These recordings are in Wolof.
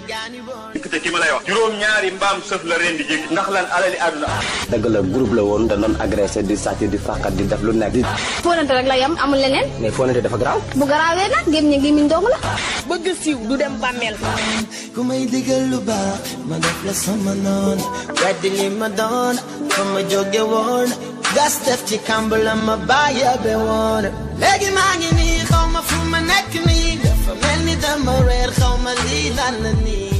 te ki juróom-ñaari mbaam sëf la ren di jéggi ndax lan alali àdduna dëgg la groupe la woon da doon agressé di sàcc di fàqat di def lu nekk di fóonante rek la yam amul leneen mais fóonante dafa garaaw bu garaawee nag gém ñi ngi min dong la bëgg siiw du dem bàmmeel ku may digal lu baax ma def la sama noon weddi li ma doon fa ma jóge woon gas def ci kàmb la ma bàyyi abe woon léegi maa ngi nii xaw ma fu ma nekk nii dama reer xaw ma lii lan la nii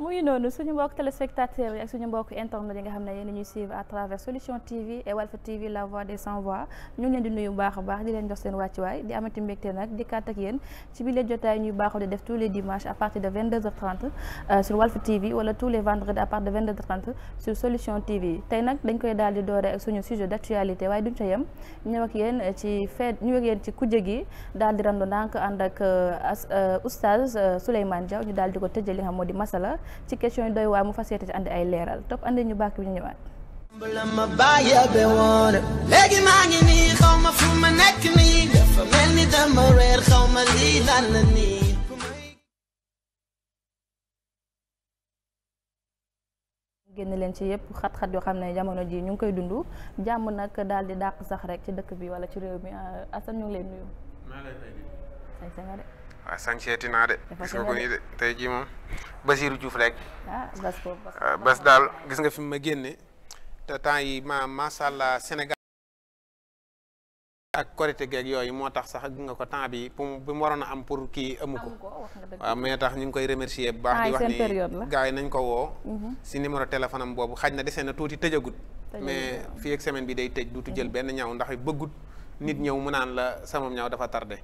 mu ngi noonu suñu mbokk téléspectateurs yi ak suñu mbokk internet yi nga xam ne yéen ñuy suivre à travers Solution TV et Walf TV la voix des sans voix ñu ngi leen di nuyu bu baax a baax di leen jox seen wàccuwaay di amati mbégte nag di kàtt ak yéen ci biir jotaay ñuy baaxoo def tous les dimanches à partir de 22h30 euh, sur Walf TV wala tous les vendredis à partir de 22h30 sur Solution TV tey nag dañ koy daal di doore ak suñu sujet d' actualité waaye duñ ca yem ñëw ak yéen ci feet ñëw ak ci kujje gi daal di randu ndànk ànd ak euh, euh, oustaz Souleymane Diaw ñu daal di ko tëjee li nga xam moo di masala ci question yi doy waar mu fas yéene ci andi ay leeral topp andi ñu bàkk bi ñu ñëwaat. léegi maa ngi nii xaw ma fu ma nekk nii dafa mel ni dama reer xaw ma lii lan la nii. génn leen ci yëpp xat-xat yoo xam ne jamono ji ñu ngi koy dund jàmm nag daal di dàq sax rek ci dëkk bi wala ci réew mi ah, Assane ñu ngi lay nuyu. waaw ah, sañseeti naa de gis nga ko nii de tey jii moom Basiirou Diouf rek ah, ah, bas daal gis nga fi ma génne te temps yi ma macha allah Sénégal ak korité geeg yooyu moo tax sax gi nga ko temps bi pour bi mu waroon a am pour kii amu ko waaw mais tax ñu ngi koy remercier bu baax di wax ni gars yi nañ ko woo mhm. si numéro téléphone boobu xaj na desee na tuuti tëjagut mais fii ak bi day tëj duutu jël mhm. benn ñaaw ndax bëggut nit ñëw mu naan la sama ñaaw dafa tardé.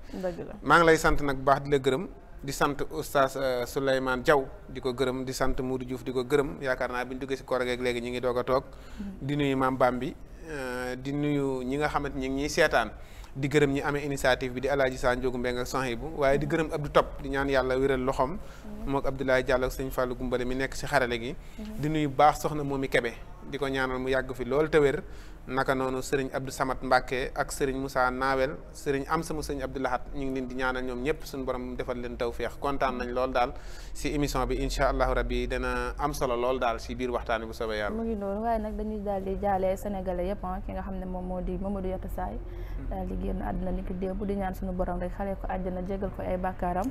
maa ngi lay sant nag baax di la gërëm. di sant oustaz euh, Souleymane jaw di ko gërëm di sant Moudou Diouf di ko gërëm yaakaar naa bi ñu duggee si koor geeg léegi ñu ngi doog a toog mm-hmm. di nuyu maam Bambi euh, di nuyu ñi nga xamante ñi ngi ñuy seetaan di gërëm ñi amee initiative bi di alaaji Sa Ndiogou Mbengue ak Sohibou waaye di gërëm Abdou Top di ñaan yàlla wéral loxoom mm-hmm. moo Abdoulaye Diallo ak sëñ Fallou Gumbale mi nekk si xarale gi mm-hmm. di nuyu baax soxna Momi Kebe di ko ñaanal mu yàgg fi loolu te naka noonu sëriñ Abdou Samad Mbacke ak sëriñ Moussa Nawel sëriñ Amsa mu sëriñ Abdou Lahat ñu ngi leen di ñaanal ñoom ñëpp suñu borom defal leen tawféex kontaan nañ lool daal si émission bi incha allahu rabbi dana am solo lool daal si biir waxtaan bu soobee yàlla. mu ngi noonu waaye nag dañuy daal di jaale sénégalais yëpp ah, ki nga xam ne moom moo di Mamadou Yatassay hmm. daal di génn àddina ni ki démb di ñaan suñu borom rek xale ko àjjana jégal ko ay bàkkaaram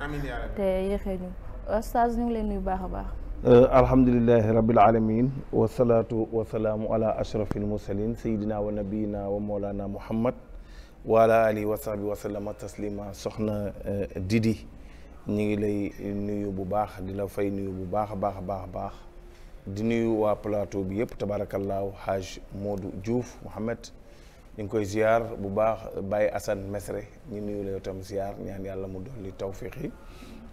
te yéexee ñu ñu ngi leen nuyu baax a baax Euh, alhamdulilahi rabil alamin wasalaatu wasalaamu ala ashrafi almursalin sayidina wa nabiyina wa moolana muhammad wa ala alihi wa sahbi wasallama taslima soxna euh, Didi ñu ngi lay nuyu bu baax di la fay nuyu bu baax a baax a baax a baax di nuyu waa plateau bi yëpp tabaarakallaahu Haaj Modou Diouf Mouhamed ñu ngi koy ziar bu baax Baye Assane Mesre ñu nuyu la yow tam ziar ñaan yàlla mu dolli tawfiq yi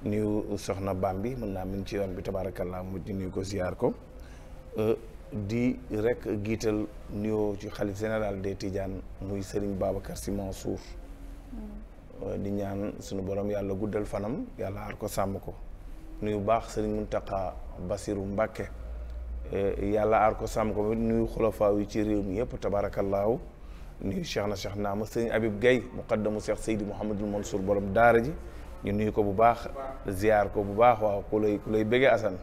nuyu soxna baam bi mën naa mi ci yoon bi tabaarakallaa mu di nuyu ko ziar ko euh, di rek giital nuyoo ci xalif général des Tidiane muy sëriñ Babacar Sy Mansour mm. euh, di ñaan sunu borom yàlla guddal fanam yàlla aar ko sàmm ko nuyu baax Serigne Mountakha Bassirou Mbacké euh, yàlla aar ko sàmm ko nuyu xulafaaw yi ci réew mi yëpp tabaarakallaahu nuyu Cheikh na Cheikh naama Serigne Habib Guèye muqaddamu Cheikh Seydi Mouhamadul Mansour borom daara ji ñu nuyu ko bu baax ziar ko bu baax waaw ku lay ku lay bëggee Assane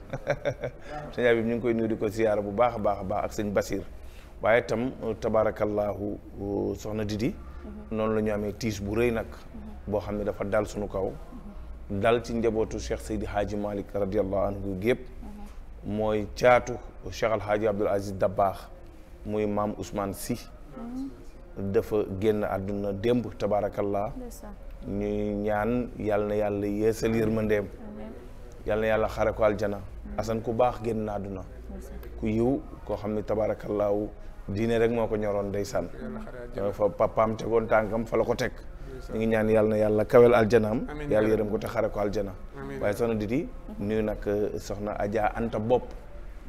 sëñ Habib ñu ngi koy nuyu di ko ziar bu baax a baax a baax ak sëñ Basir waaye tam tabaarakallaahu soxna Didi mhm. noonu lañu ñu amee tiis bu rëy nag mhm. boo xam ne dafa dal suñu kaw mhm. dal ci njabootu Cheikh Seydi Hadji Malick radiallahu anhu gépp mooy caatu Cheikh Alhaaji Abdul Aziz Dabaax muy maam Ousmane si dafa génn àdduna démb tabaarakallah ñuy ñaan yal na yàlla yeesal yërmandeem yal na yàlla xare ko aljana asan ku baax génn na àdduna ku yiw koo xam ne tabaarakallaahu diine rek moo ko ñoroon ndeysaan fa papaam tegoon tànkam fa la ko teg ñu ñaan yàlla na yàlla kawel aljanaam yàlla yërëm ko te xare ko aljana waaye soxna Didi mhm. nuyu nag euh, soxna Adja Anta Bopp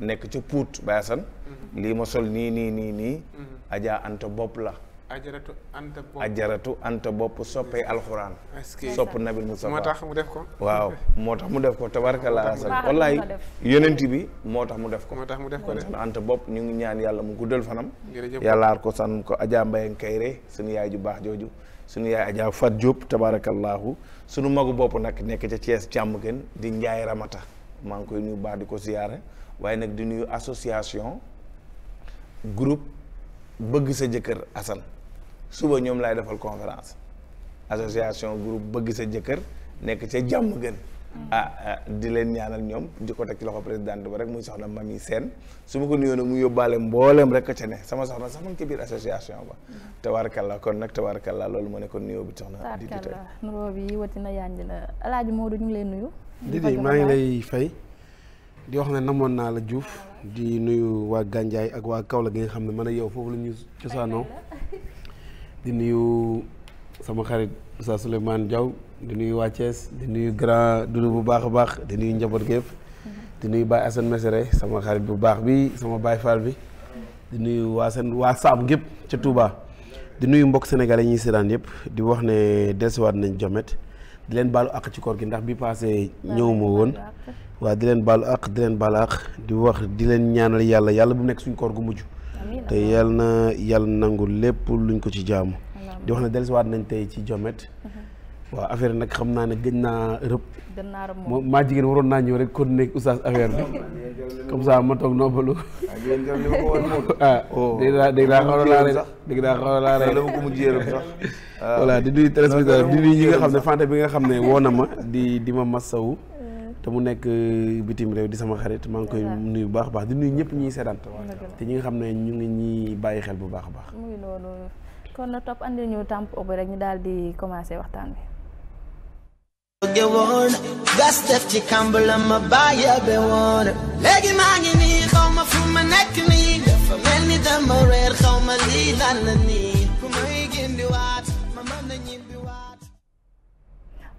nekk ci Pout Baye Assane mhm. lii ma sol nii nii nii nii mhm. Adja Anta Bopp la ajaratu anta bopp ajaratu anta bopp soppee alxuraan. sopp nabil Mustafa moo tax mu def ko. waaw moo tax mu def ko tabarkalla asal wallaay yonent bi moo tax mu def ko. moo tax mu def ko de anta bopp ñu ngi ñaan yàlla mu guddal fanam. jërëjëf yàlla aar ko san ko Adja Kayre suñu yaay ju baax jooju. suñu yaay Adja Fat Diop tabarakallaahu suñu magu bopp nag nekk ca cees jàmm gën di Njaay Ramata maa ngi koy nuyu baax di ko ziyaara waaye nag di nuyu association groupe bëgg sa jëkkër Assane. suba ñoom laay defal conférence association groupe bëgg sa jëkkër nekk ca jàmm gën ah, ah di leen ñaanal ñoom di ko teg ci loxo présidente ba rek muy soxna Mami Sène su ma ko nuyoo mu yóbbaale mboolem rek ca ne sama soxna sax mu ngi ci biir association ba tabaarkalla kon nag tabaarkalla loolu moo nekkoon nuyoo bi soxna di di tey nuroo bi watina yànj na Alaaji Moodu ñu ngi lay nuyu di maa ngi lay fay di wax ne namoon naa la Diouf di nuyu waa Gandiaye ak waa Kaolack gi nga xam ne man a yow foofu la ñu cosaanoo di nuyu sama xarit sa Souleymane Diaw di nuyu waa Thiès di nuyu grand Doudou bu baax a baax di nuyu njaboot gépp di nuyu Baye Assane Mesere sama xarit bu baax bi sama baay Fall bi di nuyu waa seen waa Saam gépp ca Touba di nuyu mbokk sénégalais ñi seetaan yëpp di wax ne desewaat nañ jomet di leen baalu àq ci koor gi ndax bi passé ñëwuma woon waaw di leen baalu àq di leen baalu àq di wax di leen ñaanal yàlla yàlla bu nekk suñ koor gu mujj te yal na yàlla nangu lépp luñ ko ci jaamu di wax ne dellusiwaat nañ tey ci Jomet mhm. waaw affaire nag xam naa ne gëj naa rëb ma maa jigéen waroon naa ñëw rek kon nekk oustaz affaire bi comme ça ma toog noppalu ah dégg naa dégg naa xaw naa la dégg naa xaw ko mujj yërëm sax voilà di nuyu ah. téléspectateur di nuyu ñi nga xam ne fanta bi nga xam ne woo na ma di di ma massawu te mu nekk euh, bitim réew di sama xarit maa ngi koy nuyu bu baax baax di nuyu ñëpp ñuy seetaan te ñi nga xam ne ñu ngi ñuy bàyyi xel bu baax a baax muy loolu kon na topp andi ñu tempo bi rek ñu daal di commencé waxtaan bi léegi maa ngi nii xaw ma fu ma nekk nii dafa mel ni dama reer xaw ma lii lan la nii ku may gindi waat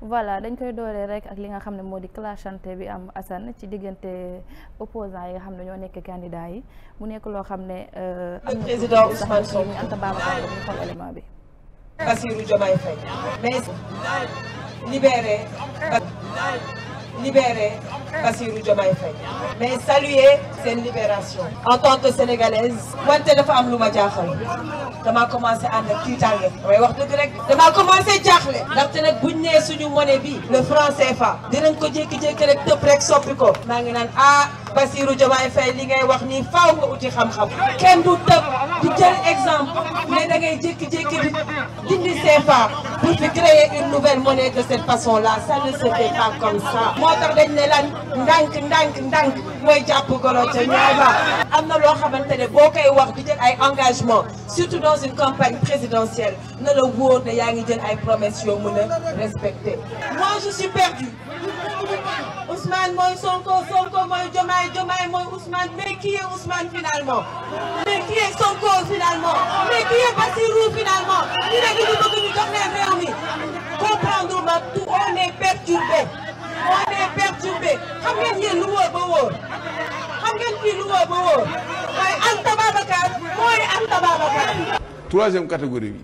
voilà dañ koy dooree rek ak li nga xam ne moo di clashante bi am Assane ci diggante opposants yi nga xam ne ñoo nekk candidat yi mu nekk loo xam ne. Euh, am na président Ousmane Sonko ñu Anta élément bi. libérer Bassirou Diomaye Faye mais saluer seen libération en tant que sénégalaise wante dafa am lu ma jaaxal dama commencé ànd ak tiitaange damay wax dëgg rek dama commencé jaaxle ndaxte nag buñ nee suñu monnaie bi le franc CFA dinañ ko jékki-jékki rek tëb rek soppi ko maa ngi naan ah Bassirou Diomaye Faye li ngay wax nii faaw nga uti xam-xam kenn du tëb di jël exemple mais da ngay jékki-jékki di dindi CFA pour fi créer une nouvelle monnaie de cette façon là ça ne se fait pas comme ça. moo tax dañ ne lan ndànk ndànk ndànk mooy jàpp golo ca ñaay ba am na loo xamante ne boo koy wax di jël ay engagement surtout dans une campagne présidentielle na la wóor ne yaa ngi jël ay promesses yoo mën a respecter. moi Ousmane mooy Sonko Sonko mooy Diomaye Diomaye mooy Ousmane mais qui est Ousmane finalement mais qui est Sonko finalement mais qui est Bassirou finalement ñu ne ñu bëgg ñu jox leen réew mi comprendre ma tout on est perturbé on est perturbé xam ngeen yéen lu wóor ba wóor xam ngeen fii lu wóor ba wóor waaye Anta Babacar mooy Anta Babacar. troisième catégorie bi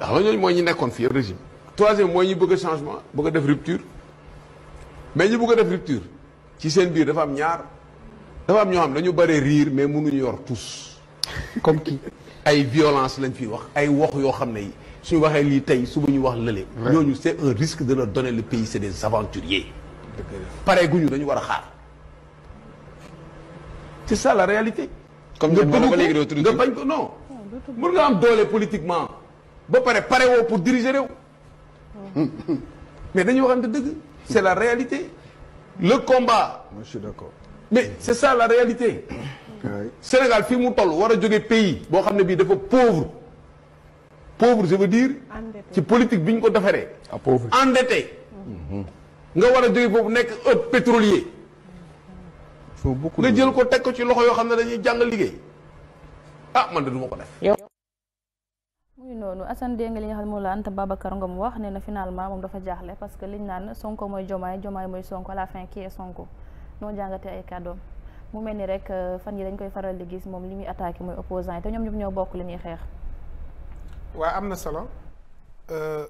xam nga ñooñu mooy ñi nekkoon fii régime troisième mooy ñi bëgg changement bëgg def rupture. mais ñu bëgg a def rupture ci seen biir dafa am ñaar dafa am ñoo xam dañu bare riir mais mënuñu yor tous comme ki ay violence lañ fiy wax ay wax yoo xam ne yi suñu waxee lii tey suba ñu wax lële. ñooñu c' est un risque de leur donner le pays c' est des aventuriers. pare guñu dañu war a xaar. c' est ça la réalité. comme nga bëgg nga bañ ko non. mën nga am doole politiquement ba pare pare woo pour diriger réew. Hmm. mais dañuy waxante dëgg. c'est la réalité le combat. je suis d'accord mais c'est ça la réalité. Sénégal fii mu toll war a jóge pays boo xam ne bii dafa pauvre pauvre je veux dire. ci politique bi ñu ko defaree. ah pauvre endetté. Mhm. nga war a jóge foofu nekk ëpp pétrolier. nga jël ko teg ko ci loxo yoo xam ne dañuy jàng liggéey ah man de ko def. muy noonu Assane dégg nga li nga xam ne moom la Anta Babacar Ngom wax nee na finalement moom dafa jaaxle que naan Sonko mooy Jomaay Jomaay mooy Sonko à la fin qui est ay kàddoom mu mel ni rek euh, fan yi dañ koy faral di gis moom li muy mooy opposant yi te ñoom am na solo euh,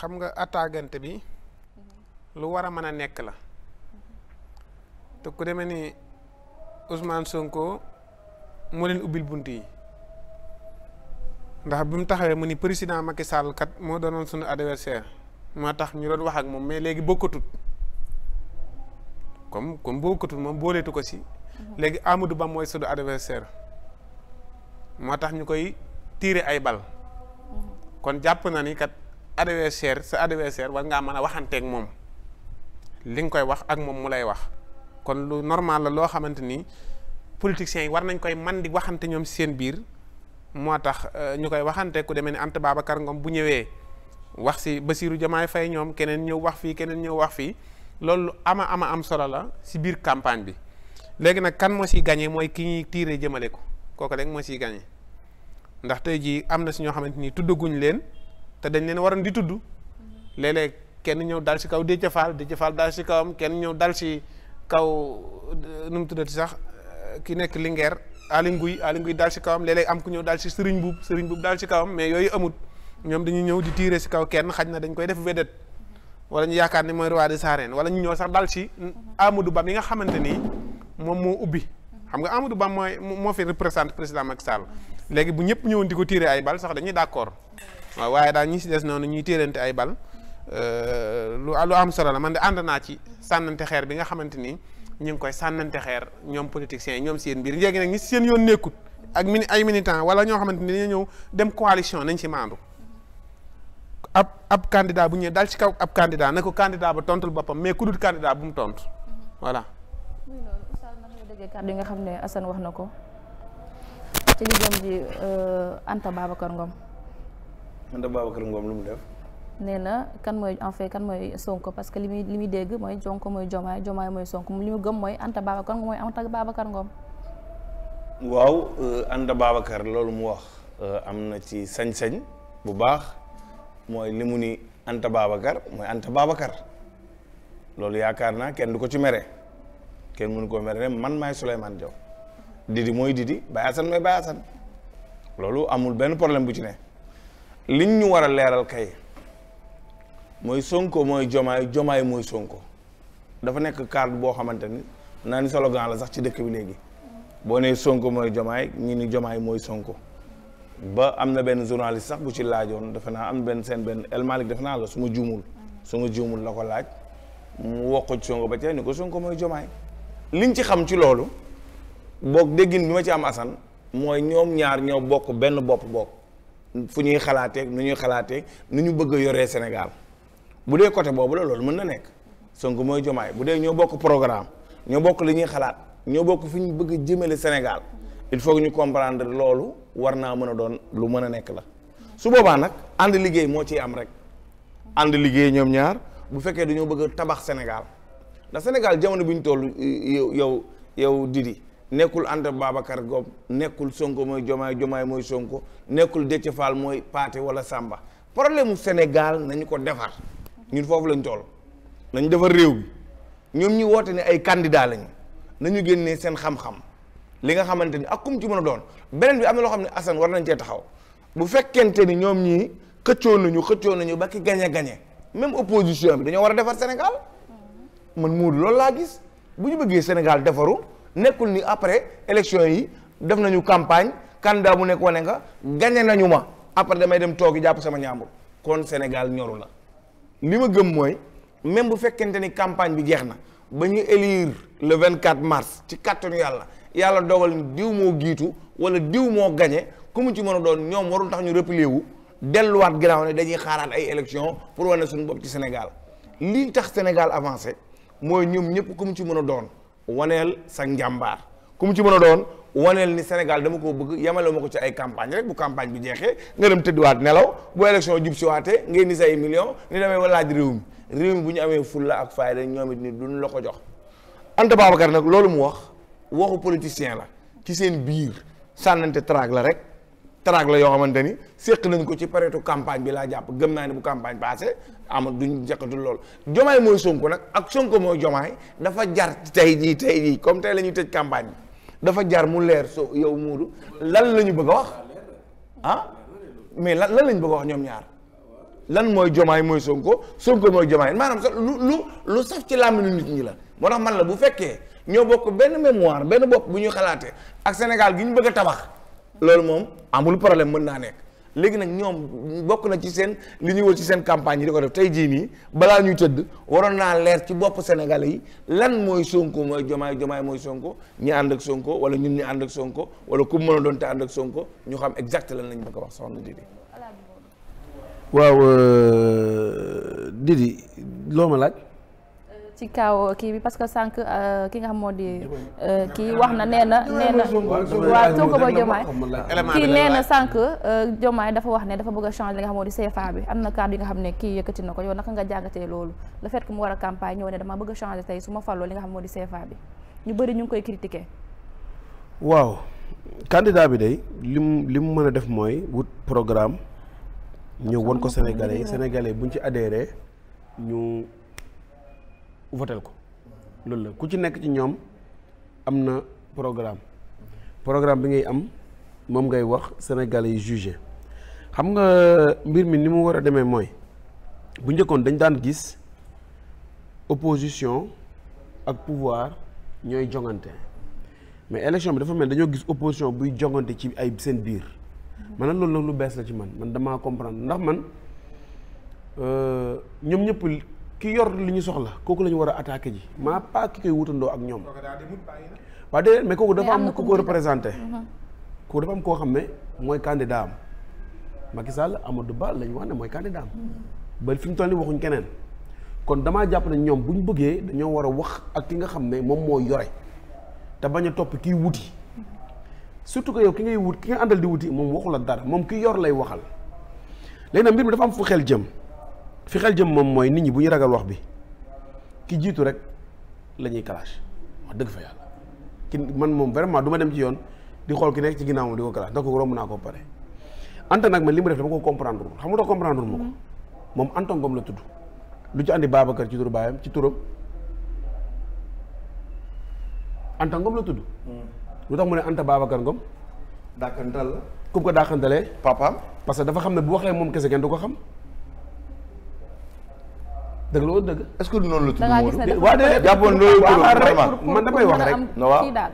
xam nga attaquante bi mhm. lu war a mën a nekk la mhm. te ku demee ni Ousmane Sonko moo leen ubbil bunt yi. ndax bi mu taxawee mu ni président Macky Sall kat moo doonoon suñu adversaire moo tax ñu doon wax ak moom mais léegi bokkatut comme comme bokkatut moom booleetu ko si. Mhm. léegi Amadou Ba mooy suñu adversaire moo tax ñu koy tiire ay bal. Mhm. kon jàpp na ni kat adversaire sa adversaire war ngaa mën a waxante waxanteeg moom li nga koy wax ak moom mu lay wax kon lu normal la loo xamante ni politiciens yi war nañ koy man di waxante ñoom si seen biir. moo tax euh, ñu koy waxante ku demee ne Anta Babacar Ngom bu ñëwee wax si Basirou Diomaye fay ñoom keneen ñëw wax fii keneen ñëw wax fii loolu ama ama am solo la si biir campagne bi léegi nag kan moo siy gagné mooy ki ñuy tiire jëmale ko kooku rek moo siy gagné ndax tey jii am na si ñoo xamante ni tuddaguñu leen te dañ leen waroon di tudd léeg-léeg kenn ñëw dal si kaw Déthié Fall Déthié Fall dal si kawam kenn ñëw dal si kaw nu mu tuddati sax ki nekk Linguère. aali nguy aali nguy daal si kawam léeg am ku ñëw daal si sëriñ buub sëriñ buub daal si kawam mais yooyu amut ñoom dañuy ñëw di tiire si kaw kenn xaj na dañ koy def vedette wala ñu yaakaar ne mooy roi des arènes wala ñu ñëw sax daal si Amadou Ba mi nga xamante ni moom moo ubbi xam nga Amadou Ba mooy moo fi représente président Macky Sall léegi bu ñëpp ñëwoon di ko tiire ay bal sax dañuy d'accord waaw waaye daal ñi si des noonu ñuy tiirante ay bal euh, lu lu am solo la man de ànd naa ci sànnante xeer bi nga xamante ni ñu ngi koy sànnante xeer ñoom politiciens yi ñoom seen biir léegi nag ñi seen yoon nekkut ak mini ay militants wala ñoo xamante ni dañoo ñëw dem coalition nañ ci maandu ab ab candidat bu ñëw dal ci kaw ab candidat ne ko candidat bu tontul boppam mais ku dul bu mu tontu voilà. muy loolu Oustaz ndax nga déggee kàddu yi nga xam ne Assane wax na ko ci li jëm ji euh, Anta Babacar Ngom. Anta Babacar Ngom lu mu def. nee na kan mooy en fait kan mooy Sonko parce que li muy li muy dégg mooy Sonko mooy Jomaay Jomaay mooy Sonko li mu gëm mooy Anta Babacar mooy Anta Babacar Ngom. waaw euh, Anta loolu mu wax euh, am na ci sañ bu baax mooy li mu ni Anta Babacar mooy Anta Babacar loolu yaakaar naa kenn du ko ci mere kenn mënu ko mere man maay Souleymane Diaw Didi mooy Didi Baye Assane mooy Baye Assane loolu amul benn problème bu ci ne liñ ñu war a leeral kay. mooy Sonko mooy Jomaay Jomaay mooy Sonko dafa nekk cadre boo xamante ni naa ni slogan la sax ci dëkk bi léegi boo nee Sonko mooy Jomaay ñi ni Jomaay mooy Sonko ba am na benn journaliste sax bu ci laajoon defe naa am benn seen benn El Malick defe naa la suma ma juumul su juumul la ko laaj mu wax Sonko ba tey ne ko Sonko mooy Jomaay liñ ci xam ci loolu boog déggin bi ma ci am asan mooy ñoom ñaar ñoo bokk benn bopp bokk fu ñuy xalaatee nu ñuy xalaateeg nu ñu bëgg yoree Sénégal bu dee côté boobu la loolu mën na nekk Sonko mooy jomaay bu dee ñoo bokk programme ñoo bokk li ñuy xalaat ñoo bokk fu ñu bëgg a jëmale Sénégal il faut ñu comprendre loolu war naa mën a doon lu mën a nekk la su boobaa nag ànd liggéey moo ciy am rek ànd liggéey ñoom ñaar bu fekkee dañoo bëgg tabax Sénégal ndax Sénégal jamono bi ñu toll yow yow yow Didi nekkul Anta Babacar Ngom nekkul Sonko mooy jomaay jomaay mooy Sonko nekkul Déthié Fall mooy Paté wala Samba problème mu Sénégal nañu ko defar. ñun foofu lañ toll nañ defar réew bi ñoom ñi woote ne ay candidat lañu nañu génnee seen xam-xam li nga xamante ni ak kum ci mën a doon beneen bi am na loo xam ne Assane war nañ cee taxaw bu fekkente ni ñoom ñii xëccoo nañu xëccoo nañu ba ki gañe gañe même opposition bi dañoo war a defar Sénégal man Moodu loolu laa gis bu ñu bëggee Sénégal defaru nekkul ni après élection yi def nañu campagne candidat bu nekk wane nga gañe nañu ma après damay dem toogi jàpp sama ñaambur kon Sénégal ñoru la li ma gëm mooy même bu fekkente ni campagne bi jeex na ba ñu élire le 24 mars ci kàttanu yàlla yàlla dogal ni diw moo giitu wala diw moo gañe ku mu ci mën a doon ñoom warul tax ñu replier wu delluwaat ginnaaw ne dañuy xaaraat ay élection pour wane suñ bopp ci Sénégal lii tax Sénégal avancé mooy ñoom ñëpp ku mu ci mën a doon waneel sa njàmbaar ku mu ci mën a doon waneel ni Sénégal dama koo bëgg yemale ma ko ci ay campagne rek bu campagne bi jeexee nga dem waat nelaw bu élection jub si waatee ngay ni say million ni demee ba laaj réew réew mi bu ñu amee fulla ak fayda ñoom it ni duñ la ko jox Anta Babacar nag loolu mu wax waxu politicien la ci seen biir sànnante traag la rek traag la yoo xamante ni séq nañ ko ci pareetu campagne bi laa jàpp gëm naa ni bu campagne passé ama duñ jekkatul lool jomaay mooy Sonko nag ak sonk mooy jomaay dafa jar tey jii tey jii comme la ñuy tëj campagne bi dafa jar mu leer so yow muudu lan la ñu bëgg a wax ah mais lan lan la ñu bëgg a wax ñoom ñaar lan mooy jomaay mooy sonko sonko mooy jomaay maanaam sax lu lu lu saf ci làmmiñu nit ñi la moo tax man la bu fekkee ñoo bokk benn mémoire benn bopp bu ñuy xalaatee ak Sénégal gi ñu bëgg a tabax loolu moom amul problème mën naa nekk léegi nag ñoom bokk na ci seen li ñuy wër ci seen campagne yi di ko def tey jii nii balaa ñuy tëdd waroon naa leer ci bopp Sénégalais yi lan mooy Sonko mooy Jomaay Jomaay mooy Sonko ñi ànd ak Sonko wala ñun ñi ànd ak Sonko wala ku mën a doon te ànd ak Sonko ñu xam exact lan lañ bëgg ko wax soxna Didi. waaw euh, Didi loo ma laaj. ci kaw kii bi parce que sànq euh, ki nga xam moo di euh, kii wax na nee na nee na waaw Sonko ba Diomaye kii nee na sànq euh, Diomaye dafa wax ne dafa bëgg a changer li nga xam moo di CFA bi am na kàddu yi nga xam ne kii yëkkati na ko yow naka nga jàngatee loolu le fait que mu war a campagne ñëw ne dama bëgg a tey su ma fàlloo li nga xam moo di CFA bi ñu bëri ñu ngi koy critiquer waaw candidat bi day lim li mu mën a def mooy wut programme ñëw won ko Sénégalais yi buñ ci adhéré votel ko loolu la ku ci nekk ci ñoom am na programme programme bi ngay am moom ngay wax sénégalais yi jugé xam nga mbir mi ni mu war a demee mooy bu njëkkoon dañ daan gis opposition ak pouvoir ñooy jongante mais élection bi dafa mel dañoo gis opposition buy jongante ci ay seen biir man loolu nag lu bees la ci man man damaa comprendre ndax man euh, ñoom ñëpp ki yor li ñu soxla kooku la ñu war a attaqué ji maa pas ki koy wutandoo ak ñoom. waaw déedéet mais kooku dafa am ku ko représenté. Mm-hmm. kooku dafa am koo xam ne mooy candidat am Macky Sall Amadou Ba la ñu wax ne mooy candidat am. Mm-hmm. ba fi ñu toll nii waxuñ keneen. kon damaa jàpp ne ñoom bu ñu bëggee dañoo war a wax ak ki nga xam ne moom moo yore te bañ a topp kii wuti mm-hmm. surtout que yow ki ngay wut ki nga àndal di wuti moom waxu la dara moom ki yor lay waxal léegi nag mbir mi dafa jëm. fi xel jëm moom mooy nit ñi bu ñu ragal wax bi ki jiitu rek la ñuy clash wax dëgg fa yàlla ki man moom vraiment du ma dem ci yoon di xool ki nekk ci ginnaaw moom di ko clash ndax ko romb naa ko pare Anta nag man li mu def dama ko comprendre xam nga comprendre ma ko mm-hmm. moom Anta Ngom la tudd lu ci andi Babacar ci turu ci turam la tudd mm-hmm. lu tax mu ne Anta Babacar Ngom dàkkantal la ku ko dàkkantalee papaam parce que dafa xam ne bu waxee moom kese kenn du ko xam dëgg la dëgg. est-ce que noonu la tudd Modou. waaw de jàppoon loolu tudd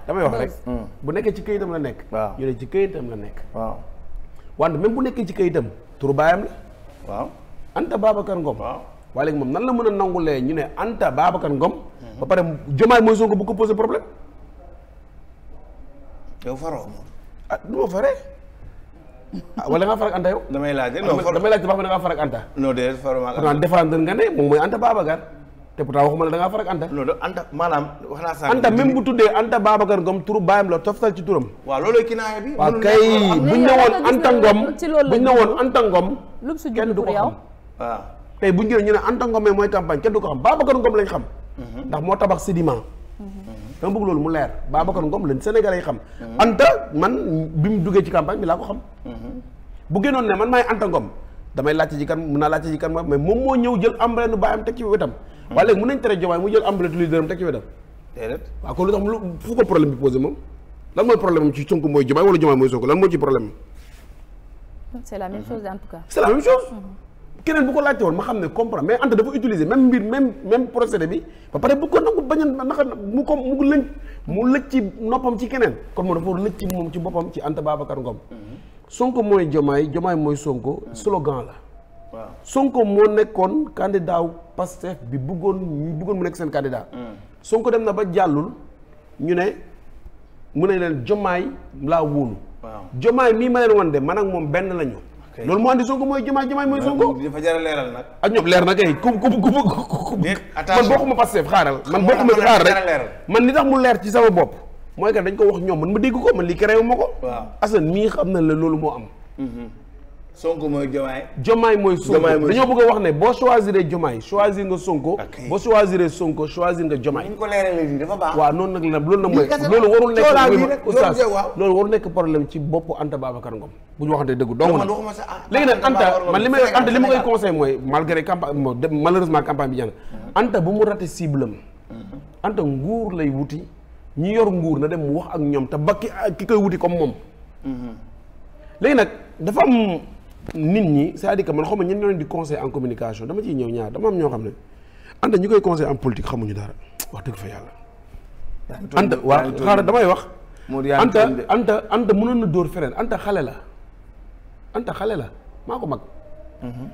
damay wax rek. Hmm. bu nekkee ci këyitam la nekk. waaw ñu ne ci këyitam la nekk. waaw wante même bu nekkee ci këyitam turu baayam la. waaw Anta Babacar Ngom. waaw léegi moom nan la mën a nangulee ñu ne Anta Babacar Ngom. ba pare Diomaye mooy Sonko bu ko posé problème. yow faroo moom. ah du ma faree. Ah, wala nga farak Anta yow. damay laaj ah, non damay laaj ba xam ne da ngaa farak Anta. non de faru ma Anta défendre nga ne moom mooy Anta Babacar. te pourtant waxuma la da ngaa farak Anta. non maanaam wax naa sànq. Anta même bu tuddee Anta Babacar Ngom turu baayam la toftal ci turam. waaw looloy kinaaya bi. waaw kay bu ñu ne woon Anta Ngom bu ñu ne woon Anta Ngom. kenn du ko xam waaw. tey bu ñu jëlee ñu ne Anta Ngom mooy campagne kenn du ko xam Babacar Ngom lañ xam. Mhm. ndax moo tabax sédiment dama bëgg loolu mu leer Babacar Ngom lañ Sénégalais yi xam. Anta man bi mu duggee ci campagne bi laa ko xam. bu génnoon ne man maay Anta Ngom damay laajte ji kan mën naa laajte ji kan mais moom moo ñëw jël emblème baayam teg ci wetam. waaye léegi mën nañ tere Diomaye mu jël emblème leaderam teg ci wetam. déedéet waaw kon lu tax lu fu ko problème bi posé moom lan mooy problème am ci Sonko mooy Diomaye wala Diomaye mooy Sonko lan moo ci problème. c'est la même keneen bu ko laajte woon ma xam ne comprendre mais Anta dafa utiliser même mbir même même procédé bi ba pare bu ko a naka mu ko mu lëñ mu lëj ci noppam ci keneen kon moom dafa lëj ci moom ci boppam ci Anta Babacar Ngom mhm. Sonko mooy Jomaay Jomaay mooy Sonko mhm. slogan la Sonko moo nekkoon candidat wu Pastef bi bëggoon ñu bëggoon mu nekk seen candidat mhm. Sonko dem na ba jàllul ñu ne mu ne leen Jomaay laa wóolu Jomaay mii ma leen woon de man ak moom benn la ñu loolu moo andi Sonko mooy Diomaye Diomaye mooy Sonko. dafa jar a leeral nag. ak ñoom leer na kay ku ku ku ku. man bokkuma Pastef xaaral. man bokkuma ci xaaral rek man li tax mu leer ci sama bopp. mooy que dañ ko wax ñoom man ma dégg ko man li créé wu ko. waaw mii xam na la loolu moo am. Mhm. Sonko mooy Jomaay. mooy Sonko dañoo bëgg wax ne boo choisiree Jomaay choisir nga Sonko. boo choisiree Sonko choisir nga Jomaay. ni ko leeralee nii dafa baax. waaw noonu nag la loolu nag mooy. loolu warul nekk oustaz loolu warul nekk problème ci boppu Anta Babacar Ngom. bu ñu waxante dëgg dong na ah, léegi nag Anta man li may Anta li ma koy conseil mooy malgré campagne malheureusement campagne bi jeex na mhm. Anta bu mu raté cible mhm. Anta nguur lay wuti ñi yor nguur na dem wax ak ñoom te ba ki koy wuti comme moom. Mhm. léegi nag dafa am nit ñi c'est-à-dire que man xaw ma ñenn ñoo leen di conseil en communication dama ciy ñëw ñaar dama am ñoo xam ne anda ñu koy conseil en politique xamuñu dara wax dëgg fa yàlla. anta waaw xaaral damay wax. anta anta anta mënoon na dóor feneen anta xale la anta xale la maa ko mag. Mhm.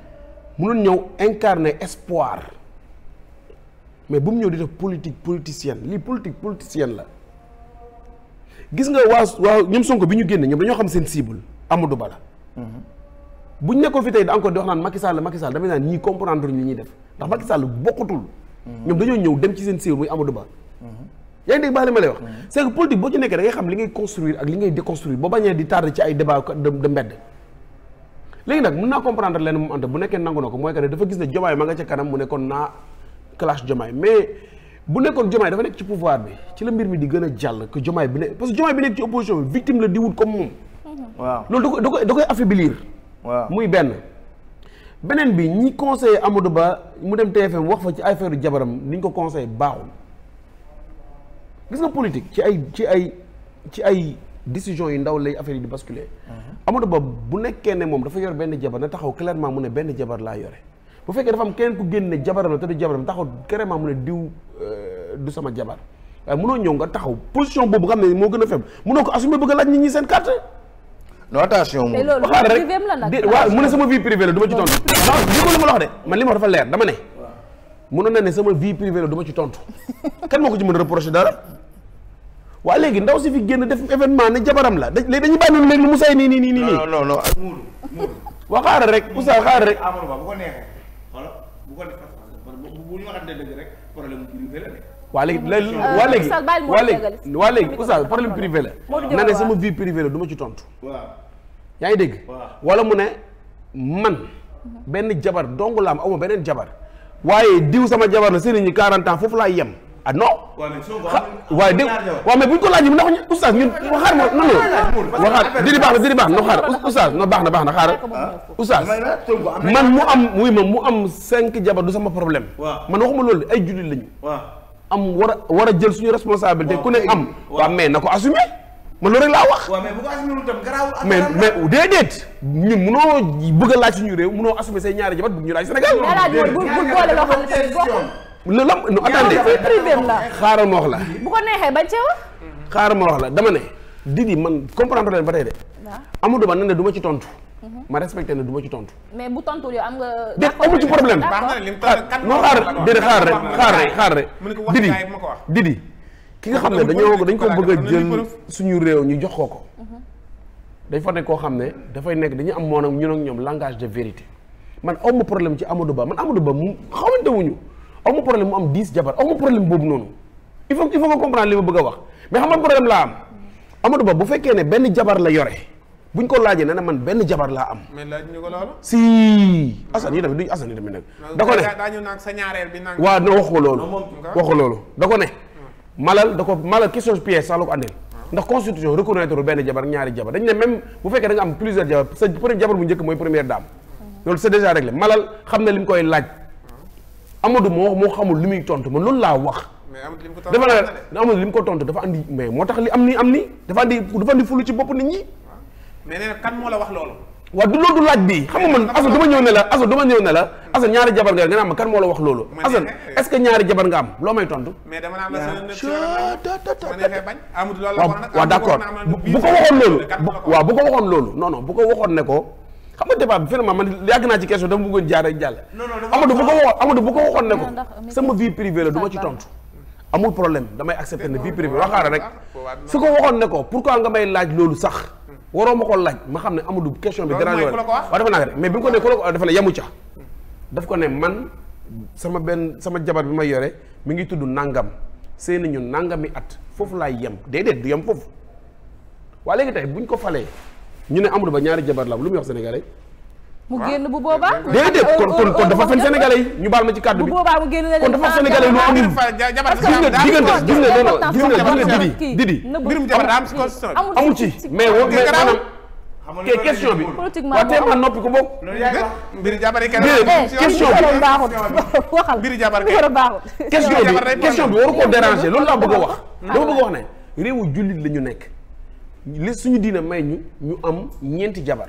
mënoon ñëw incarner espoir mais bu mu ñëw di def politique politicienne lii politique politicienne la gis nga waa waa ñoom Sonko bi ñu génne ñoom dañoo xam seen cible Amadou bala mhm. bu nekkoon fi tey encore di wax naan Macky Sall Macky Sall damay naan ñii comprendre ñu ñuy muy Amadou Ba. yaa ngi dégg baax li ma lay mhm. li ngay construire ak li ngay déconstruire boo bañee di tardé ci ay débat de nekkee nangu na mooy que ne dafa gis ne Jomaay ma nga ca kanam mu nekkoon naa clash Jomaay mais bu nekkoon Jomaay dafa nekk ci pouvoir bi ci la mbir mi di gën a jàll que Jomaay bi ne parce que Jomaay bi nekk ci opposition bi la di comme moom. loolu da koy da koy affaiblir waaw muy benn. beneen bi ñi conseillé Amadou Ba mu dem TFM wax fa ci affaire jabaram ni ñu ko conseillé baaxul gis nga politique ci ay ci ay ci ay décision yu ndaw lay affaire yi di basculer. Uh-huh. Amadou Ba bu nekkee ne moom dafa yor benn jabar na taxaw clairement mu ne benn jabar laa yore bu fekkee dafa am keneen ku génne jabaram la te du jabaram taxaw carrément mu ne diw euh, du sama jabar waaye mënoo ñëw nga taxaw position boobu nga xam ne moo gën a faible mënoo a laaj nit seen carte. non attention moom waxaale rek waaw mu ne sama vie privée la du ma ci tontu non déggoo li ma la de man li ma wax dafa leer dama ne mun na ne sama vie privée la du ci tontu kan moo ko ci mën a dara waa léegi ndaw si fi génn def événement ne jabaram la léegi dañuy bàyyi noonu léegi lu mu nii nii nii nii nii non non non waa rek Oustaz xaaral rek Amadou Ba bu ko neexee bu ko bu ñu waxante dëgg rek problème waa léegi léegi waa léegi waa léegi oustaz problème privé la na ne sama vie privée la ma ci tontu yaa ngi dégg wala mu ne man benn jabar dong la am aw ma beneen jabar waaye diw sama jabar la seen ñi quarante ans foofu laa yem a ah non waaye dégg waaw mais bu ñu ko laajee ndax oustaz ñun waxaar ma nan la waxaar diri baax na diri baax na xaar oustaz non baax na baax na xaaral oustaz man mu am wuy ma mu am cinq jabar du sama problème man waxuma loolu ay jullit lañu am war a war a jël suñu responsabilité ku ne am waa mais na ko assumer man loolu rek laa wax. waaw mais bu mais mais déedéet ñun mënoo bëgg a laaj suñu réew mënoo assumer say ñaari jabat bëgg ñu laaj Sénégal. déedéet bu boole loo xam ne bokkul. lan non attendez xaaral ma wax la. bu ko neexee bañ cee wax. xaaral ma wax la dama ne. di man comprendre leen ba tey de. waaw Amadou Ba ne du ci tontu. Mhm. ma respecté ne du ci tontu. mais bu tontu yow am nga. déet amu ci problème. non xaar déedéet xaar rek didi didi ki nga xam ne dañoo dañ ko bëgg a jël suñu réew ñu jox ko ko. Mhm. dañ fa nekk koo xam ne dafay nekk dañu am moon ak ñun ak ñoom langage de vérité man aw ma problème ci Amadou Ba man Amadou Ba mu xamante wuñu aw ma problème mu am dix jabar aw ma problème boobu noonu il faut il faut nga comprendre li ma bëgg a wax mais xam nga problème laa am Amadou Ba bu fekkee ne benn jabar la yore. buñ ko laajee ne ne man benn jabar laa am. mais laaj ñu ko loolu. asan yi tamit duñ asan yi tamit da ko ne daañu naan sa ñaareel bi naan. waaw wax ko loolu. wax ko loolu da ko ne. Hmm. malal da ko malal question pièce sax la ko andil. Hmm. ndax constitution reconnaître benn jabar ñaari jabar dañ ne même bu fekkee da nga am plusieurs jabar sa premier jabar bu njëkk mooy première dame. Hmm. loolu c'est déjà réglé malal xam na li mu koy laaj. Amadou moo moo xamul li muy tontu man loolu laa wax. mais Amadou li mu ko tontu dafa andi mais moo tax ni am ni dafa andi dafa andi fulu ci bopp ñi. mais nee na kan moo la wax du loolu laaj bi xam nga man Assane dama ñëw ne la Assane dama ñëw ne la Assane ñaari jabar nga yor nga naan ma kan moo la wax loolu. Assane est-ce que ñaari jabar nga am loo may tontu. mais d'accord bu ko waxoon loolu. waaw bu ko waxoon loolu non bu ko waxoon ne ko. xam nga man yàgg naa ci question dama bëggoon jaar ak jàll. Amadou bu ko waxoon Amadou bu ko waxoon ne sama vie privée la du ma ci tontu. amul problème damay accepter ne vie privée waxaara rek su ko waxoon ne ko pourquoi nga laaj loolu sax waroo ma ko laaj ma xam ne Amadou question bi. dérangé waaw dafa naa rek mais bi mu ko ne ko dafa yamu ca. daf ko ne man sama benn sama jabar bi may yore mi ngi tudd nangam sëy nañu nangami at foofu laay yem déedéet du yem foofu. waa léegi tey buñ ko falee ñu ne Amadou Ba ñaari jabar la am lu muy wax sénégalais. mu génn bu boobaa. déedéet kon kon kon dafa fen sénégalais yi ñu baal ma ci kàddu bi. kon dafa sénégalais lu amul. a noppi ko bokk. mbiri jabar yi question bi jullit la ñu nekk li suñu diina may ñu ñu am ñeenti jabar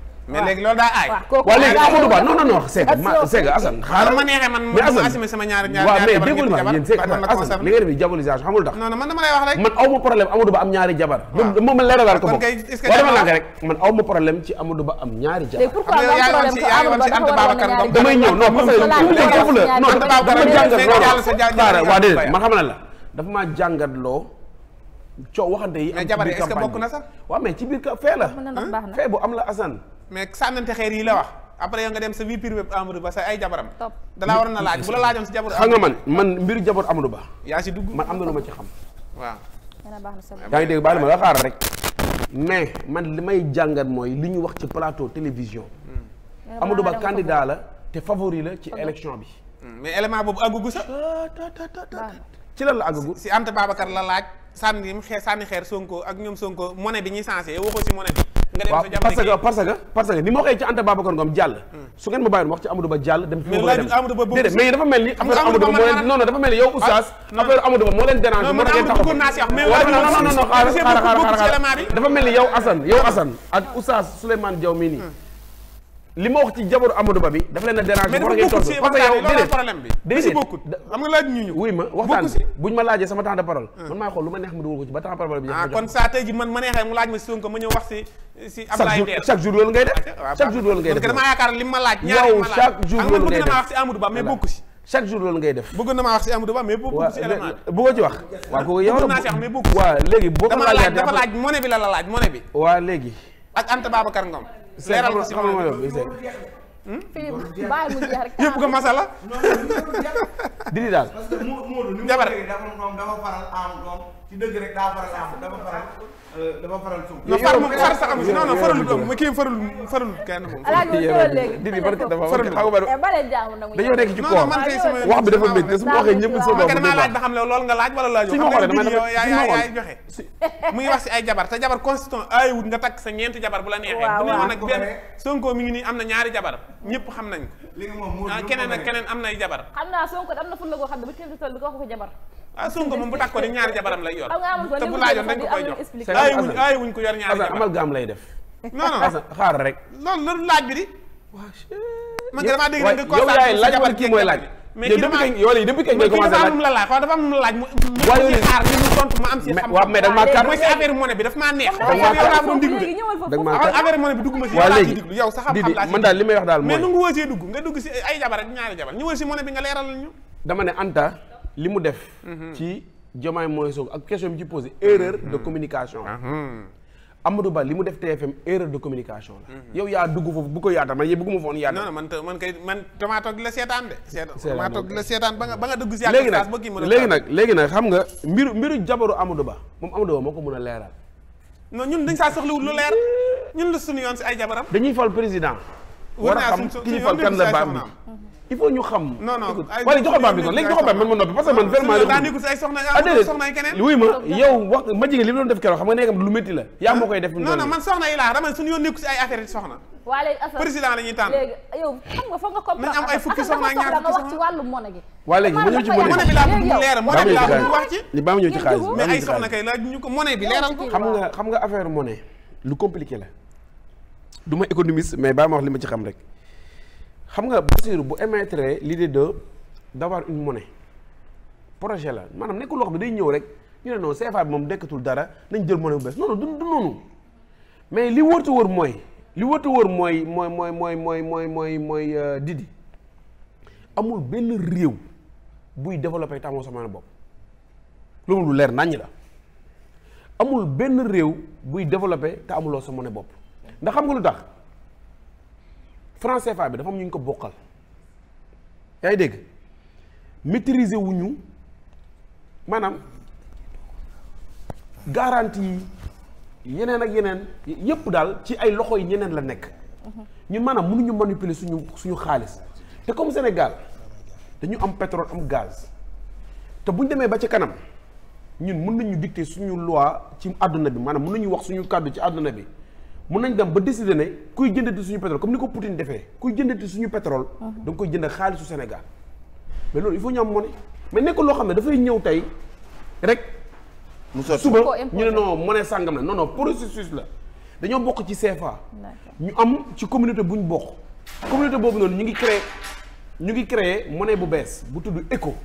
mais léegi loolu daa aay. waaw léegi Amadou Ba non ma Sega Assane. xaaral ma man ma assumé sama ñaar ñaar ñaar jabar mais déggul ma yéen Sega Assane li nga def ni diabolisation xamul tax. non non man dama aw ma problème Amadou Ba am ñaari jabar. waaw moom ma leeralal ko bopp waaw dama lànk rek man ma problème ci Amadou Ba am ñaari am problème ci Amadou Ba a ñaari damay ñëw non parce que foofu la non dama jàngat loolu xaaral waa déedéet man la dafa maa jàngat loo coow waxante yi. am ci biir waaw mais ci biir ka la. fee bu am la Assane. mais sànnante xeer yi la wax. après yow nga dem sa vie privée Amadou Ba sa ay jabaram. dalaa waroon na laaj la laajoon si jabar. xam nga man man mbir jabar Amadou Ba. man am na lu ma ci xam. waaw. yaa ngi dégg ma la xaar rek. mais man li may jàngat mooy li ñu wax ci plateau télévision. Hmm. Amadou Ba candidat la te favori la ci élection bi. Hmm. mais élément boobu àggugu sax. ci lan la àggagul si Anta Babacar la laaj sànni xeer sànni xeer Sonko ak ñoom Sonko monnaie bi ñuy sensé waxoo parce que parce que parce que ni ma waxee ci Anta Babacar Ngom jàll. Hmm. su ngeen ma bàyyi wax ci Amadou Ba jàll. dem fi ma bëgg a dem déedéet mais dafa mel ni. Amadou Ba moo leen non non moo leen tax ngeen taxaw non non non xaaral xaaral xaaral dafa mel ni yow Assane yow Assane ak oustaz Souleymane Diaw li ma wax ci jabaru Amadou Ba bi dafa leen a déranger. war ngeen laaj ñu ñu. wuy ma waxtaan buñ ma laajee sama temps de parole. si wax loolu ngay def. chaque am si wax si Amadou ko ci naa si wax mais bokku si. léegi dafa laaj monnaie bi la la laaj monnaie bi. waaw léegi. ak Anta Babacar Ngom leeral ko si xam nga loolu mu jeex rek. yëpp ko masala. non daal. parce que ci dëgg rek daa faral am dafa faral euh, far moom far sax amu si non non faralu ko ma kii faralu faralu eh, ma waxee ñëpp laaj ba xam ne loolu nga laaj wala laajoo. suñu xoolee muy wax si ay jabar te jabar constitution ay wut nga takk sa ñeenti jabar bu la neexee. waaw waaw nag benn ngi nii am na ñaari jabar ñëpp xam nañ ko. léegi moom ah, keneen ak keneen am na ful la koo xam ne bu kenn ko jabar ah Sonko moom bu tàkkoon ni ñaari jabaram lay yor. ko lay def. non non xaar rek. laaj bi di. man damaa dégg rek nga kontaan sa jabar kii mooy laaj. mais mu mu da maa kar ma si yow laa ci diglu yow sa xam-xam laa man daal li may wax daal mooy mais nu nga wësee dugg nga dugg si ay jabar ak ñu wër si monnaie bi nga leeral ñu dama ne Anta li mu def. ci Diomaye mooy Sonko ak question bi ci posé erreur de communication. Amadou Ba li mu def TFM erreur de communication la. yow yaa dugg foofu bu ko yaatal man yéen bëgguma foon yaatal. non man man kay man damaa toog di la seetaan de. seetaan maa toog di la seetaan ba nga ba nga dugg si. léegi nag léegi nag léegi nag xam nga. mbiru mbiru jabaru Amadou Ba moom Amadou Ba moo ko mën a leeral. non ñun dañ saa soxlawul lu leer ñun la suñu yoon si ay jabaram. dañuy fal président. war a xam ki ñu fal kan il faut ñu xam. non non ay wala joxo baam bi noonu léegi joxo baam man ma noppi parce que man vraiment. ay soxna ay ah, keneen. wuy ma yow wax ma jigéen li mu doon def keroog xam nga nekkam lu métti la. yaa ma ah, koy def non non man soxna yi laa dama suñu yoon nekku si ay affaire soxna. waa léegi affaire président la ñuy tànn léegi yow xam nga foog nga comprendre nañ am ay fukki soxna ak ñaar fukki soxna ci wàllu mona gi waa léegi ma ñëw ci mona bi laa bëgg leeral mona bi laa bëgg wax ci ba mu ñëw ci xaalis mais ay soxna kay laaj ñu ko mona bi leeral ko xam nga xam nga affaire mona lu compliqué la du ma économiste mais ba ma wax li ma ci xam rek xam nga Bassirou bu émettre l'idée de d'avoir une monnaie projet la maanaam nekkul loo xam ne day ñëw rek ñu ne non CFA bi moom dekkatul dara nañ jël monnaie bu bees non non du noonu mais li wërtu wër mooy li wërtu wër mooy mooy mooy mooy mooy mooy mooy mooy euh, Didi amul benn réew buy développé te sama bopp loolu leer naññ la amul benn réew buy développé amuloo sa monnaie bopp ndax xam nga lu tax franc CFA bi dafa am ñu ko bokkal yaa dégg maîtriser wu ñu maanaam garanti yi yeneen ak yeneen yépp daal ci ay loxo yi ñeneen la nekk. Mhm. ñun maanaam mënuñu manipuler suñu suñu xaalis te comme Sénégal dañu am pétrole am gaz te bu ñu demee ba ci kanam ñun mën nañu dicter suñu loi ci àdduna bi maanaam mën nañu wax suñu kàddu ci àdduna bi. mun nañ dem ba décider ne kuy jëndati suñu pétrole comme ni ko Poutine defee kuy jëndati suñu pétrole. Ah. da nga koy jënd xaalisu Sénégal. mais loolu il faut ñu am ne mais nekkul loo xam ne dafay ñëw tey rek. mu sotti suba ñu ne non monnaie sàngam la non non processus la dañoo bokk ci CFA. ñu am ci communauté bu ñu bokk. communauté boobu noonu ñu ngi créé ñu ngi créé monnaie bu bees bu tudd ECO.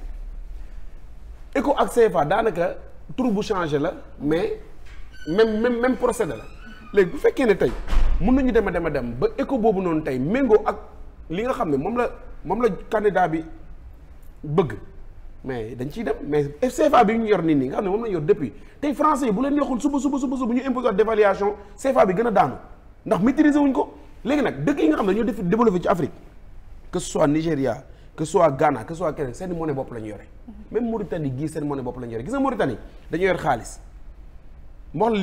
ECO ak CFA daanaka tur bu changé la mais même même même procédé la. léegi bu fekkee ne tey mun nañu dem a dem a dem ba écho boobu noonu tey méngoo ak li nga xam ne moom la moom la candidat bi bëgg mais dañ ciy dem mais CFA bi ñu yor nit ñi nga xam ne moom la ñu yor depuis tey français yi bu leen neexul suba suba suba suba ñu imposer dévaluation CFA bi gën a daanu ndax maîtriser wuñ ko léegi nag dëkk yi nga xam ne dañoo def développé ci Afrique que ce soit Nigéria que soit Ghana que soit keneen seen monnaie bopp la ñu yore même Mauritanie gii bopp la ñu yore gis nga Mauritanie dañu yor mboq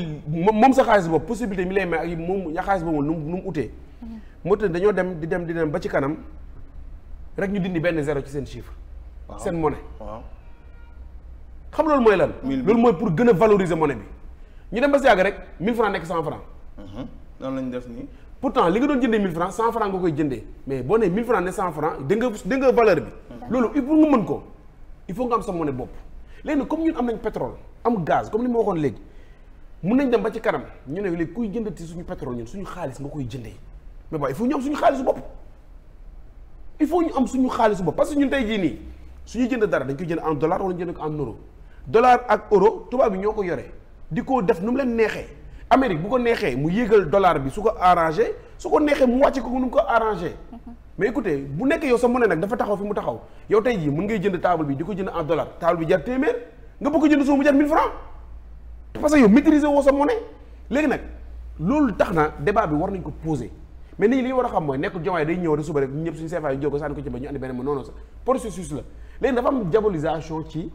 moom sa xaalis boobu possibilité mi lay may ak moom ya xaalis boobu nu mu utee. Mm-hmm. moo tax dañoo dem di dem di dem ba ci kanam rek ñu dindi benn zéro ci seen chiffre. seen monnaie. xam loolu mooy lan. loolu mooy pour gën a valoriser monnaie bi. ñu dem ba si yàgg rek 1000 francs nekk 100 francs. Mm-hmm. def nii. pourtant li nga doon jëndee 1000 francs 100 francs nga koy jëndee mais boo nee 1000 francs ne 100 francs dégg nga valeur bi. Mm-hmm. loolu il faut nga mën ko il faut am sa monnaie bopp. léegi comme ñun am nañ pétrole am gaz comme ni waxoon léegi. mun nañ dem ba ci kanam ñu ne léegi kuy jëndati suñu pétrole ñun suñu xaalis nga koy jëndee mais bon il faut ñu am suñu xaalisu bopp il faut ñu am suñu xaalisu bopp parce que ñun tey jii nii suñu jënd dara dañ koy jënd en dollar wala jënd ko en euro dollar ak euro bi ñoo ko yore di ko def nu mu leen neexee Amérique bu ko neexee mu yéegal dollar bi su ko arrangé su ko neexee mu wàcce ko nu mu ko arrangé mais écoutez bu nekkee yow sa monnaie nag dafa taxaw fi mu taxaw yow tey jii mun ngay jënd table bi di ko jënd en dollar table jar téeméer nga bëgg ko jënd soo mu jar 1000 francs parce que yow maîtriser woo sa monnaie léegi nag loolu tax na débat bi war nañ ko poser mais nit ñi li war a xam mooy nekkul Diomaye day ñëw rek suba rek ñëpp suñu CFA yi jóg ko sànni ko ci ba ñu la léegi dafa am diabolisation ci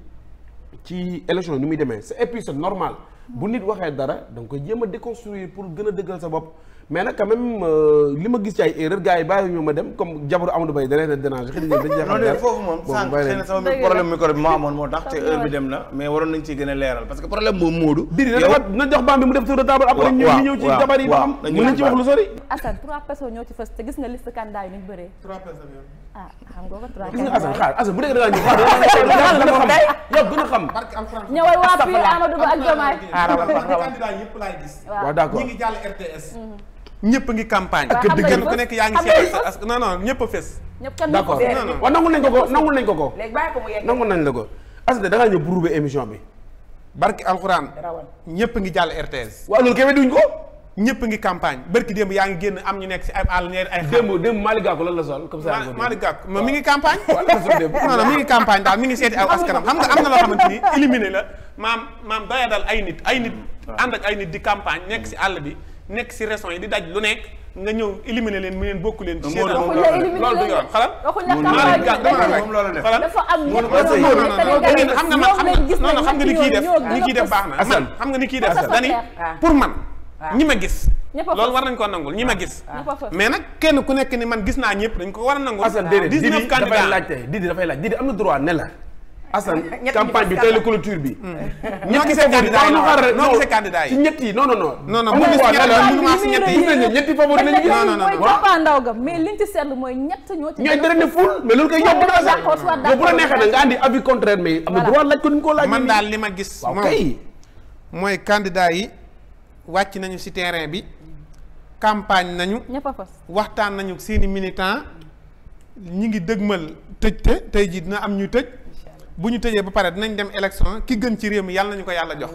ci élection ni muy demee c'est et puis normal bu nit waxee dara da koy jéem a déconstruire pour gën a dëggal sa bopp mais nag quand même euh, li ma gis ci ay erreur gars yi bàyyi ñu ma dem comme jabaru Amadou Baye dana leen déranger xëy na ñoom foofu moom moo amoon biri na jox bam bi mu dem sur le table après ñëw ci jabar yi ba xam ci wax lu sori Assane trois personnes ñoo ci fës te gis nga liste candidat yi bëree ah xam nga ko trois gis nga Assane bu dee da ñëw yow xam ñëway waa Amadou Ba ak Diomaye waaw d'accord ñi ngi jàll RTS mhm. ñëpp ngi campagne. kenn ku nekk yaa ngi seet non non ñëpp a fes. ñëpp d'accord waaw nangu nañ ko ko nangu nañ ko ko. léegi bàyyi ko mu yegg nangu nañ la ko. Asda da ngaa ñëw pour émission bi. barki alxuraan. ñëpp a ngi jàll RTS. waa loolu kay duñ ko. ñëpp ngi campagne barki démb yaa ngi génn am ñu nekk si ay àll ñeer ay. démb démb Malick Gakou lan la sol comme moom mi ngi campagne. non daal mi ngi seeti aw askanam xam nga am na loo xamante ni éliminé la maam maam daya dal ay nit ay nit. ànd ay nit di campagne nekk si àll bi nekk si raison yi di daj lu nekk nga ñëw éliminer leen mu leen bokk leen. ci loolu du yoon xalal. dafa am xam nga man xam nga ni kii def na. man xam ah. nga ni gis. loolu war nañ ko nangul ñi ma gis. Ah. mais nag kenn ku nekk a nangul. 19 ah, candidats dafay laaj didi dafay am na droit ne Assane campagne bi tey la clôture bi. Hmm. ñoo gisee candidat yi ñoo gisee yi ci ñett yi non non non. non non bu ñu si ñett yi ñetti favori lañu gis. non non non mooy ndaw ga mais liñ ci seetlu mooy ñett ñoo ci. man daal li ma gis. mooy candidat yi wàcc nañu si terrain bi campagne nañu. ñëpp a waxtaan nañu seeni militant ñi ngi dëgmal tëj te tey jii dina am ñu tëj bu ñu tëjee ba pare dinañ dem élection ki gën ci réew mi yàlla nañu ko yàlla jox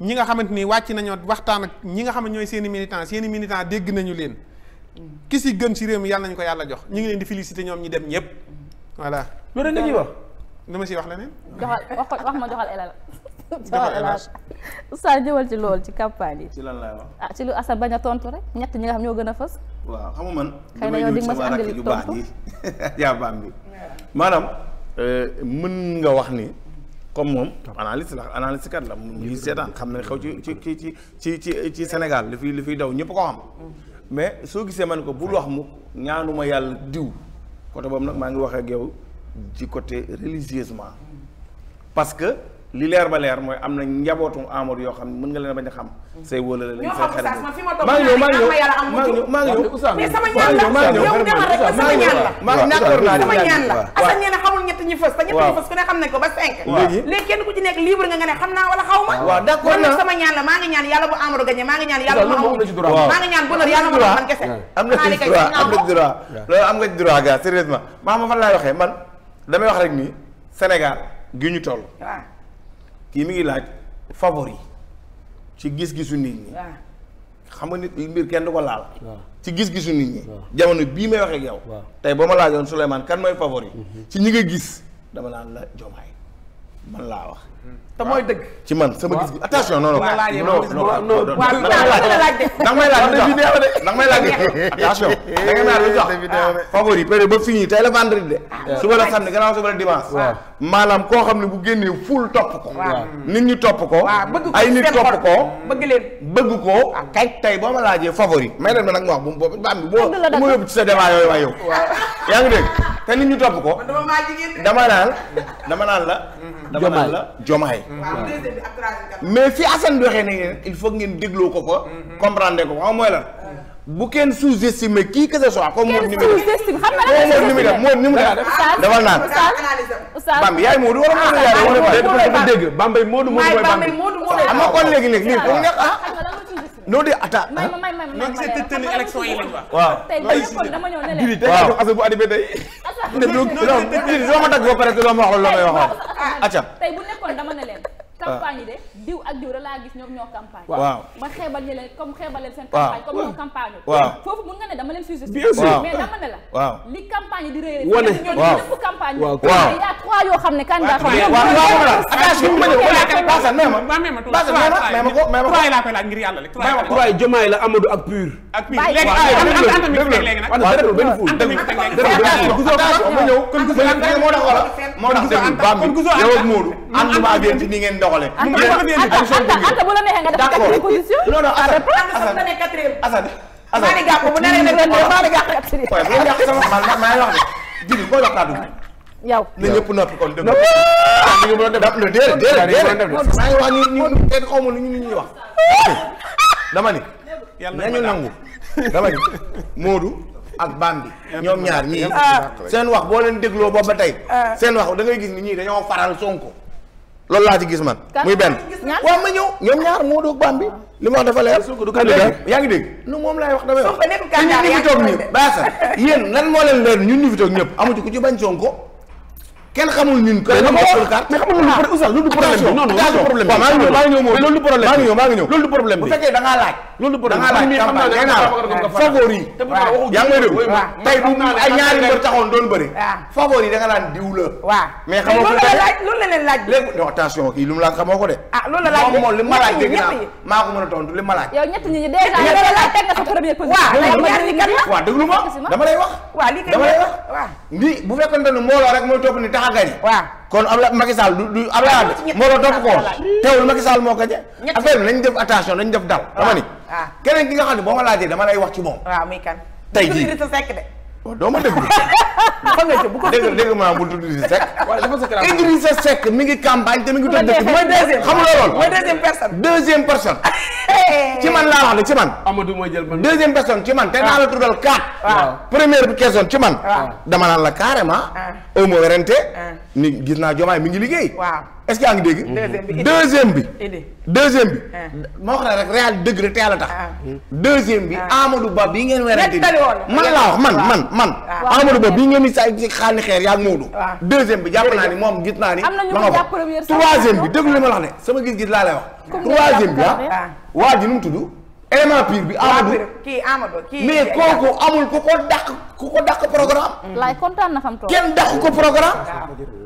ñi nga xamante ni wàcc nañoo waxtaan ak ñi nga xam ne ñooy seeni militant seeni militant dégg nañu leen mm. ki si gën ci réew mi yàlla nañu ko yàlla jox ñu ngi leen di féliciter ñoom ñi dem ñëpp voilà loolu nga ñuy wax li ma si wax leneen joxal wax wax ma joxal elal joxal elal oustaz jëwal ci loolu ci campagne yi ci lan laay wax ah ci lu asa bañ a tontu rek ñett ñi nga xam ñoo gën a fës waaw xam nga man xëy na yow di ma si andil tontu yaa baam bi Euh, mën nga wax ni comme moom analyste la analyste kat la mu ngi seetaan xam ne xew ci ci ci ci ci ci Sénégal li fi li fiy daw ñëpp ko xam mais soo gisee man ko bul wax mu ñaanuma yàlla diw côté boobu nag maa ngi wax ak ci côté religieusement parce li leer ba leer mooy am na njabootu Amadou yoo xam ne mën nga leen bañ a xam. Mm. say wóola la lañ say xarit maa ngi ñëw maa ngi ñëw maa ngi ñëw maa ngi ñëw sama ñaan la na xamul ñett ñi xam kenn ku ci nekk libre nga nga ne xam ma waaw d'accord naa sama ñaan la maa ngi ñaan yàlla bu Amadou gagné maa ngi ñaan bu Amadou yàlla ma doon man kese am nga ci droit am nga ci loolu am nga ci droit gars sérieusement maa ma fan laay waxee man damay wax rek ni Sénégal gi ñu toll kii mi ngi laaj favori ci gis-gisu nit ñi. xam nga nit mbir kenn du ko laal. ci gis-gisu nit ñi. jamono bii may wax ak yow. ba ma laajoon Souleymane kan mooy favori. Mhm. ci ñi nga gis dama naan la Diomaye man laa wax. Mhm. te mooy dëgg. ci man sama gis gi attention non non. non non da nga naan lu tax favori peut-être ba fini tey la vendredi de. Ah. suba la suba la dimanche. maanaam koo xam ne bu génnee ful topp ko. nit ñu topp ko. ay nit topp ko. bëgg leen bëgg ko. Ah, kay tey boo ma laajee favori. may leen ma nag ma wax bu boobu ba am bi boo mu yóbbu ci sa débat yooyu waaye yow. yaa ngi dégg te nit ñu topp ko. dama naan dama naan la. Mm-hmm. dama naan la jomaay. Mm-hmm. mais fi Assane waxee ne il faut ngeen dégloo ko ko mm-hmm. comprendre ko xam mooy lan euh, bu kenn sous-estimé kii que ce soit. comme moom ni mu def xam nga ni mu def moom ni mu def. dafa naan Bambi yaay Moodu wala Moodu ah, yaay wala dafa dégg Bambey Moodu Moodu mooy Bambi ah. xam nga kon léegi léegi nii pour nga ah. non de atta. may may may may gisee tënk élection yi lañ waaw ay si jiri tey nga jox asa bu adibé tey. ne doo ma dagg ba pare te doo ma wax loolu la may waxoon. acca Euh, campagne yi de diw ak diw da laa gis ñoom ñoo campagne. waaw ma xeebal ñu leen comme xeebal leen seen. campagne comme ñoo campagne. waaw foofu mun nga ne dama leen sujet. bien sûr mais dama ne la. waaw li campagne yi di réer. wane waaw ñëpp campagne. waaw waaw y a trois yoo xam ne. candidat xam ne waaw waaw waaw attention ma ñëw Bassane nee ma. Bassane nee ma nee ma ko nee ma ko. trois yi laa koy laaj ngir yàlla rek. trois yi trois yi Diomaye la Amadou ak Pur. ak Pur léegi ah déglu déglu léegi nag. waaw déglu benn fuul déglu déglu ma ñëw kon gisoo doxalee. nu ah, mu ah, ah, bu la neexee nga def quatrième position. non non Assane Assane Assane Gàkku bu nee rek maa ngi gàkku quatrième. waaye bu ngeen sama xamal maa ngi wax na ñëpp noppi kon dégg nga. ah ñu a maa ngi wax ni ñu kenn xaw ma lu ñu ñuy wax. dama ni. yàlla nañu nangu dama ni Modou. ak Bambi ñoom ñaar ñii. seen wax boo leen dégloo boobu ba tey. seen wax da ngay gis ni ñii dañoo faral Sonko. loolu laa ci gis man. muy benn waaw ma ñëw ñoom ñaar moo doog bam bi li ma wax dafa leer. du candidat yaa ngi dégg. nu moom laay wax damay wax. ñun ñu fi toog ñëpp yéen lan moo leen leer ñu fi toog ñëpp amu ci ku ci bañ Sonko kenn xamul ñun. mais a nga loolu du problème bi non non problème bi. maa ngi ñëw loolu du problème bi maa ngi ñëw loolu du problème bi. bu fekkee da ko mën a tontu li laaj. yow ñett ñi déjà yow la laaj teg nga sa première position. waaw déglu ma dama lay wax. dama lay wax. ni bu fekkoon ne mbooloo rek mooy topp ni taxaw gañe waaw kon am la Macky Sall du du am la moo doon topp ko teewul Macky Sall moo gañe affaire bi nañ def attention nañ def dal dama ni keneen ki nga xam ne boo ma laajee dama lay wax ci moom tey jii waaw doo ma dégg. fan nga bu ko dégg dégg maa bu tudd Idrissa Seck. waaw dafa Seck laa Idrissa Seck mi ngi campagne te mi ngi dëkk bi. mooy deuxième xam nga loolu. mooy laa wax de ci man. Amadou jël man deuxième personne ci man. te naa la ah. tuddal quatre. waaw ah. ah. première bi question ci dama naan la carrément. au moins ren ni gis naa jomaay mi ngi liggéey. waaw. est-ce yaa ngi dégg. deuxième bi deuxième bi. moo xam ne rek réal dëgg la te yàlla tax. Ah. deuxième bi ah. Amadou Ba bii ngeen werante bi man laa wax man man man. Ah. Amadou Ba bii ngeen di saa xaal ni xeer yaa ngi Moodu. deuxième bi jàpp naa ni moom gis naa ni. ma nga ko troisième bi déglu li ma la wax sama gis-gis laa lay wax. troisième bi ah waa ji nu mu tudd. élément pire bi. Amadou kii Amadou kii mais kooku amul ku ko dàq ku ko dàq programme. Mm. laay kontaan na kenn dàq ko programme.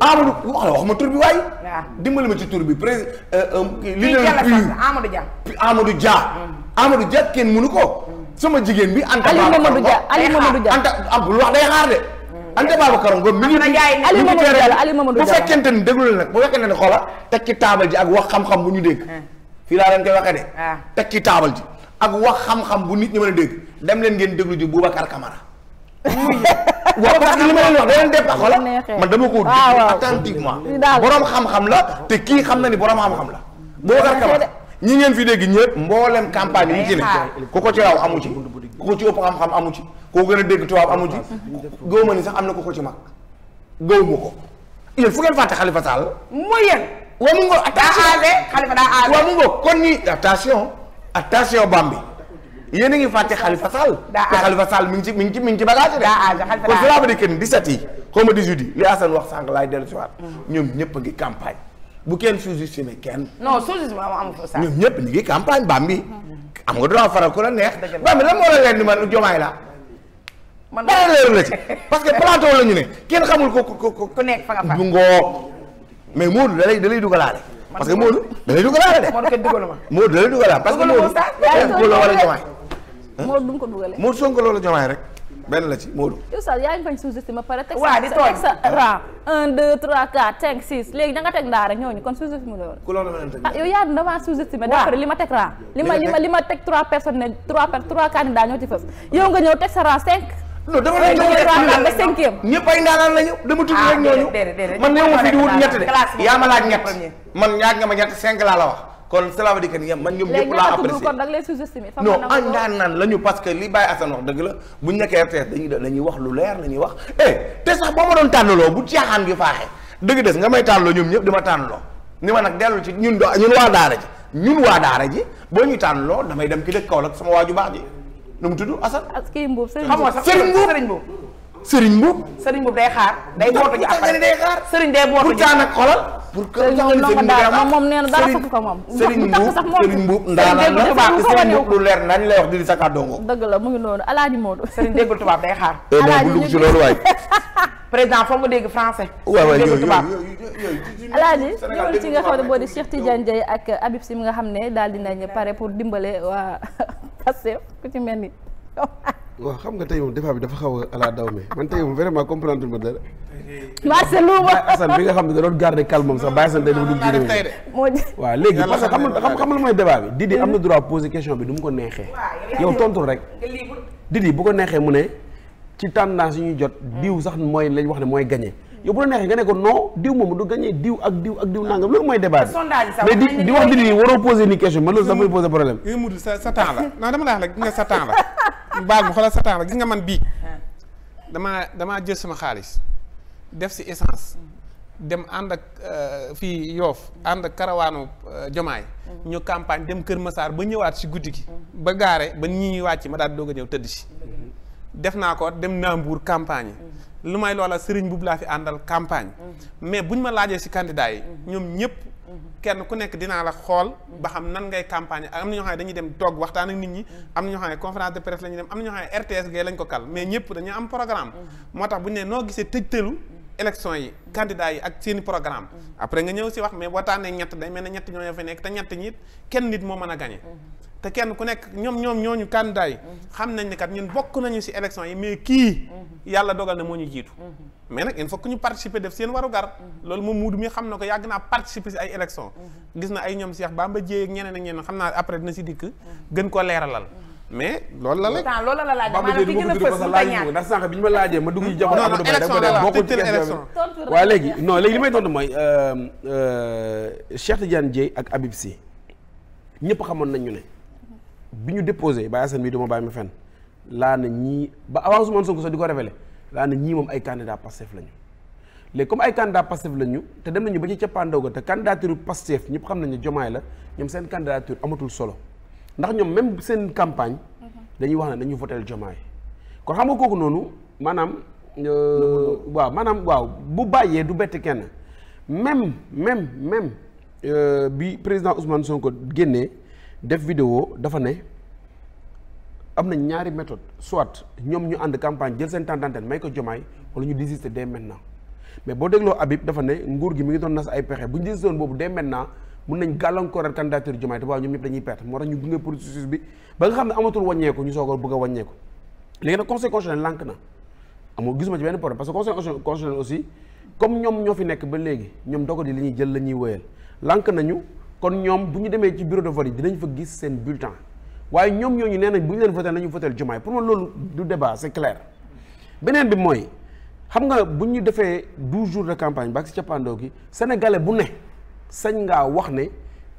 Amadou wax la wax ma tur bi waaye. dimbali ma ci tur bi président. li leen pire Amadou Dia. Amadou Dia. Mm. Amadou Dia kenn mënu ko. Mm. sama jigéen bi. Anta Aliou Mamadou Dia Aliou Mamadou Dia Anta ah, wax day xaar de. Anta Babacar Ngom mi ngi Aliou Mamadou Dia Aliou Mamadou Dia bu fekkente ni déglu nag bu fekkente ni xoola teg ci taabal ji ak wax xam-xam bu ñu dégg. fii laa leen koy waxee de. Ah. teg ci taabal ji ak wax xam-xam bu nit ñi mën a dégg dem leen ngeen déglu ji Boubacar Camara. waaw parce que li ma leen wax de leen départ wala man dama koo ah, déglu attentivement borom xam-xam la te kii xam na ni borom xam-xam la Boubacar Camara ñi ngeen fi dégg ñëpp mboolem campagne mu ñu ci ah. ku ko ci raw amu ci ku ko ci ëpp xam-xam amu ci koo gën a dégg tubaab amu ci gëw ma ni sax am na ku ko ci mag gëw ko yéen fu ngeen fàtte Khalifa Sall mooy yéen waa mu ngoog attention daa aase Khalifa daa aase waa mu ngoog kon attention Bambi yéen a ngi fàtte Khalifa Sall. daa aaj mi ngi ci mi ngi ci mi ngi ci bagage daa aaj Khalifa kon cela veut dire que ni 17 yi xaw ma 18 li Assane wax sànq laay dellu si waat. Mm. ñoom ñëpp a ngi campagne bu kenn mm. am nga droit faral ku la neex. dëgg la moo la leen di man jomaay la man dara leer la parce que plateau la ñu ne kenn xamul ko ku ku ku nekk fa nga fa. du ngoo mais Moodu da lay da lay dugalaale. parce que Modou da lay dugalaale de. Modou kenn dugalu ma. Modou da parce que Modou. yaa ngi wala jomaay. Modou du mu ko dugalee. Modou Sonko loola jomaay rek. benn la ci Modou. Oustaz yaa ngi fañ pare. teg sa teg sa ra 1 2 3 4 5 6 léegi da nga teg ndaara ñooñu kon sous-estimé loolu. ku loolu mën a teg ah, yow yaa dama sous-estimé. d'après li ma teg ra. li ma li ma li ma teg 3 personnes ne 3 3 candidats ci fës. yow nga ñëw teg sa non dama lay jox ba cinquième ñëpp ay ndaanaan lañu dama tudd rek ah, ñooñu man néew ma nga ma ñett laa la wax kon cela veut dire que ni man ñoom ñëpp laa apprécié non ah, li Baye Assane wax dëgg la buñ nekkee RTS dañuy dañuy wax lu leer la wax eh, te sax boo ma doon tànnaloo bu caaxaan gi faaxee dëgg des nga may tànnloo ñoom ñëpp dama tànnloo ni ma nag dellu ci ñun ñun waa daara ji ñun waa daara ji boo ñu loo damay dem ki dëkk Kaolack sama waaju baax ji nu mu tudd Assane. kii ah, Mbuub Serigne Mbuub Serigne Mbuub. Serigne Mbuub. Serigne Mbuub day xaar. day bootu ji après moom na la di sa eh, loolu waay. président foo mu dégg français. waaw waaw yooyu alaaji ñëwal ci nga xam ne boo di Cheikh Tidiane Dieye ak Habib Sy mi nga xam ne daal dinañ pare pour dimbale waa Pastef ku ci mel ni. waaw xam nga tey moom débat bi dafa xaw a ala daw me man tey moom vraiment comprendre ma dara. Marcelo Ba bi nga xam ne da doon garder calme moom sax Baye Assane tey dafa dugg jiw moo waaw léegi parce que xam nga xam nga mooy débat bi. Didi am na mm-hmm. droit poser question bi du mu ko neexee. yow tontul rek Didi bu ko neexee mu ne. ci naa yu ñuy jot mm. diw sax mooy lañu wax ne mooy gagné yow bu la neexee nga ne ko non diw moom du gagné diw ak diw ak diw nangam loolu mooy débat bi mais di di wax di ni waroo posé ni question man loolu sax mooy posé problème yooyu eh, sa sa temps la non dama laax la gis nga sa temps la baal sa temps la nga man bii ah. damaa jël sama xaalis def si essence mm. dem ànd ak euh, fii yoof ànd ak karawaanu euh, jomaay mm. ñu campagne dem Kër Masaar ba ñëwaat si guddi gi ba gaare ba ñi ñuy wàcc ma daal doog a ñëw tëdd si def naa ko dem naa Mbour campagne yi mm-hmm. lu may loola sëriñ boobu laa fi àndal campagne mm-hmm. mais buñ ma laajee si candidat yi mm-hmm. ñoom ñëpp kenn ku nekk dinaa la xool ba xam nan ngay campagne am na ñoo xam ne dañuy dem waxtaan ak nit ñi am ne conférence de presse la ñuy dem am na ñoo mais ñëpp dañu am programme moo tax buñu ne noo gisee tëj tëlu élection yi candidat yi ak seeni programme après nga ñëw si wax mais boo tànnee ñett day mel ne ñett ñoo fa nekk te ñett ñi kenn nit moo mën a gañe te kenn ku nekk ñoom ñoom ñooñu candidat yi xam nañ ne kat ñun bokk nañu si élection yi mais kii yàlla dogal ne moo ñu jiitu mais nag il fokk que ñu participer def seen warugar loolu moom muudu mi xam na ko yàgg naa participer si ay élection gis na ay ñoom Cheikh Bamba Dièye ak ñeneen ak ñeneen xam naa après dina si dikk gën koo leeralal mais loolu la rek loolu la laaj maanaam ki gën a fës mu ndax sànq bi ñu ma laajee ma dugg ci jamono Amadou Ba dama bokkul ci élection waaye léegi may tontu mooy euh, euh, Cheikh Tidiane Dièye ak Habib ñëpp xamoon nañu ne bi ñu déposé Baye Assane mii du ma bàyyi ma fenn laa na ñii ba avant Ousmane Sonko sax di ko révélé laa na ñii moom ay candidat Pastef lañu léegi comme ay candidat Pastef lañu te dem nañu ba ci cappaandaw ga te candidature Pastef ñëpp xam nañu jomaay la ñoom seen candidature amatul solo ndax ñoom même seen campagne dañuy wax ne dañu voteel jomaay kon xam nga kooku noonu maanaam euh, waaw maanaam waaw bu bàyyee du bett kenn même même même euh, bi président Ousmane Sonko génnee def vidéo dafa ne am na ñaari méthode soit ñoom ñu ànd campagne jël seen temps d'antenne may ko jomaay wala ñu désister dès maintenant mais boo dégloo Habib dafa ne nguur gi mi ngi doon nas ay pexe bu ñu désister woon boobu dès maintenant mun nañ gàllankooral candidature jomaay te waaw ñoom ñëpp dañuy perte moo tax ñu gunge processus bi ba nga xam ne amatul wàññeeku ñu soog a bëgg a wàññeeku léegi nag conseil constitutionnel lànk na amoo gisuma ci benn problème que conseil constitutionnel aussi comme ñoom ñoo fi nekk ba léegi ñoom dogal li ñuy jël la ñuy wëyal lànk nañu kon ñoom bu ñu demee ci bureau de vote yi dinañu fa gis seen bulletin waaye ñoom ñooñu nee nañ bu ñu leen voté nañu voté Diomaye pour man loolu du débat c'est clair beneen bi mooy xam nga bu ñu defee douze jours de campagne ba ak si cappaandoo gi sénégalais bu ne sañ ngaa wax ne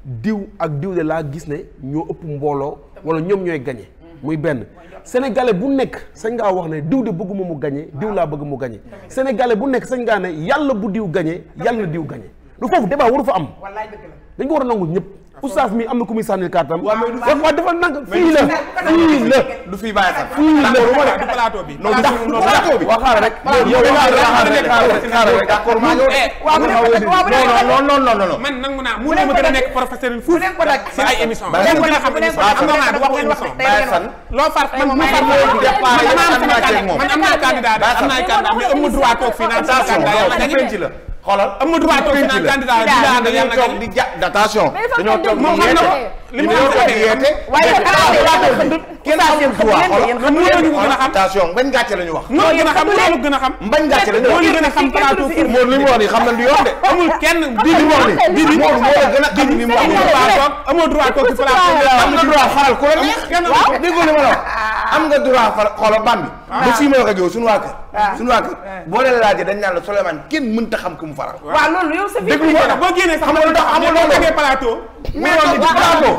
diw ak diw de laa gis ne ñoo ëpp mbooloo wala ñoom ñooy gagné. muy benn sénégalais bu nekk sañ ngaa wax ne diw de bëgguma mu gagné diw laa bëgg mu gagné sénégalais bu nekk sañ ngaa ne bu diw gagné yàlla diw gagné. du foofu débat waru fa am dañ ko a nangu ñëpp oustaz mi am na ku muy sànnil kàttam waaw dafa nank fii la fii la du fii bàyyi nekk du bi non ndax du plateau bi waaw xaaral rek yow xaaral rek xaaral rek d'accord maa mu ma gën a nekk professeur si ay émission ba ngeen xam émission am na du waxu émission bàyyi san man mu far loolu départ man am naa candidat am naa candidat mais am na droit toog fii naan sa candidat yow xoolal Amadou Ba toog na candidat di attention dañoo toog li ma attention bañ gàcce la ñu wax. moo gën a xam moo gën a xam. bañ gàcce la ñu wax moo gën a xam plateau foot. moom li mu wax nii xam nañ du yoon de. amul kenn di li mu wax nii. a nga droit faral ku la neex. waaw déggoo li ma la wax. am nga droit faral xoolal ban bi. Ah. ba fii ma wax ak yow suñu waa kër. waaw ah. suñu waa kër eh. boo leen laajee dañ naan la Souleymane kenn mënta xam ku mu faral. waaw loolu yow sa vie privée la boo génnee sax xam nga lu tax amul loolu plateau. mais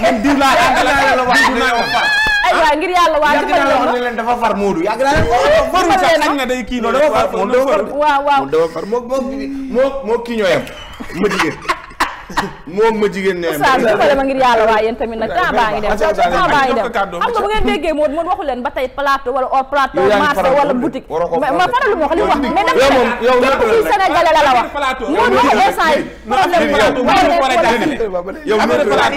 man diw laa ànd laa la wax aywa ngir yàlla leen dafa far Moodu yàgg naa leen ko faru sax xam nga day kii noonu dafa far moom dafa far waaw waaw dafa far moo moo moo ma jigéen moom ma jigéen nee na ma ngir yàlla waaye yéen tamit nag temps baa ngi dem temps baa ngi dem xam nga bu ngeen déggee moo moon waxu leen ba tey plateau wala hors oh, plateau marché wala boutique ma faralu ma wax li wax mais dama képp fii sénégalais la la wax moon waxu instant yi problème la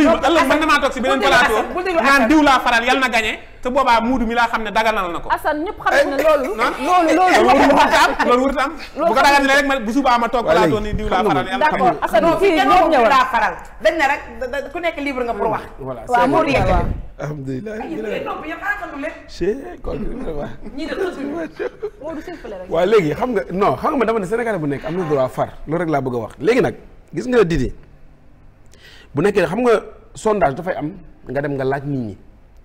yow si beneen plateau naan diw laa faral yal na gagné te boobaa muudu mi laa xam ne daganal na ko Assane ñëpp xam na eh, loolu loolu loolu wërta am loolu wërta am rek ma bu subaa ma toog plateau ni diw laa faral yal na d'accord Assane fii ñëpp ñëw laa faral dañ na rek ku nekk libre nga pour wax waaw moo xam nga non xam nga dama ne sénégalais bu nekk am lu droit far loolu rek laa bëgg wax léegi nag gis nga di bu nekkee xam nga sondage dafay am nga dem nga laaj nit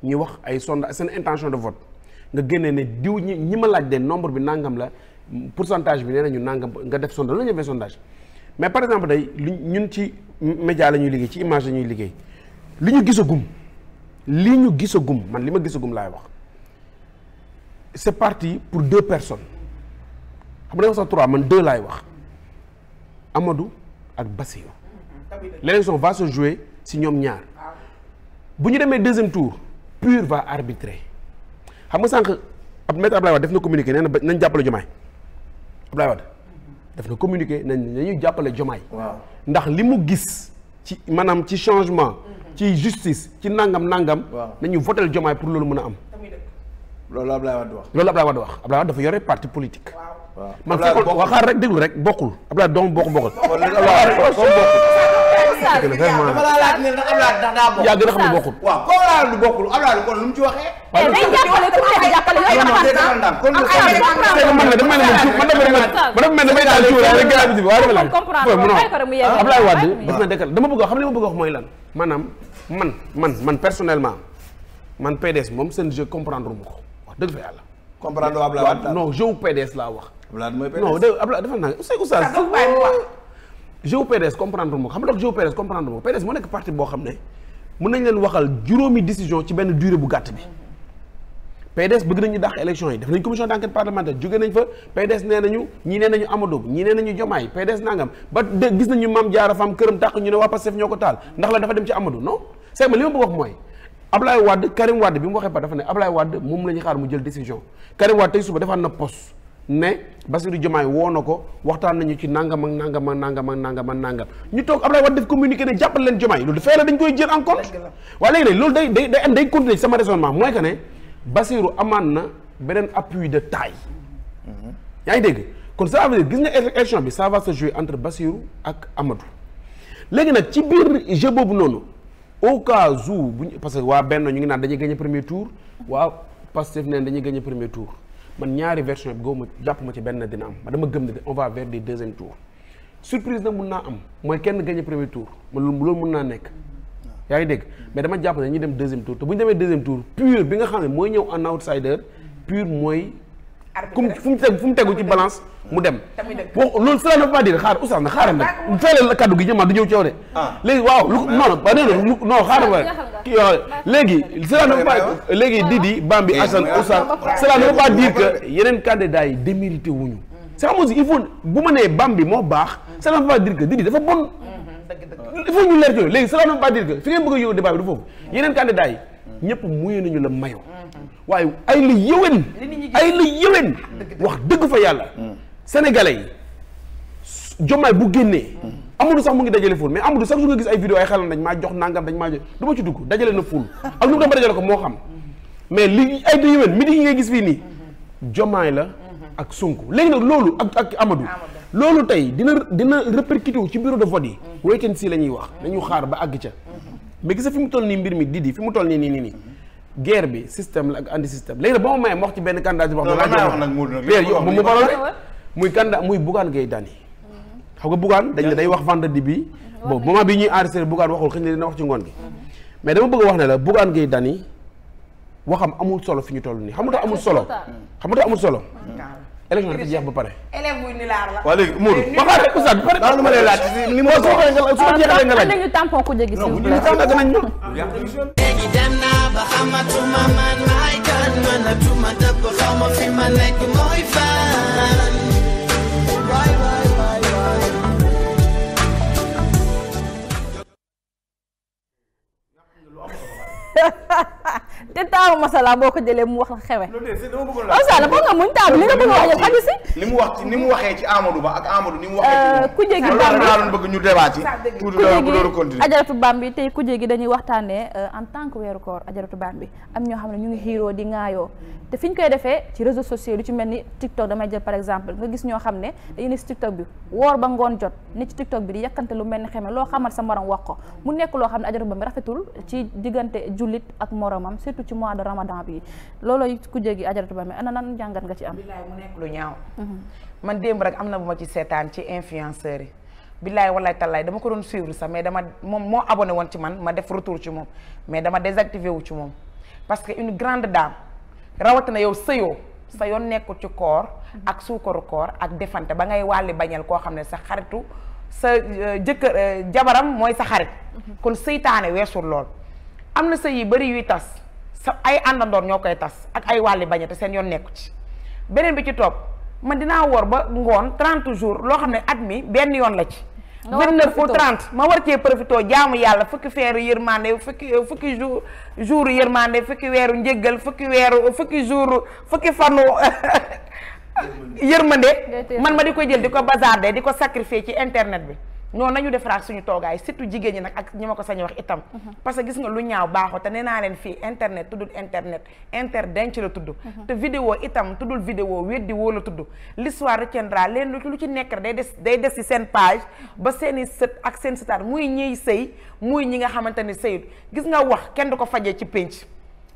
ñi ñu wax ay sondage seen intention de vote nga génne ni diw ñi ñi ma laaj de nombre bi nangam la pourcentage bi nee ñu nangam nga def sondage la ñu defee sondage mais par exemple day lu ñun ci média la ñuy liggéey ci image la ñuy liggéey li ñu gisagum li ñu gisagum man li ma gisagum laay wax c'est parti pour deux personnes xam nga sa trois man deux laay wax amadu ak Bassirou mm-hmm. l'élection va se jouer si ñoom ñaar bu ñu demee deuxième tour pur va arbitrer xam nga sànq ab maître Ablaye Wade def na communiqué nee na nañ jàppale Diomaye Ablaye def na communiqué nañ nañu jàppale Diomaye ndax li mu gis ci maanaam ci changement mm-hmm. ci justice ci nangam nangam nañu votel Diomaye pour loolu mën a am loolu Ablaye Wade wax loolu Ablaye Wade wax Ablaye Wade dafa yore parti politique man fekkoon waxaar rek déglu rek bokkul Ablaye doom bokk bokkul dama laa yaa gën a xam ne bokkul. waaw koo laal du bokkul Abdoulaye kon lu mu xam eh, la dama mel ne man dafa mel man dafa mel damay daal jiw rek gën a bi waaye dama la Abdoulaye xam li ma bëgg a mooy lan maanaam man man man personnellement man PDS moom seen jeu comprendre mu ko wax dëgg fa yàlla comprendre Abdoulaye PDS laa wax non Abdoulaye dafa naa Oustaz Oustaz GOPDS comprendre moo xam nga GOPDS comprendre moo PDS moo nekk parti boo xam ne mën nañ leen waxal juróomi décision ci benn durée bu gàtt bi PDS bëgg nañu dàq élection yi def nañ commission d'enquête parlementaire jóge nañ fa PDS nee nañu ñii nee nañu Amadou ñii nee nañu Diomaye PDS nangam ba gis nañu Mame Diarra Fam këram tàq ñu ne waa Pastef ñoo ko taal ndax la dafa dem ci Amadou non c'est ma li ma bëgg wax mooy Ablaye bi mu waxee ba dafa ne Ablaye Wade moom la ñuy xaar jël décision Karim Wade tey suba defaat na ne Bassirou Diomaye woo na ko waxtaan nañu ci nangam ak nangam ak nangam ak nangam ak nangam ñu toog Abdoulaye Wade def communiqué ne jàppal leen Diomaye loolu dafay la dañ koy jël en compte waaye léegi nag loolu day day day day continuer sama raisonnement mooy que ne Bassirou amaan na beneen appui de taille mhm. yaa ngi dégg kon ça veut gis nga élection bi ça va se jouer entre Bassirou ak Amadou léegi nag ci biir jeu boobu noonu au cas où bu parce que waa benn ñu ngi naan dañuy gagné premier tour waa Pastef neen dañuy gagné premier tour man ñaari version bi góob ma jàpp ma ci benn dina am ma dama gëm ne on va vers des deuxième tour surprise na mun naa am mooy kenn gagné premier tour ma loolu mun naa nekk. Hmm. yaa ngi dégg mais dama jàpp ne ñu dem deuxième tour te bu ñu demee deuxième tour pur bi nga xam ne mooy ñëw en outsider pur mooy. arbitre fu mu tegu fu mu tegu ci balance mu dem. tamit dëgg wax loolu cela ne veut pas dire xaar oustaz na xaaral nag. feeleel la kaddu gi jëmmal du ñëw ci yow de. Ah. léegi waaw lu ba nee na lu non xaaral ma kii léegi. cela ne veut pas léegi Didi Bambi eh, Assane oustaz cela ne veut pas dire que yeneen candidats yi démérité wuñu. Mm. c'est amosi bu ma nee Bambi moo baax. cela ne veut pas dire Didi dafa bon. Mm-hmm. il faut leer ci léegi cela ne veut pas dire que fi ngeen bëgg a yóbbu débat bi du foofu mm. yeneen candidats yi ñëpp muyee nañu la mayo waaye ay la yëwen ay la yëwen wax dëgg fa yàlla hmm. sénégalais yi jomaay bu génnee hmm. Amadou sax mu ngi dajale ful mais Amadou sax su nga gis ay vidéo ay xelal dañ maa jox nangam dañ maa jox du ci dugg dajale na ful ak lu mu dama dajale ko moo xam mais li ay da yëwen mi di ngay gis fii nii jomaay la hmm. ak Sonko léegi nag loolu ak ak Amadou loolu tey dina dina répercuté wu ci bureau de vote yi wait and see la ñuy wax dañu xaar ba àgg ca mais gis fi mu toll nii mbir mi Didi fi mu toll nii nii nii guerre bi système la ak anti système léegi nag ba ma mayee wax ci benn candidat bi wax. non wax nag Moodu nag léegi mu muy candidat muy Bougane Gueye Dany. xam nga Bougane dañ day wax vendredi bi. bon moment bi ñuy enregistré Bougane waxul xëy na dina wax ci ngoon gi. mais dama bëgg a wax ne la Bougane Gueye Dany waxam amul solo fi ñu toll nii xam nga amul solo. xam nga amul solo. élection dafa jeex ba pare. élève buy ni laar la. waaw léegi pare. daal ma lay laaj li ma soo xoolee ma jeexalee nga laaj. nañu tampon ku jéggi si. bu ñu tampon dagg nañ ñoom. léegi dem naa ba xamatuma man maay kan mënatuma te taaru masalaa boo ko jëlee mu wax la xewe. loolu foog nga muñ taaru li nga bëgg wax yëpp xaju si. ni mu wax ni mu waxee ci Amadou Ba ak Amadou ni mu waxee ci. kuje gi Bambi laa ñu débat ci. tuuti bu loolu continuer ajaratu Bambi tey kuje gi dañuy waxtaanee euh, en tant que weeru koor ajaratu baam bi am ñoo xam ne ñu ngi xiiroo di ŋaayoo te fi ñu koy defee ci réseaux sociaux lu ci mel ni TikTok damay jël par exemple nga gis ñoo xam ne dañu ne si TikTok bi woor ba ngoon jot ne ci TikTok bi di yakkante lu mel ni xeme loo xamal sa morom wax ko mu nekk loo xam ne ajaratu Bambi rafetul ci diggante jullit ak moromam surtout ci mois de ramadan bi looloo ku jégi ajaratu ba mi ana nan jàngat nga ci am billaay mu mhm. man démb rek am na bu ma ci seetaan ci influenceurs yi billaay wallaay tallaay dama ko doon suivre sax mais dama moom moo abonné woon ci man ma def retour ci moom mais dama désactivé wu ci moom parce que une grande dame rawatina yow sëyoo sa yoon nekkul ci koor mhm. ak suukaru koor ak defante ba ngay wàlli bañal koo xam ne sa xaritu sa euh, jëkkër euh, jabaram mooy sa xarit mhm. kon seytaane weesul lool am na sëy yu bari yuy tas sa ay àndandoor ñoo koy tas ak ay wàlli bañe te seen yoon nekku ci beneen bi ci toog man dinaa wor ba ngoon 30 jours loo xam ne at mi benn yoon la ci. vingt neuf ou trente ma war cee profité jaamu yàlla fukki feeru yërmande fukki fukki jour jour yërmande fukki weeru njëggal fukki weeru fukki jour fukki fanu yërmande man ma di ko jël di ko bazarde di ko sacrifier ci internet bi noonu nañu defaraat suñu toogaay surtout jigéen ñi nag ak ñi ma ko sañ wax itam mhm. parce que gis nga lu ñaaw baaxoo te nee naa leen fii internet tuddul internet inter denc la tuddu mhm. te vidéo itam tuddul vidéo weddi woo la tudd l'histoire retiendra leen lu ci nekk day des day des ci seen page ba seeni i sët ak seen sëtaat muy ñëy sëy muy ñi nga xamante ni sëyut gis nga wax kenn du ko fajee ci pénc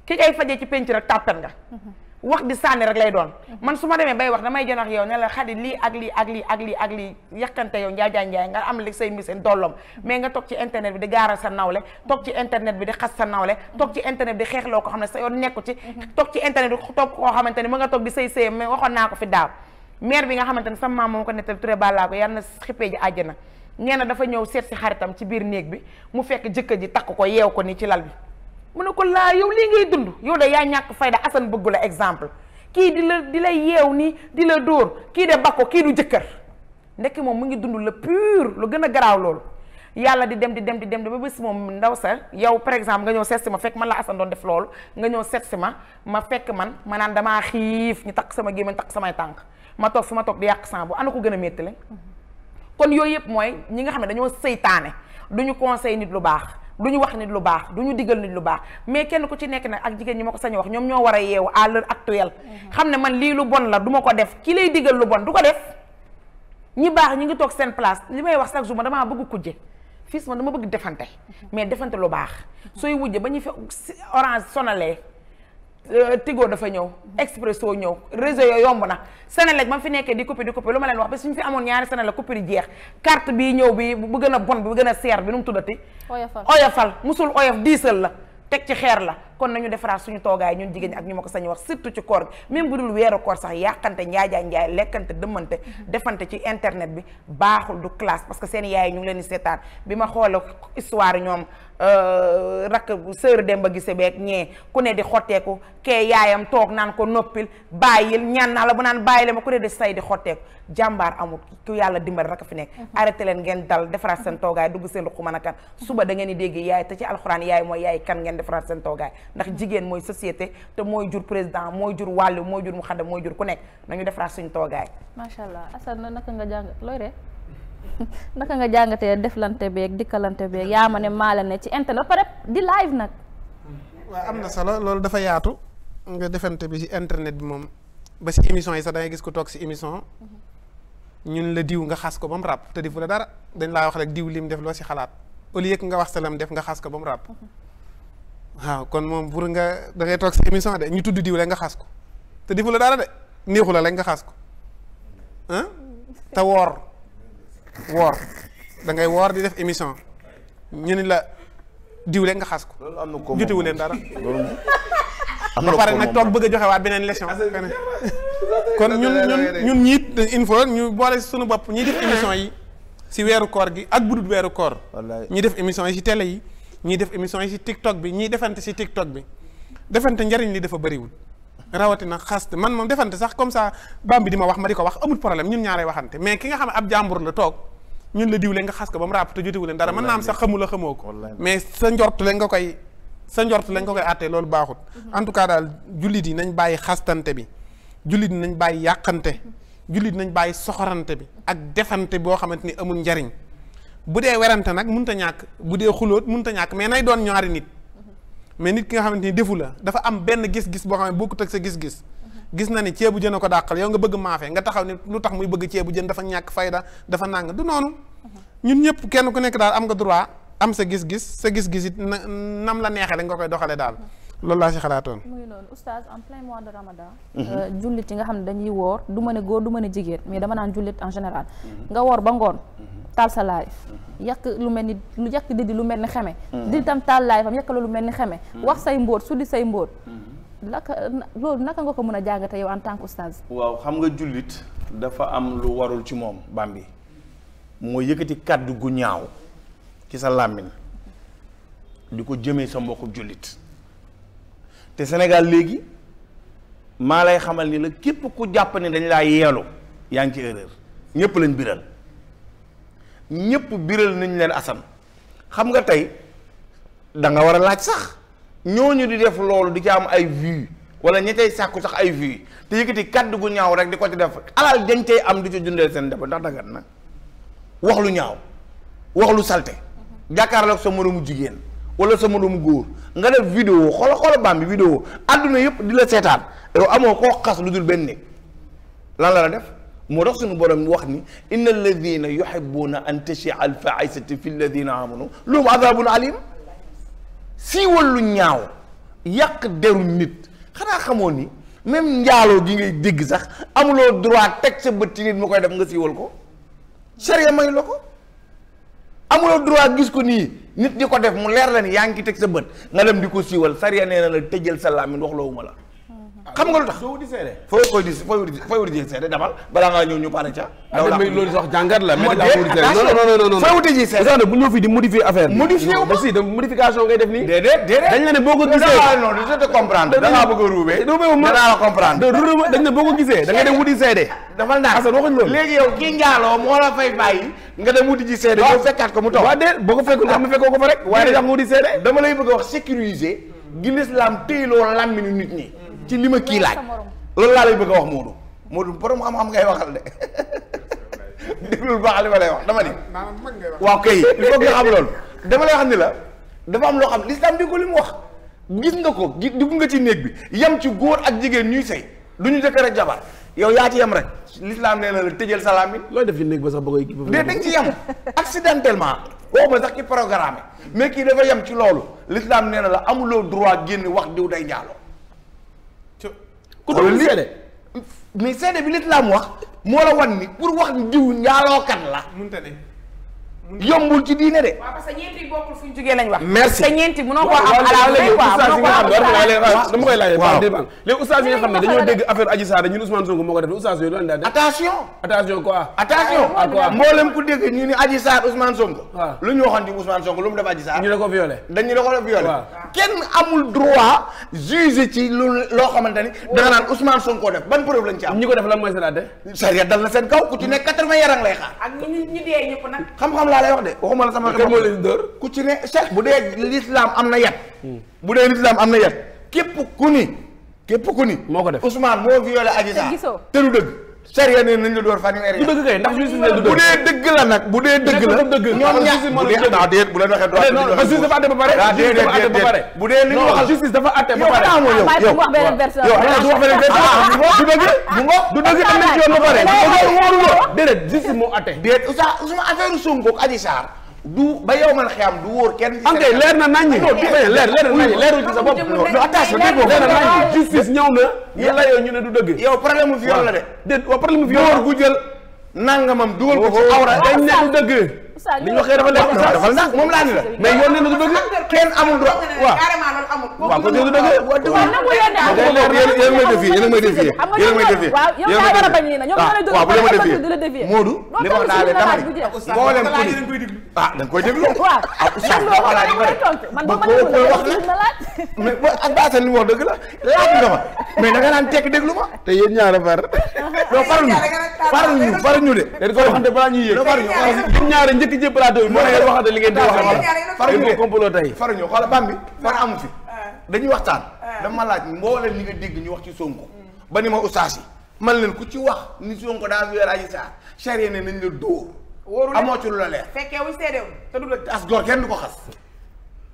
ki ngay fajee ci pénc rek tàppet nga mhm. wax di sànni rek lay doon man su ma demee bay wax damay jënax yow ne la xadi lii ak lii ak lii ak lii ak lii yàqante yow njaajaa njaay nga am li say miseen dollom mais nga toog ci internet bi di gaaral sa nawle toog ci internet bi di xas sa nawle toog ci internet bi di xeexloo ko xam ne sa yoon nekku ci toog ci internet bi toog koo xamante ne mu nga toog di say say mais waxoon naa ko fi daaw maire bi nga xamante ne sama maam moom ko nettal Touré Balla ko yal na xippee ji àjjana nee na dafa ñë seet si xaritam ci biir néeg bi mu fekk jëkkër ji takk ko yeew ko ni ci lal bi mu ne ko laa yow lii ngay dund yow de yaa ñàkk fayda Assane bëggu la exemple kii di la di lay yeew nii di la dóor kii de bakko kii du jëkkër ndekki moom mu ngi dund la pur lu gën a garaaw loolu yàlla di dem di dem di dem di ba bés moom ndaw sa yow par exemple nga ñëw seet ma fekk man la Assane doon def loolu nga ñëw seet si ma ma fekk man ma naan damaa xiif ñu takk sama gémmiñ takk samay tànk ma toog fi ma toog di yàq sang bu ana ko gën a métti le kon yooyu yëpp mooy ñi nga xam ne dañoo seytaane du ñu conseil nit lu baax du ñu wax nit lu baax du ñu digal nit lu baax mais kenn ku ci nekk nag ak jigéen ñi ma ko sañ wax ñoom ñoo war a yeewu à l'heure actuelle mhm. xam ne man lii lu bon la du ma ko def ki lay digal lu bon du ko def ñi baax ñi ngi toog seen place li may wax chaque jour ma damaa bëgg kujje fils man dama bëgg defante mhm. mais defante lu baax mhm. sooy wujje ba ñu fi orange sonalee Euh, Tigo dafa ñëw Expresso ñëw réseau yooyu yomb na Senelec ma fi nekkee di coupé di coupé lu ma leen wax ba suñu fi amoon ñaari Senelec coupé di jeex carte bii ñëw bi bu gën a bon bi bu gën a seer bi nu mu tuddati oyofal oyofal musul oyof diisal la teg ci xeer la kon nañu defaraat suñu toogaay ñun jigéen ak ñu ma ko sañ wax surtout ci koor gi même bu dul weeru koor sax yàqante njaajaa njaay lekkante dëmmante mhm. defante ci internet bi baaxul du classe parce que seen yaay ñu ngi leen di seetaan bi ma xoola histoire ñoom euh, rakk sœur Demba Gise beeg ñee ku ne di xotteeku kee yaayam toog naan ko noppil bàyyil ñaan naa la bu naan bàyyi la ma ku ne di say di xotteeku jàmbaar amul ku yàlla dimbal rek fi nekk mhm. arrêté leen ngeen dal defaraat seen mhm. toogaay dugg seen ruqu mën a kan suba da ngeen di dégg yaay te ci alxuraan yaay mooy yaay kan ngeen defaraat seen ndax jigéen mooy société te mooy jur président mooy jur wàllu mooy jur mu xadam mooy jur ku nekk def defaraat suñu toogaay. macha allah na naka nga jàng looy ree naka nga jàngatee deflante beeg dikkalante beeg yaa ma ne maa la ne ci internet ba pare nag. waaw am na solo loolu dafa yaatu nga defante bi si internet bi moom ba ci émission yi sax da gis ku toog ci émission. ñun la diw nga xas ko ba mu ràpp te defu la dara dañ laa wax rek diw mu def loo si xalaat au lieu nga wax salam def nga xas ko ba mu ràpp. waaw kon moom pour nga da toog si émission de ñu tudd diw rek nga xas ko te defu la dara de neexu la lañ nga xas ko te woor woor da woor di def émission ñu ni la diw rek nga xas ko. loolu am na ko jotewu leen dara. am na pare nag toog bëgg a joxe waat beneen leçon. kon ñun ñun ñun ñiit il faut ñu boole sunu bopp ñi def émission yi. si weeru koor gi ak budut weeru koor. ñi def émission yi si télé yi. ñiy def émission yi si TikTok bi ñiy defante si TikTok bi defante njariñ li dafa bëriwul rawatina xaste man moom defante sax comme sa bam bi di ma wax ma di ko wax amul problème ñun ñaaree waxante mais ki nga xam ne ab jàmbur la toog ñun la diwle nga xas ko ba mu ràpp te jotewu leen dara mën naa am sax xamula xamoo ko mais sa njort la nga koy sa njort la nga koy àttee loolu baaxut mhm. en tout cas daal jullit yi nañ bàyyi xastante bi jullit yi nañ bàyyi yàqante jullit nañ bàyyi soxorante bi ak defante boo xamante ni amul njariñ bu dee werante nag mun ta ñàkk bu dee xuloot mënut a ñàkk mais nay doon ñaari nit mais nit ki nga xamante ni defu la dafa am benn gis-gis boo xam ne bokkut ak sa gis-gis gis na ne ceebu jën ko dàqal yow nga bëgg maafe nga taxaw ne lu tax muy bëgg ceebu jën dafa ñàkk fayda dafa nàng du noonu ñun ñëpp kenn ku nekk daal am nga droit am sa gis-gis sa gis-gis na nam la neexee nga koy doxalee daal loolu laa xalaatoon. muy noonu oustaz en plein mois de Ramadan. Mhm. Euh, nga xam ne dañuy woor du ma ne góor du ma ne jigéen mais dama naan jullit en général. Mhm. nga woor ba ngoon. Mhm. taal sa live yàq lu mel ni lu yàq didi lu mel ni xeme didi mm-hmm. tam taal live am yàq loolu mel ni xeme mm-hmm. wax say mbóot su di say mbóot mm-hmm. laka loolu naka nga ko mën a jàngate yow en tant que oustaz waaw xam nga jullit dafa am lu warul ci moom baam bi moo yëkkati kàddu gu ñaaw ci sa làmmiñ di ko jëmee sa mbokku jullit te senegal léegi maa lay xamal ni la képp ku jàpp ne dañ laa yeelu yaa ngi ci erreur ñépp lañ biral ñëpp biral nañ leen asan xam nga tey danga war a laaj sax ñu di def loolu di ci am ay vues wala ñi tey sàkku sax ay vues te yëkkati kàddu gu ñaaw rek di ko ci def alal dañ tey am di ci dundal seen def ndax dagat na wax lu ñaaw wax lu salte jàkkaarloo ak sa moroomu jigéen wala sa moroomu góor nga def vidéo xoola xoola baam bi vidéo àdduna yëpp di la seetaan yow amoo koo xas lu dul benn nit lan la la def moo tax suñu borom wax ni inna alladina yuhibbuna an tachia al fahisatu fi alladina amanu lahum adabun alim siiwal lu ñaaw yàq deru nit xanaa xamoon ni même njaaloo gi ngay dégg sax amuloo droit teg sa bëtti nit mu koy def nga siiwal ko sariya may la ko amuloo droit gis ko nii nit di ko def mu leer la ni yaa ngi teg sa bët nga dem di ko siiwal sariya nee na la tëjal sa làmmiñ wax loowuma la xam nga lu tax foo koy di fooy wut ah, di modifier a ruube. da ngaa comprendre dañ ne boo ko gisee da wuti seede. ko mu toog waaw dama lay bëgg wax sécuriser gi l'islam téyloo làmminu nit ñi ci li ma kii laaj loolu laa lay bëgg a wax Modou Modou borom am am ngay waxal de déglul baax li ma lay wax dama ni waaw kay il faut nga xam loolu dama lay xam ni la dafa am loo xam lislaam di ko li mu wax gis nga ko dugg nga ci néeg bi yam ci góor ak jigéen ñuy sëy du ñu jëkkër ak jabar yow yaa ci yem rek lislaam nee na la tëjal salaam bi looy def ci néeg ba sax ba koy de dañ ci yem accidentellement waxuma sax ki programme mais kii dafa yem ci loolu lislaam nee na la amuloo droit génn wax diw day njaaloo ku dul seede mais seede bi lislaam wax moo la wan ni pour wax diw njaalookat la. yombul ci diine de. waaw parce que merci te ñeenti mënoo koo am. ala léegi oustaz nga xam ne ah, dama koy laajee. waaw léegi nga xam ne dañoo dégg affaire Adji yooyu loolu daal de. attention attention quoi. attention à ah, ah, quoi mboolem ko violé. dañu kenn amul droit juger ci lu loo xamante ni da nga naan Ousmane Sonko def ban preuve lañ ci am. ñi ko def lan mooy seen àtte. sariya dal na seen kaw ku ci nekk 80 yarang lay xaar. ak ñi ñu dee ñëpp nag xam-xam la laa lay wax de waxuma la sama xel moo leen dóor ku ci ne chaque bu dee l'islam am na yet hmm. bu dee l'islam am na yet képp ku ni képp ku ni moo ko def Ousmane moo violé Adji Sarr te du dëgg sariya ne nañ la door fanweer yi. du dëgg kay ndax justice la du bu dee dëgg la nag bu dee dëgg la. ñoom bu dee ah déet bu leen waxee droit. non ba pare. ah déet déet déet bu dee li ñu waxal justice dafa àtte ba pare. yow yow yow yow yow du wax beneen version. Ah, ah, du dëgg du dëgg am na ci yoon ba pare. déedéet justice moo àtte. déet oustaz suma affaire Sonko ak Adji du ba yow man xiyam du wóor kenn. am kay leer na naññi. Ah leer leer na naññi leerul ci sa bopp. non attention déggoo leer na naññi justice ñëw na. ñu la yow ñu ne du dëgg. yow problème mu viol la de. déet waaw problème mu viol la góor gu jël. nangamam dugal ko ci awra dañ ne du dëgg. li ñu waxee dafa leer dafa ndax moom laa ni la mais yoon nee na du dëgg kenn amul droit waaw waaw ko dëgg dëgg waaw nangu yoon a bañ na ah, la défier Modou li ma daale ah, ah, dama ba ko koy wax la mais ak baasa li mu wax dëgg la nga mais da nga naan tekk déglu ma te yéen ñaara far tijjee plateau bi moo leen wax ne li ngeen di wax faru ñu complot tey faru ñu xoolal bam bi far amu fi dañuy waxtaan dama laaj mbooleem li nga dégg ñu wax ci Sonko mm. ba ni ma ustaas yi man leen ku ci wax ni Sonko daa weer aji saar charia ne nañ la dóor wóorul amoo ci lu la leer fekkee wuñ seedew te du la as ko xas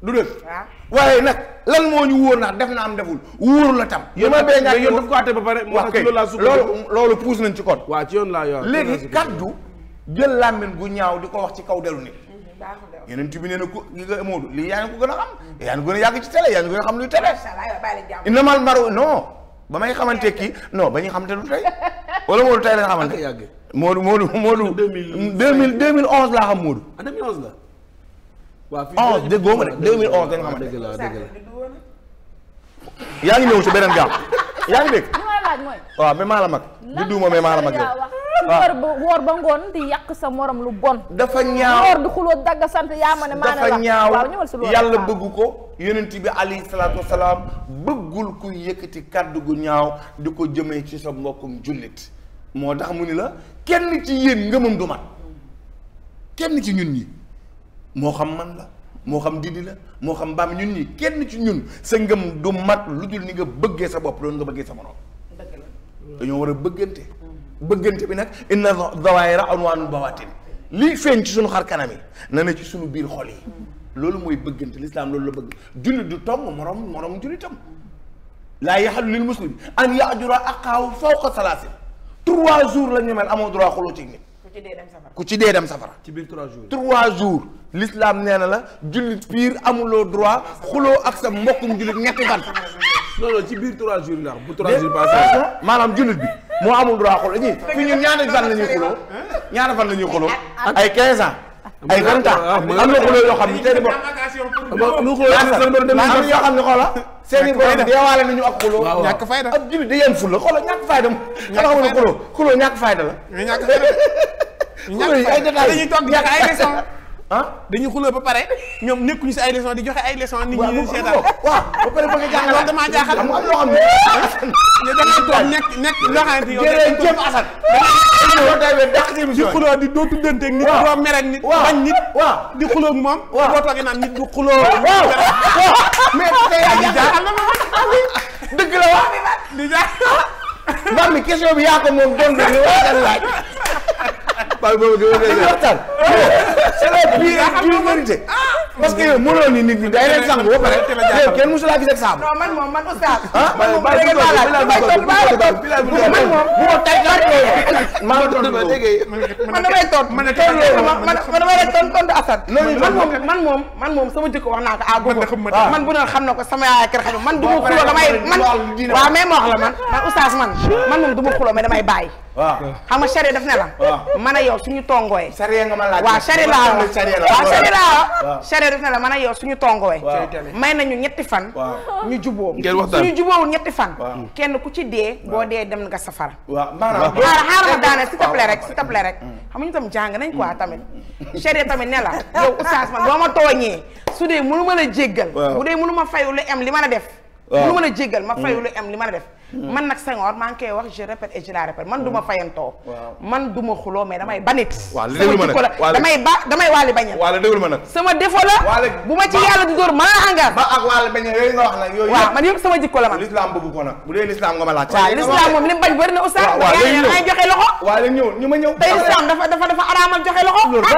du def ah. waaye nag lan moo ñu wóor nag def na am deful wóoru la tam yo ma bee ñàkk yoon daf ko àtte ba pare loolu puus nañ ci kon waaw ci yoon laa yor léegi kaddu jël làmmiñ gu ñaaw di ko wax ci kaw delu nit mhm, yeneen ti bi nee na ku gi nga gën a xam yaa ngi gën a yàgg ci télé a xam luy télé ba may xamante kii non ba ñuy xamante lu tey wala Moodu tey la xamante Moodu Moodu Moodu deux mille deux mille onze laa xam Moodu ah, deux mille onze de deux mille onze dañ ah, xamante yaa ngi ñëw si beneen gaam yaa ngi dégg waaw mais maa la mag du duuma mais mag yow wóor ba wóor ba ngoon di yàq sa morom lu bon dafa ñaaw wóor di sant yaa ma yàlla bëgg ko yeneen yonent bi alayhi salaatu wasalaam bëggul ku yëkkati kàddu gu ñaaw di ko jëmee ci sa mbokkum jullit moo tax mu ni la kenn ci yéen ngëmam du mat kenn ci ñun ñi moo xam man la moo xam didi la moo xam mbaam ñun ñi kenn ci ñun sa ngëm du mat lu jul ni nga bëggee sa bopp loolu nga bëggee sa morom dañoo war a bëggante bëggante bi nag inna dawaayira anwaanu bawaatin lii feeñ ci suñu xar kanam yi na ne ci suñu biir xol yi loolu mooy bëggante lislaam loolu la bëgg jullit du tong moroom moroom jullitam laa yaxalu lil muslim an yaajura aqaaw fawqa salaasin trois jours la ñu mel amoo droit xuloo ci nit ku ci dee dem safara ci biir trois jours trois jours l'islam nee na la jullit piir amuloo droit xuloo ak sa mbokkum jullit ñetti fan non non ci biir bi moo amul droit xool ñi fi ñun ñaata fan la ñuy xuloo fan la ñuy xuloo ay 15 ans ay 20 ans ah, am na xuloo yoo xam ne seen i bopp lu xuloo am na yoo xam ne xoola seen i bopp deewaale nañu ak xuloo ñàkk fayda ab jullit di yeen fulla xoola ñàkk fayda mo xoola xam ne xuloo xuloo ñàkk fayda la ah dañuy xuloo ba pare ñoom nekkuñu si ay leçon di joxe ay leçon nit ñi leen seetaan waaw ba pare bëgg a loolu damaa jaaxal am loo ne ñu da ngay toog nekk nekk loo xamante yow jëm asal da di moom boo toogee naan nit du xuloo waaw mais tey yaa jaaxal na dëgg la wax di jaaxal maam mi question bi yaa ko moom doon laaj Paa boobu dama koy waxtaan. c'est la pire vérité. parce que ba pare. yow kenn musu laa gis ak saabu. non man moom man oustaz. ah man moom man moom man moom man ko ah góobo man bu ne xam na ko sama yaay kër man du ma xuloo damay man waaw mais man man oustaz man man moom du ma xuloo mais damay bàyyi waaw xam nga sariya daf ne la. waaw man a yow suñu tongooyee. sariya nga ma laaj waaw sariya laa waaw sariya laa sariya daf yow suñu tongooyee. may nañu ñetti fan. ñu juboo suñu jubóowul ñetti fan. kenn ku ci dee boo dee dem nga safara. waaw ma daane s'il te le rek s'il te plaît rek. Mm. xam ñu tam jàng nañ quoi mm. tamit. sariya tamit ne la yow oustaz man boo ma tooñee su dee mënu ma la jéggal. bu dee mënu ma fayu lu am li ma la def. waaw mënu ma na jéggal ma fayu mm. lu am li ma def man nag Senghor maa ngi koy wax je répète et je la répète man du ma mm. fayantoo. man du ma xuloo mais damay banit. waaw li déglu ma nag damay ba damay waali bañal. waaw li déglu ma nag. sama défaut la. waale bu ma ci yàlla di dóor ma angar. ba ak yooyu sama jikko la man. bu dee l'islam nga ma laaj. waaw l'islam moom li mu bañ bëri na oustaz. waaw waaw léegi ñëw yaa ngi joxe loxo. waaw léegi ñëw ñu bañ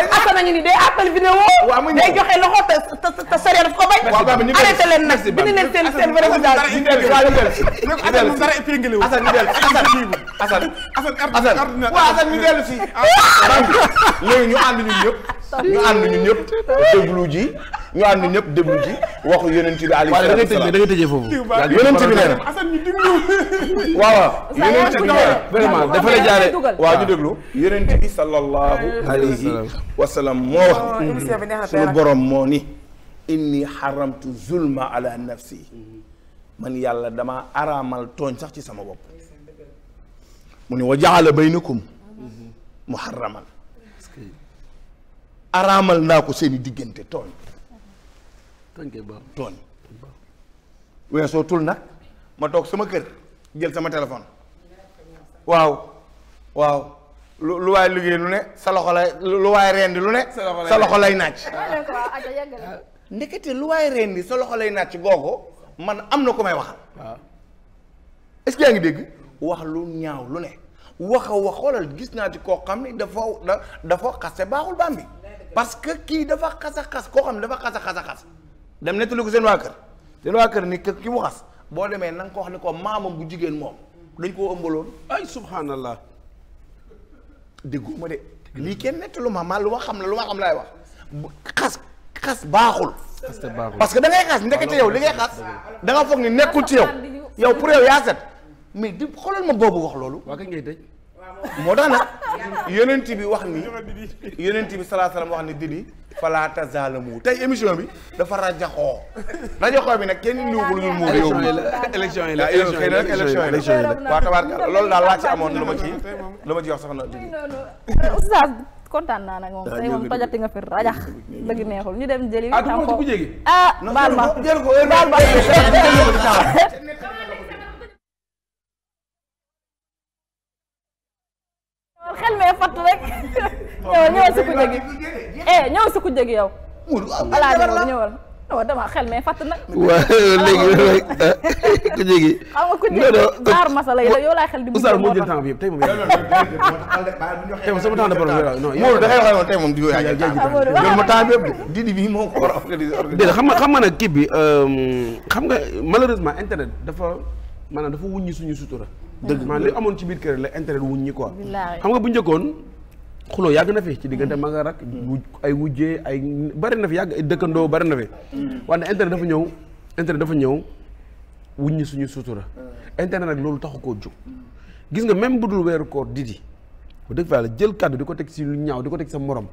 a ah, nañu ni day appel vidéo. waaw mu ñëw day joxe loxo te te te sariya daf ko bañ. arrêté leen nag bind leen seen dara épinglé wu. Assane ñu dellu Assane Assane Assane waaw Assane ñu dellu si. léegi ñu ànd ñun ñëpp. ñu ànd ñun ñëpp déglu ji ñu ànd ñun ñëpp déglu ji waxu yonent bi Aliou. da ngay tëjee da ngay tëjee foofu. yonent bi nee na. Assane ñu déglu. waaw yonent bi nee na vraiment dafa la jaare waaw ñu déglu. yonent bi sallallahu alayhi wa sallam moo wax. Oh, suñu borom moo ni. inni haramtu zulma ala nafsi man yàlla dama araamal tooñ sax ci sama bopp mu ne bay jaala baynakum muharraman araamal naa ko seeni diggante tooñ tooñ weesoo tul nag ma toog sama kër jël sama téléphone waaw waaw lu lu waaye liggéey lu ne sa loxo lay lu waaye rendi lu ne sa loxo lay naaj ah, ndekete lu waaye rendi sa loxo lay naaj googu man am na ko may waxal. waaw ah. est yaa ngi dégg wax lu ñaaw lu ne wax a wax xoolal gis naa ci koo xam ne dafa da dafa xase baaxul baam bi parce que kii dafa xas a xas koo xam ne dafa xas a xas dem nettali ko seen waa kër seen waa kër ni ki mu xas boo demee na nga ko wax ne ko maamam bu jigéen moom dañ koo ëmbaloon ay subhanallah ma de lii kenn nettalu ma ma lu ma xam la lu ma xam laay wax xas xas baaxul. parce que da ngay xas ndekete yow li ngay xas da nga foog ni nekkul ci yow yow pour yow yaa mais di xoolal ma boobu wax loolu. waa kañ ngay tëj. moo tax nag yonent bi wax ni yonent bi salaa salaam wax ni didi falaa tazaalamu tey émission bi dafa rajaxoo rajaxoo bi nag kenn indiwu ko lu dul muur yow élection yi la élection yi la élection yi la waaw tabaarkalla loolu daal laa ci amoon lu ma ci lu ma ci wax soxna didi kontaan naa nag moom tey moom tojati nga fi rajax dëgg neexul ñu dem jëli ah baal ma baal ma xel mee fatt rek ñëwal ñëwal sukku jëgi eh ñëwal sukku jëgi yow alaa ñëwal waaw dama xel mais fàtt nag. waaw léegi ku jéggi. xam nga ku jéggi aar masala yi la yow laay xel di. Oustaz moo jël temps yëpp tey moom. tey moom sama temps de parole non yow da ngay waxee bi yëpp didi xam nga xam nga nag kii bi euh, xam nga malheureusement internet dafa maanaam dafa wuññi suñu sutura. dëgg maanaam li amoon ci biir kër la internet wuññi quoi. xam nga bu njëkkoon xuloo yàgg na fi ci diggante mag ak rak mm. ay wujjee ay bari na fi yàgg ay dëkkandoo bari na fi mm. wante internet dafa ñëw internet dafa ñëw wuññi suñu sutura mm. internet nag loolu taxu koo jóg gis nga même bu dul weeru koor didi bu dëgg fa yàlla jël kàddu di ko teg si lu ñaaw di ko teg sa morom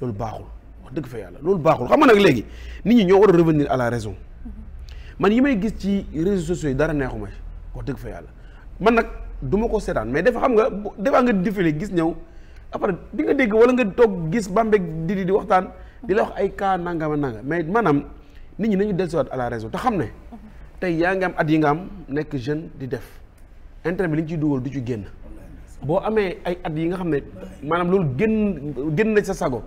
loolu baaxul wax dëgg fa yàlla loolu baaxul xam nga nag léegi nit ñi ñoo war a revenir à la raison mm-hmm. man yi may gis ci réseaux sociaux yi dara neexuma wax dëgg fa yàlla man nag du ma ko seetaan mais dafa xam nga defaa nga défilé gis ñëw après di nga dégg wala nga toog gis Bambey di di waxtaan di la wax ay cas nangama nanga mais maanaam nit ñi nañu dellusiwaat à la raison te xam ne tey yaa ngi am at yi nga am nekk jeune di def internet bi li ciy dugal du ci génn boo amee ay at yi nga xam ne maanaam loolu génn génn na sa sago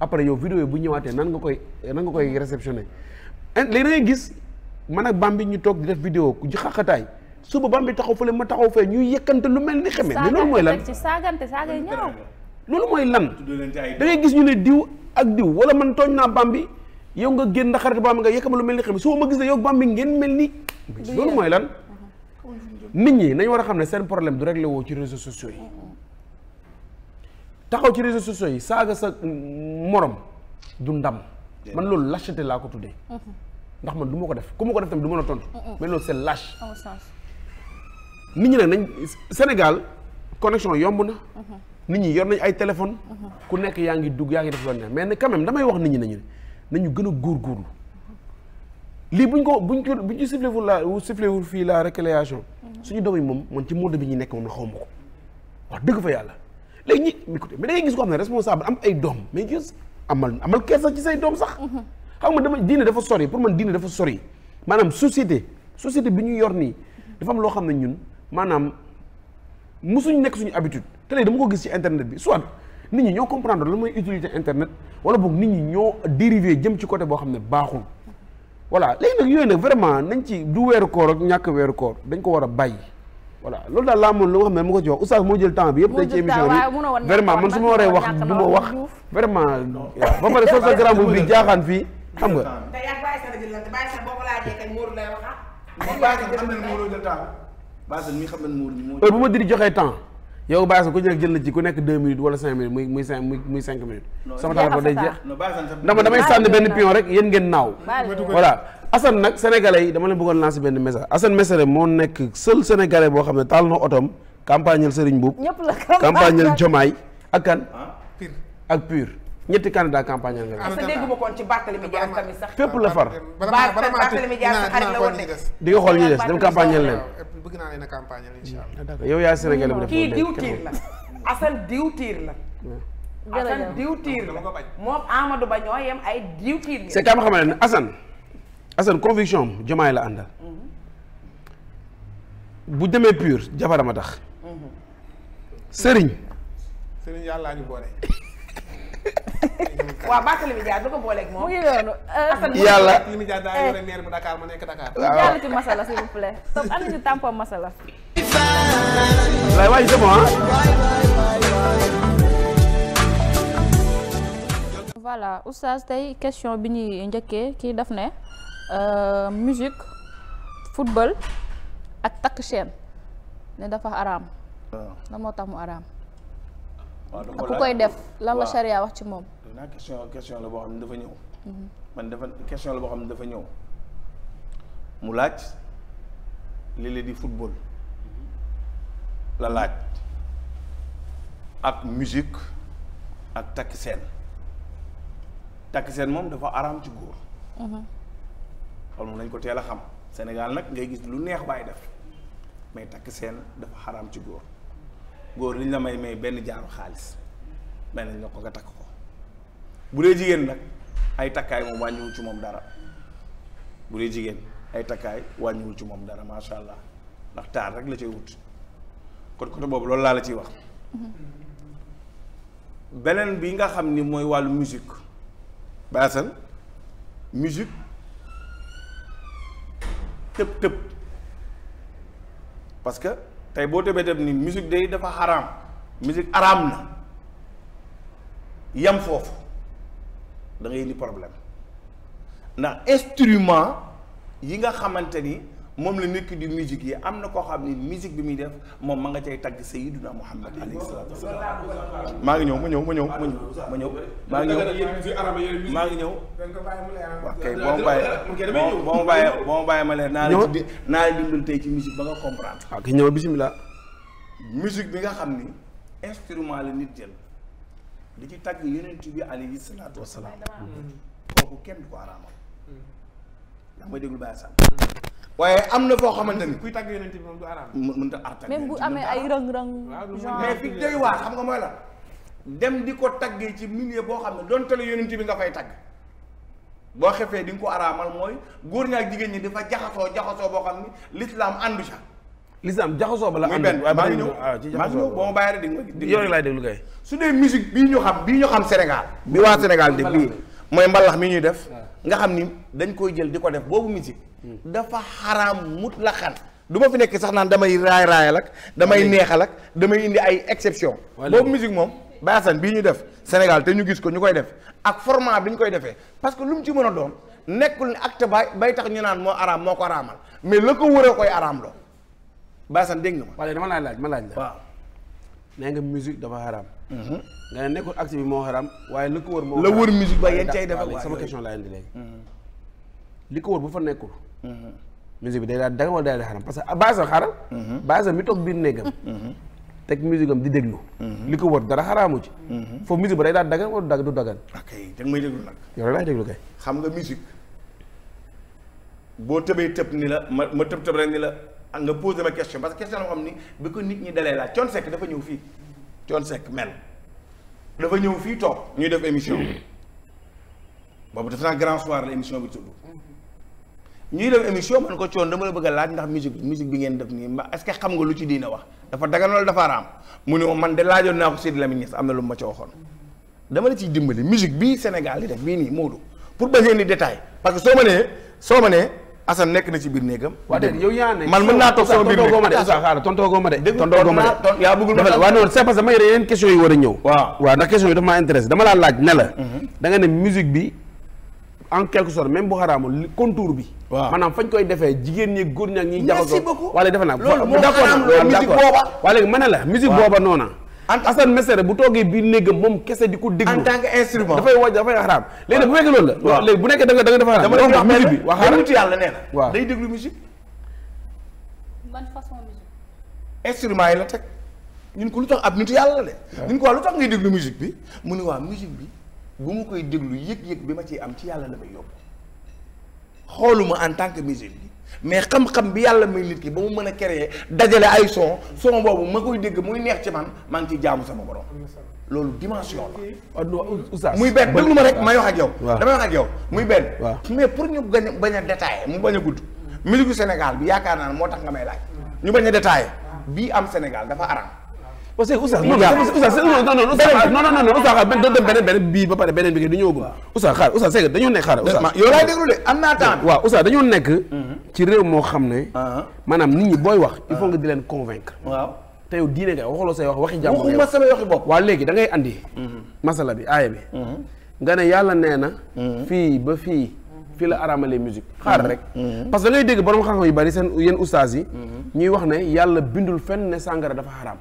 après yow vidéo bu ñëwaatee nan nga koy nan nga koy réceptionné li da ngay gis man ak Bambey ñu toog di def vidéo ku xaqataay suba Bambey taxaw fële ma taxaw fee ñuy yëkkante lu mel ni xeme mais loolu mooy lan saagante saaga ñaaw loolu mooy lan da ngay gis ñu ne diw ak diw wala man tooñ naa bi yow nga génn ndax xarit bambi nga yekkama lu mel ni xam soo ma gis ne yow bambi ngeen mel ni loolu mooy lan mm-hmm. nit ñi nañ war a xam ne seen problème du réglé woo ci réseaux sociaux yi taxaw ci réseaux sociaux yi saaga sa morom du ndam man loolu lâcheté laa ko tuddee mm-hmm. ndax man du ma ko def ku ma ko def tamit du mën a tontu mais loolu seen lâche nit ñi nag nañ Sénégal connexion yomb na mm-hmm. nit ñi yor nañ ay téléphone ku nekk yaa ngi dugg yaa ngi def loolu ne mais na quand même damay wax nit ñi nañu ne nañu gën a góor góorgóorlu lii buñ ko buñ ko bu ñu sifflé wul la sifflé wul fii la récréation suñu doom yi moom man ci monde bi ñu nekk moom la xaw ma ko wax dëgg fa yàlla léegi ñi écoutez mais da ngay gis ko xam ne responsable am ay doom mais gis amal amal kersa ci say doom sax xam nga dama diine dafa sori pour man diine dafa sori maanaam société société bi ñu yor nii loo xam ne ñun maanaam musuñ nekk suñu habitude te dama ko gis ci internet bi soit nit ñi ñoo comprendre lan mooy utilité internet wala boog nit ñi ñoo dérivé jëm ci côté boo xam ne baaxul voilà léegi nag yooyu nag vraiment nañ ci du weeru koor ak ñàkk weeru koor dañ ko war a bàyyi voilà loolu daal laa moon lu nga xam ne mu ko ci wax oustaz moo jël temps bi yëpp tey ci émission bi vraiment man su ma waree wax du ma wax vraiment ba pare soo sa garabu bi jaaxaan fii xam nga bu ma diri joxee temps yow Bassel ku nekk jël na ci ku nekk deux minutes wala cinq minutes muy muy cinq muy cinq minutes. sama temps day jeex. ndax ma damay sànni benn pion rek yéen ngeen naaw. voilà Assane nag sénégalais yi dama leen bëggoon lancer benn message Assane Mesere moo nekk seul sénégalais boo xam ne taal na otom campagnal Serigne Mboup. ñëpp la campagnal Diomaye ak kan. Ah? ak pur. ñetti candidat campagne nga. am na dégg ma kon ci Barthélemy Dias tamit sax. fépp la far Barthélemy Dias sa xarit la woon de. di nga xool ñu dem campagne leen. a campagne incha yow yaa Sénégal bu def kii diw diw tiir la. Assane diw tiir la moom Amadou Ba ñoo yem ay diw tiir la. c'est quand même xam ne Assane Assane conviction am Diomaye la àndal. Mhm. bu demee pur jafarama tax. Mhm. Serigne. yàlla ñu boole. waaw Barthélémy Dias du ko booleeg moom. mu ngi noonu. Euh, yàlla Barthélémy Dias ci eh. vous plaît. donc am nañu tampon masala. waay c'est bon voilà oustaz tey question bi ñuy njëkkee kii daf ne euh, musique football ak takk chaîne ne dafa araam. waaw lan araam. ku koy def lan la charia wax ci moom. naa question question la boo xam ne dafa ñëw. Mhm. dafa question la boo xam ne dafa ñëw mu laaj li la di football mhm. la laaj ak musique ak takk seen takk seen moom dafa araam ci góor. Mhm. loolu moom ko teel a xam Sénégal nag ngay gis lu neex bàyyi def mais takk seen dafa xaraam ci góor. góor li ñu la may may benn jaaru xaalis may nañ la ko nga takk ko bu dee jigéen nag ay takkaay moom wàññiwul ci moom dara bu dee jigéen ay takkaay wàññiwul ci moom dara macha allah ndax taar rek la cay wut kon côté boobu loolu laa la ciy wax. Mm-hmm. beneen bi nga xam ni mooy wàllu musique baasal musique tëb tëb parce tey boo tëbee tam ni musique day dafa xaraam musique araam na yam foofu da ngay indi problème ndax instrument yi nga xamante ni moom la nekk di musique yi am na koo xam ne musique bi muy def moom ma nga cay tagg Sayyiduna Muhammad alayhi salaatu wasalaam maa ngi ñëw ma ñëw ma ñëw ma ñëw ma ñëw maa ngi ñëw maa ngi ñëw waaw kay boo ma bàyyee boo ma bàyyee boo ma bàyyee ma leer naa la ci naa la dundal tey ci musique ba nga comprendre waaw ah, ki ñëw bismillah musique bi nga xam ni instrument la nit jël di ci tagg yonent bi alayhi salaatu wasalaam kooku kenn du ko araamal mm. yaa may déglu bàyyi sànq waaye am na foo xamante ni. kuy tagg yonent bi moom du araam. mënut a aar bu amee ay rëng-rëng. mais fi doy waa xam nga mooy la. dem di ko taggee ci milieu boo xam ne doon la yonent bi nga fay tagg. boo xefee di nga ko araamal mooy góor ñaak jigéen ñi dafa jaxasoo jaxasoo boo xam ni l'islam àndu ca. l'islam jaxasoo ba la ànd. waaye maa ngi ñëw maa ngi ñëw boo ma bàyyi di nga. di nga laay déglu kay. su dee musique bii ñu xam bii ñu xam Sénégal. bi waa Sénégal de bii mooy mbalax mi ñuy def nga xam ni dañ koy jël di ko def boobu musique dafa xaraam mutlaqan du ma fi nekkee sax naan damay raay raayal ak damay neexal ak damay indi ay exception boobu musique moom bayasan bii ñu def Sénégal te ñu gis ko ñu koy def ak format bi ñu koy defee parce que lu mu ci mën a doon nekkul ne acte bay bay tax ñu naan moo araam moo ko araamal mais la ko wëree koy araam loo bayasan dégg nga ma. waaye dama laaj laaj ma laaj la nee nga musique dafa xaraam. Mhm. nga ne nekkul acte moo xaraam waaye li ko wër moo. la wër musique ba yéen cay defal waaw sama mhm. ko wër bu fa nekkul. Mhm. musique bi day daal daga wala day daal xaram parce que baasa xaram. baasa mi toog teg di déglu. li ko wër dara xaraamu ci. foofu musique ba day daal may déglu nag. yow laay déglu kay. xam nga musique boo tëbee tëb ni la ma tëb tëb rek ni la. nga posé ma question parce que question la moo xam ni bi ko nit ñi dalee laaj Thione Seck dafa ñëw fii Thione Seck mel dafa ñëw fii toog ñuy def émission hmm. boobu def naa grand soir la bi tudd ñuy def émission man ko Thione dama la bëgg laaj ndax musique musique bi ngeen def nii mba est xam nga lu ci diina wax dafa dagan walla dafa araam mu ne man de laajoon naa ko Sidi Lamine Niass am na lu ma ci waxoon dama la ciy dimbali musique bi Sénégal di def bii nii Modou pour bañ ni détail parce que soo ma nee soo ma nee Assane nekk na ci biir néegam. waaw déedéet yow yaa nekk man mën naa toog sama biir néeg ma de Ousseynou xaaral tontoo goo ma de. tontoo goo ma de yaa bëggul ma de waaw non c'est parce que ma yore yeneen question yu war a ñëw. waaw waaw ndax question yi dafa maa intéressé dama laa laaj ne la. Mhm. da nga ne musique bi en quelque sorte même bu xaraamul contour bi. waaw maanaam fañ koy defee jigéen ñi góor ñi ak ñi. merci beaucoup jaxasoo wala defe naa. loolu moo xaraam loolu musique booba. waaw léegi ma ne la musique booba noona Assane Mesere bu toggee bi néegam moom kese di ko déglu en tant que instrument dafay waj dafay xaraam léegi bu fekkee loolu la léegi bu nekkee da nga da nga dafa xaraam dama bi façon musique yi la teg ñun ko tax ab nitu yàlla la ko waa lu tax ngay déglu musique bi mu ne waa musique bi bu mu koy déglu yëg-yëg bi ma ciy am ci yàlla la may yóbbu xooluma en tant que musique bi mais xam-xam bi yàlla may nit ki ba mu mën a créer dajale ay son son boobu ma koy dégg muy neex ci man maa ngi ciy jaamu sama borom. loolu dimension la. Ah, oustaz muy benn lu ma rek may wax ak yow. damay wax ak yow muy benn. mais pour ñu bañ a bañ a détaillé mu bañ a gudd. musique Sénégal bi yaakaar naa ne moo tax nga may laaj. ñu bañ a détaillé. bii am Sénégal dafa arang parce que Oustaz non non non Oustaz ah, beneen beneen beneen bii ba pare beneen xaar Oustaz c'est que nekk xaar. Oustaz ah, yow laay déglu de am naa temps. waaw Oustaz dañoo nekk. Mhm. ci réew moo xam ne. Ah. maanaam nit ñi booy wax. il faut nga di leen convaincre. waaw te yow diine nga waxaloo say wax waxi. jàmm waxuma sama waxi bopp. waaw léegi da ngay andi. Mhm. masala bi aaya bi. Mhm. nga ne yàlla nee na. fii ba fii. fii la araamalee musique xaar rek mhm. Mhm. parce que da dégg borom xam-xam yu bari seen yéen ustaas yi mhm. ñuy wax ne yàlla bindul fenn ne sàngara dafa xaraam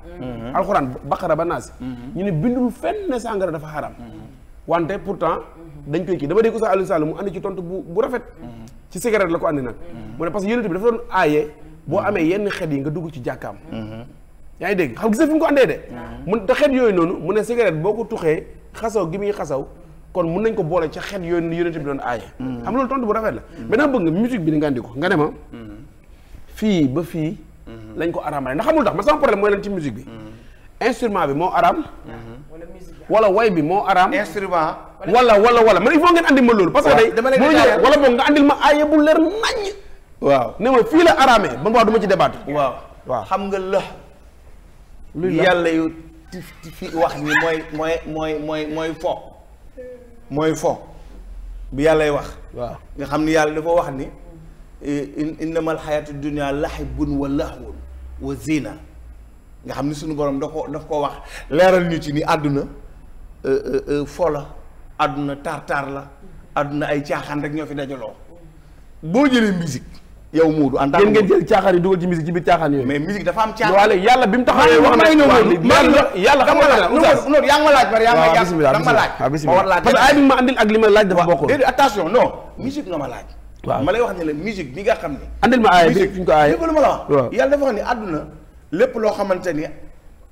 alxuraan baqara ba naasi ñu ne bindul fenn ne sàngara dafa xaraam wante pourtant dañ koy kii dama dégg ustaas Alioune Sall mu andi ci tontu bu bu rafet ci cigarette la ko andi nag mu ne parce que yonent bi dafa doon aaye boo amee yenn xet yi nga dugg ci jàkkaam yaa ngi dégg xam gis fi mu ko andee de mun te yooyu noonu mu ne cigarette boo ko tuxee xasaw gi muy kon mun nañ ko boole ca xeet yooyu yonent bi doon aaye xam loolu tontu bu rafet la maintenant bëgg nga musique bi ni nga andi ko nga ne ma fii ba fii lañ ko araamale ndax xamul dax man sama problème mooy leen ci musique bi instrument bi moo araam wala way bi moo araam instrument wala wala wala man il faut ngeen andil ma loolu parce que day mënuñu wala boog nga andil ma aaye bu leer nañ waaw ne ma fii la araamee ban waaw du ma ci débattre waaw waaw xam nga la yàlla yu ti fi wax ni mooy mooy mooy mooy mooy mooy fo bi yàllay wax waaw nga xam ni yàlla dafa wax ni innamal xayaatu dunia laxibun wa lahwun wa zina nga xam ni suñu borom da ko daf ko wax leeral ñu ci ni àdduna euh, euh, euh, fola la àdduna tartar la àdduna ay caaxaan rek ñoo fi dajaloo boo jëlee musique yaw Moodu en tant que yéen ngeen jël caaxaan yi dugal ci musique ci caaxaan yooyu. mais musique dafa am caaxaan yàlla bi mu taxawee wax na yàlla xam nga la non yaa ma laaj bari yaa ngi may jàpp ah, ma laaj ma war laaj parce que ay bi attention non musique nga ma laaj waaw ma lay wax ne la musique bi nga xam ne andil ma aaya bi ñu ko aaya yëpp lu ma la wax yàlla dafa wax ne àdduna lépp loo xamante ni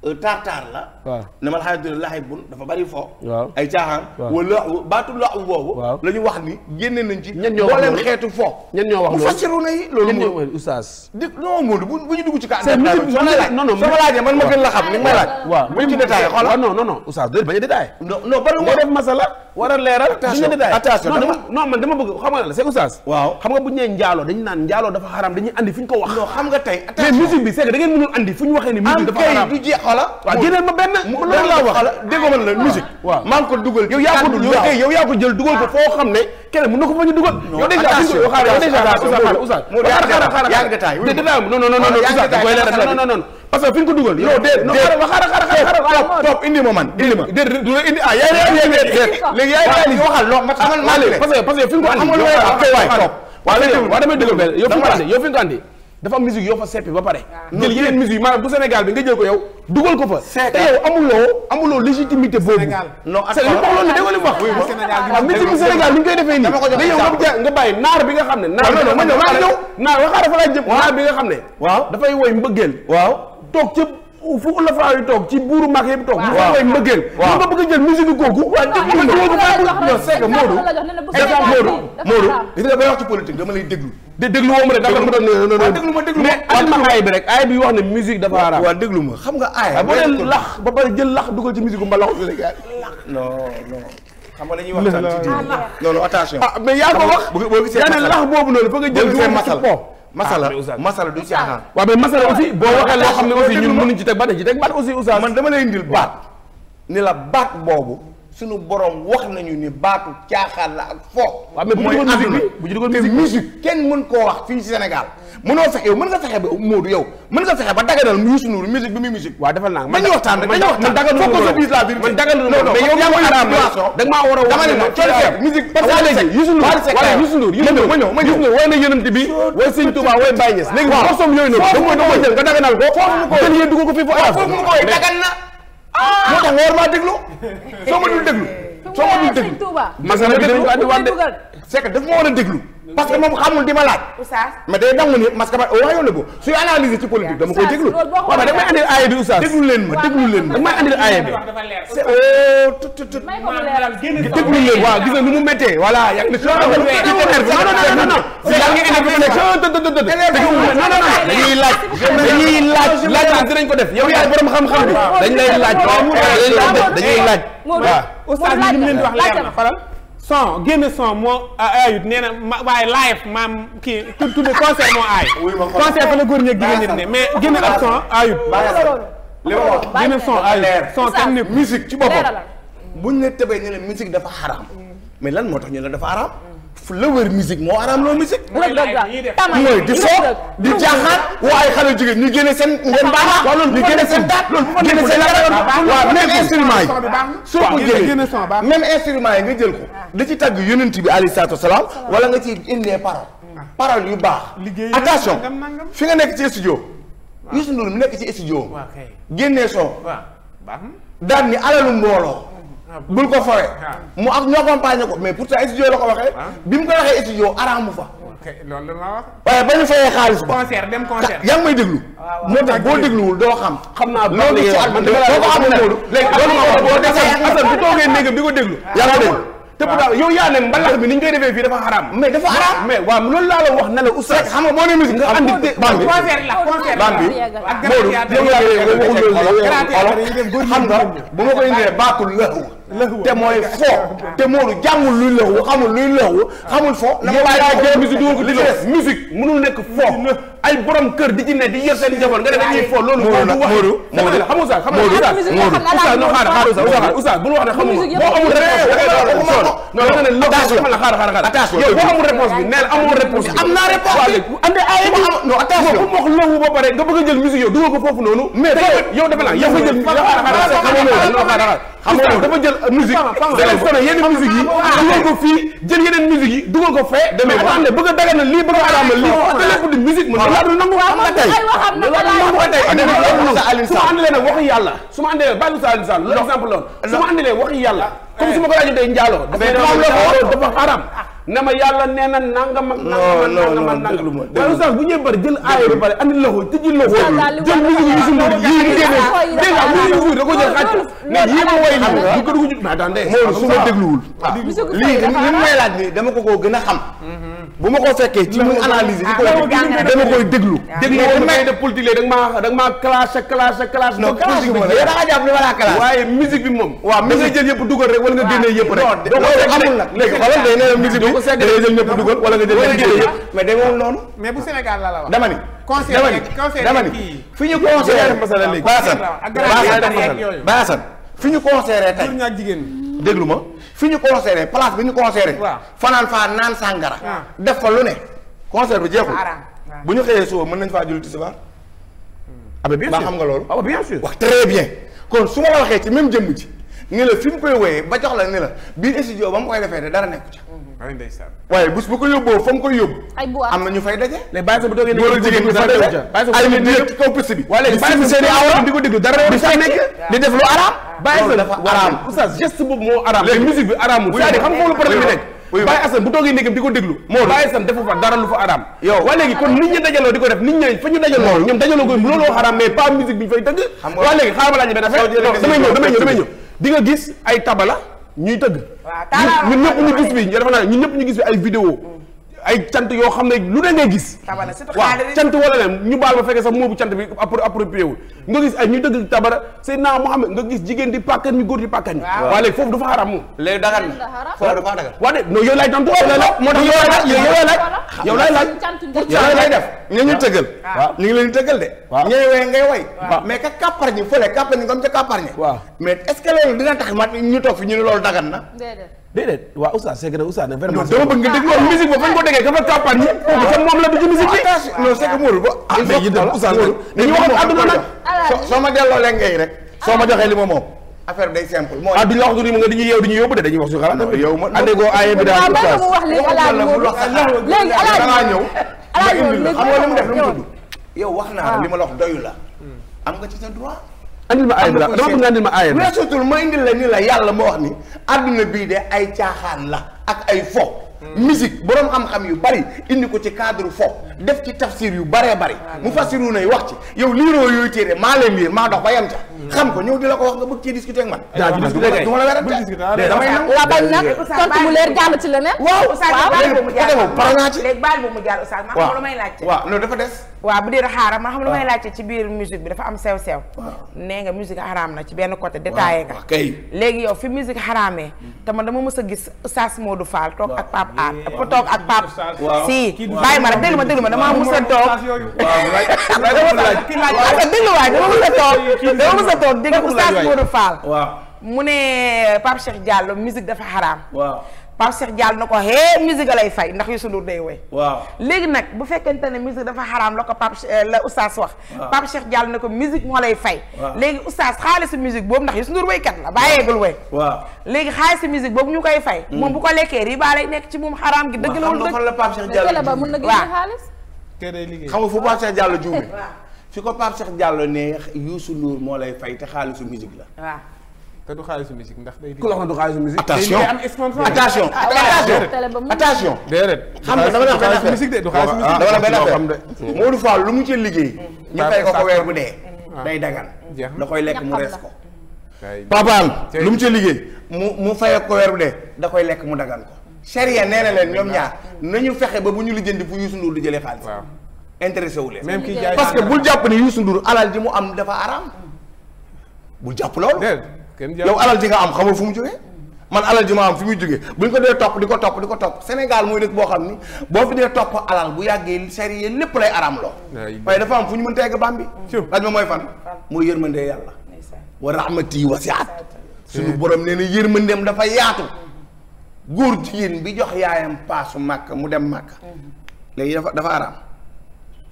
Euh, tartar la. waaw ne ma alhamdulilah laxay bun dafa bari fo. waaw ay caaxaan. wala baatu laxu boobu. la ñu wax ni génne nañ ci. ñenn ñoo wax loolu xeetu fo. ñenn ñoo wax loolu bu fassiru na yi loolu. ñenn ñoo oustaz. di non Modou bu ñu dugg ci. c'est musique soo laaj non non soo ma laajee man ma gën la xam ni nga may laaj. waaw bu ci détaillé xoolal waaw non non non oustaz déedéet bañ a détaillé. non non bari moo def masala. war a leeral. attention attention non non man dama bëgg xam nga la c'est oustaz. waaw xam nga bu ñu nee njaalo dañu naan njaalo dafa xaram dañuy andi fu ñu ko wax. non xam nga tey attention mais musique bi c'est que da ngeen mënul andi fu ñu waxee ni musique dafa xaram xala waaw génneel ma benn loolu laa wax déggoo ko dugal yow yow yaa ko jël yow déjà non yow dé dé ma man yow fi ko andi dafa am musique yoo fa seppi ba pare. Ah. jël yeneen musique maanaam bu Sénégal bi nga jël ko yow. dugal ko fa. te yow amuloo amuloo légitimité boobu. Sénégal non ak li li mu koy defee nii. mais yow nga bàyyi naar bi nga xam ne. naar bi nga xam ne naar waxaana fa laay jëm. naar bi nga xam ne. waaw dafay woy mbëggeel. waaw toog ca. fu ulafaa yu toog ci buuru mag yëpp toog. waaw waaw mu bëggeel. waaw nga bëgg a jël musique kooku. waaw déglu kooku non c'est que Modou. Modou gis ma rek dafa ma doon non non déglu ma déglu ma aay bi rek aay bi wax ne musique dafa araam. waaw déglu ma xam nga aay. boo leen lax ba pare jël lax dugal ci musique bu mbalaxu Sénégal. non non. xam nga dañuy waxtaan ci diir ah, non non attention. ah mais yaa ko wax. boo gisee masal yaa ne lax boobu noonu fa nga jël. boo gisee masal masala ah, masala du caaxaan waaw mais masala aussi boo waxee loo xam ne aussi ñun mënuñ ci teg baat ci teg baat aussi oustaz man dama lay indil baat ni la baat boobu suñu borom wax nañu ni baatu caaxaan la ak fo. waaw mais bu ñu duggoon musique bu ñu duggoon musique musique kenn mën koo wax fii ci Sénégal. mënoo fexe yow mën nga fexe ba Modou yow mën nga fexe ba daganal mu Youssou Ndour musique bi muy musique. waaw defal naa man dañuy waxtaan rek dañuy waxtaan foog ko se dise la vérité. man daganal ma mais yow yaa ma araam da nga maa war a wax dama ne ma coono seet musique parce que léegi Youssou Ndour voilà Youssou Ndour Youssou Ndour ma ñëw ma ñëw way na yonent bi way Sëñ Touba way Baye Niass léegi morsom yooyu noonu dama ko jël nga daganal ko jël yéen dugg ko fii fo araam foofu mu koy dagan na moo tax woor maa déglu soo ma dul déglu. soo ma dul déglu. masana bi dañ ko andi wànde c'est que war a déglu. parce que moom xamul di ma laaj. oustaz mais day nangu ni parce que ma waaye yoon na ko suy analyser ci politique dama koy déglu. oustaz loolu boo damay andil aaye bi oustaz. déglu leen ma déglu leen ma damay andil aaye bi. c'est oh tut tut tut. déglu leen waaw gis nga nu mu méttee voilà yaa ngi. loolu la wéy non non non non. yaa ngi indi bu nekk non non non. dañuy laaj dañuy laaj laaj dinañ ko def yow yaay borom xam-xam bi dañ lay laaj dañuy laaj dañuy laaj. waaw oustaz li mu leen di wax leer na faral son génn son moo aayut nee ma waaye live maam kii tudde concert moo aay. concert fa la góor ñeeg jigéen ñi ne mais génn ab son aayut. li ma wax son aayut son kenn ne musique ci boppam buñ ne tëbee ne la musique dafa xaraam mm. mais lan moo tax ñu la dafa xaraam. la wër musique moo araam loo musique. mooy di fo di jaaxaat waa ay xale jigéen ñu génne seen. ngeen baax a ñu génne seen daat génne seen waaw même instrument yi. soo ko jëlee même instrument yi nga jël ko. da ci tagg yonent bi alayhi salaatu wasalaam wala nga ci indee parole. parole yu baax. fi nga nekk ci studio. Youssou Ndour mi nekk ci studio. génnee son. daan ni alalu mbooloo. bul ko fawee mu ak ñu accompagner ko mais pourtant studio la ko waxee ah. bi mu ko waxee studio araamu fa loolu la ma waaye ba ñu fayee xaalis ba concert dem concert yaa ngi may déglu ah, moo tax boo dégluwul doo xam xam naa loolu ci at boo ko xamul loolu léegi loolu ma boo defee Assane bu toogee néegam di ko déglu yaa ngi déglu te pourtant yow yaa ne mbalax bi ni ñu koy defee fii dafa xaraam. mais dafa xaraam mais waaw loolu laa la wax na la oustaz. bi bam bi Modou yaa ne waxul loolu xam bu ma koy indee baatul la te mooy fo te Modou jàngul luy lëxwu xamul luy lëxwu xamul fo na ma bàyyi laa jël musique dugal nekk fo ay borom kër fo loolu du wax dama la xamul ba pare nga bëgg a jël musique yow dugal ko foofu noonu mais yow dafa nga jël xaar xaar xaar xaar xaar jël jël musique sélectionné yenn musique yi dugal ko fii jël yeneen musique yi dugal ko fee mais attendez bëgg a lii bëgg a araamal lii te lépp di musique man laa dul nangu na tey nangu ko tey su su ma andilee bàyyi sa Alioune Sall l'exemple loolu su ma andilee waxi yàlla comme su ma ko laajee tey njaaloo. dafa xaram dafa xaram. na ma yàlla nee na nangam ak nangam ak nangam waaye oustaz bu ñëwee bari jël aaya ba pare andi loxo tëjji loxo jël musique yi sumbur yii di génne dèjà musique yi da ko jël xaj ne yii ma way lii bu ko dugg mais attendez su ma dégluwul lii li may laaj nii dama ko koo gën a xam bu ma ko fekkee ci muy analyse di politique ah, dama koy déglu ah. déglu woon may def politique léegi da nga maa da nga maa classe classe classe non classe bi yow da nga jàpp ni ma laa classe waaye musique bi moom waaw da ngay jël yëpp dugal rek wala nga génnee yëpp rek loolu amul nag léegi xoolal day nee na musique bi da ngay jël ñëpp dugal wala nga jël génnee yëpp mais da nga woon noonu mais bu Sénégal la la wax dama ni conseil conseil dama ni fi ñu conseillé masala léegi baasan baasan fi ñu conseillé tey déglu ma fi ñu conservé place bi ñu conservé. fanaan faa naan sàngara. def fa lu ne. concert bi jeexul bu ñu xëyee suba mën nañ faa julli tisbaar. Hmm. ah bien sûr xam nga loolu. ah bien sûr wax très bien kon su ma waxee ci même jëmm ji. ni la fi mu koy woyee ba jox la ni la biir studio ba mu koy defee de dara nekku ca. waaye bés bu ko yóbboo fa mu koy yóbbu. am na ñu fay daje. mais bàyyi sa bu doogee nekk bi. ko déglu moo araam. bi araamul cest à defu fa dara lu fa araam yow waa léegi kon nit ñi dajaloo di ko def nit ñi fa ñu dajaloo ñoom dajaloo ko araam mais pas musique bi ñu fay dëgg waa léegi xaaral ma laaj benn affaire ñëw damay ñëw di nga gis ay tabala ñuy tëgg. ñun ñëpp ñu gis bi ñu defe naa ñu ñëpp ñu gis bi ay vidéo ay cant yoo xam ne lu ne ngay gis waaw cant wala ne ñu baal ba fekkee sax moobu cant bi approprié wul nga gis ay ñu dëgg tabara Seydina Muhammad nga gis jigéen di pàkkan ñu góor di pàkkan waaw léegi foofu dafa xaram moom léegi waa de non yow laay tontu de ngay way ngay way mais ka ñi fële kàppar ñi comme ca kàppar mais est-ce dina tax ñu toog fi ñu loolu dagan na déedéet waa Oustaz c'est que ah, Oustaz nag vraiment. wax ma delloo leen ngay rek. ma joxee li ma moom. affaire day simple mooy. ah duñu la wax ni mu nga dañuy yeew dañuy yóbbu de dañuy wax su xalaat. Ah, non yow ma adego aye bi daal Oustaz. waaw la mu wax li mu def lu mu tudd yow wax naa li ma la wax doyu la hmm. am nga ci sa droit andil ma bi dama bëgg nga andil ma aaya bi surtout moo wax ni àdduna bii de ay caaxaan la ak ay fo hmm. musique boroom xam-xam yu bari indi ko ci cadre fo def ci tafsir yu baree bari hmm. mu fasiru nay wax ci yow liiroo yooyu téere maa leen liir maa dox ba yem ca hmm. xam la ko wax nga bëgg cee discuter ak man du ma la werante ci leneen waaw léegi baal bu mu jaar léegi baal bu la may laaj waaw loolu dafa des waaw bu dee xaaral man xam lu may laajte ci biir musique bi dafa am sew sew. nee nga musique xaraam na ci benn côté. détaillé nga léegi yow fi musique xaraamee. te ma dama mës a gis saas Modou Fall toog ak Pape Aat toog ak Pape. si bàyyi ma rek déglu ma déglu ma damaa mës a toog. waaw déglu dama mës a toog dama mës a toog dégg Oustaz Modou mu ne Pape Cheikh Diallo musique dafa xaraam. Pape Cheikh Diallo na ko hee musique lay fay ndax Youssou Ndour day woy waaw léegi nag bu fekkente ne musique dafa xaraam la ko Pape la oustaz wax Pape jàll na ko musique moo lay fay léegi oustaz xaalisu musique boobu ndax Youssou Ndour woykat la bàyyeegul woy waaw léegi xaalisu musique boobu ñu koy fay hmm. moom bu ko lekkee riba lay nekk ci moom xaraam gi dëgg la wul dëgg la Pape Cheikh Diallo xam nga fu Pape Cheikh Diallo juume fi ko Pape Cheikh Diallo ne Youssou Ndour moo lay fay te xaalisu musique la waaw te du xaalisu musique ndax day. ku la wax du xaalisu musique. attention attention ah, de du ah, xaalisu lu mu ci liggéey. Mm. ñu fay ko ko weer bu dee. Ah. day dagan. da koy lekk mu rees ko. papaam lu mu ci liggéey. mu mu fay ko weer bu dee da koy lekk mu dagan ko. charia nee na leen ñoom ñaar mm. nañu fexe ba bu ñu lijjanti fu Youssou Ndour di jëlee xaalis. waaw intéressé wu leen. même kii jaay parce que bul jàpp ne Youssou Ndour alal ji mu am dafa araam bul jàpp lool yow alal ji nga am xamul fu mu jógee man alal ji ma am fi muy jógee bu ñu ko dee topp di ko topp di ko topp Sénégal mooy dëkk boo xam ni boo fi dee topp alal bu yàggee série yéen lépp lay araam loo waaye dafa am fu ñu mën tegg bam bi laaj ma mooy fan mooy yërmande yàlla wa rahmati wasiat suñu borom nee na yërmandeem dafa yaatu góor jigéen bi jox yaayam paasu màkk mu dem màkk mm-hmm. léegi dafa dafa araam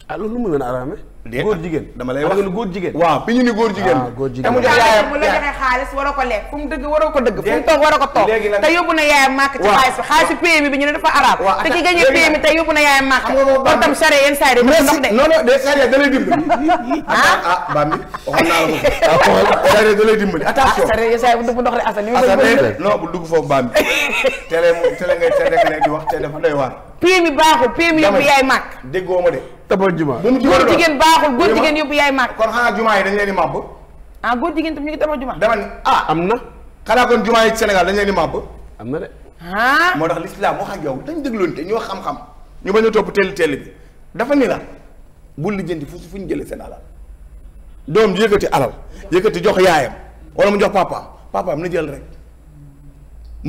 ah araame góor jigéen dama lay wax góor jigéen waaw bi ñu ni góor jigéen ah, góor jigéen te mu jox yaayam mu la joxe xaalis war a ko lekk fu mu dëgg war a ko dëgg fu mu toog war a ko toog te yóbbu na yaayam màkk ci xaalis bi xaalis bi PMI bi ñu ne dafa araab te ki gagné PMI te yóbbu na yaayam màkk kon tam sare yenn saa yi de ndox de non non de sare da lay dimbali ah? ah ah bambi waxoon naa la ko ah, sare da lay dimbali attention sare yenn saa yi bu dugg ndox de asal non bu dugg foofu bambi télé télé ngay télé di wax te dafa doy waar pied mi baaxul pied mi yóbbu yaay màkk. déggoo ma de. tabal juma bu mu góor jigéen baaxul góor jigéen yóbbu yaay màkk. kon xanaa juma yi dañ leen di màbb. ah góor jigéen tam ñu ngi tabal ah am na. xanaa kon juma yi Sénégal dañ leen màbb. am na de. ah moo tax l'islam wax ak yow dañ dégloon ñu wax xam-xam. ñu bañ a topp teel teel bi dafa ni la bul lijjanti fu fu ñu jëlee seen alal doom ji yëkkati alal yëkkati jox yaayam wala mu jox papa papaam na jël rek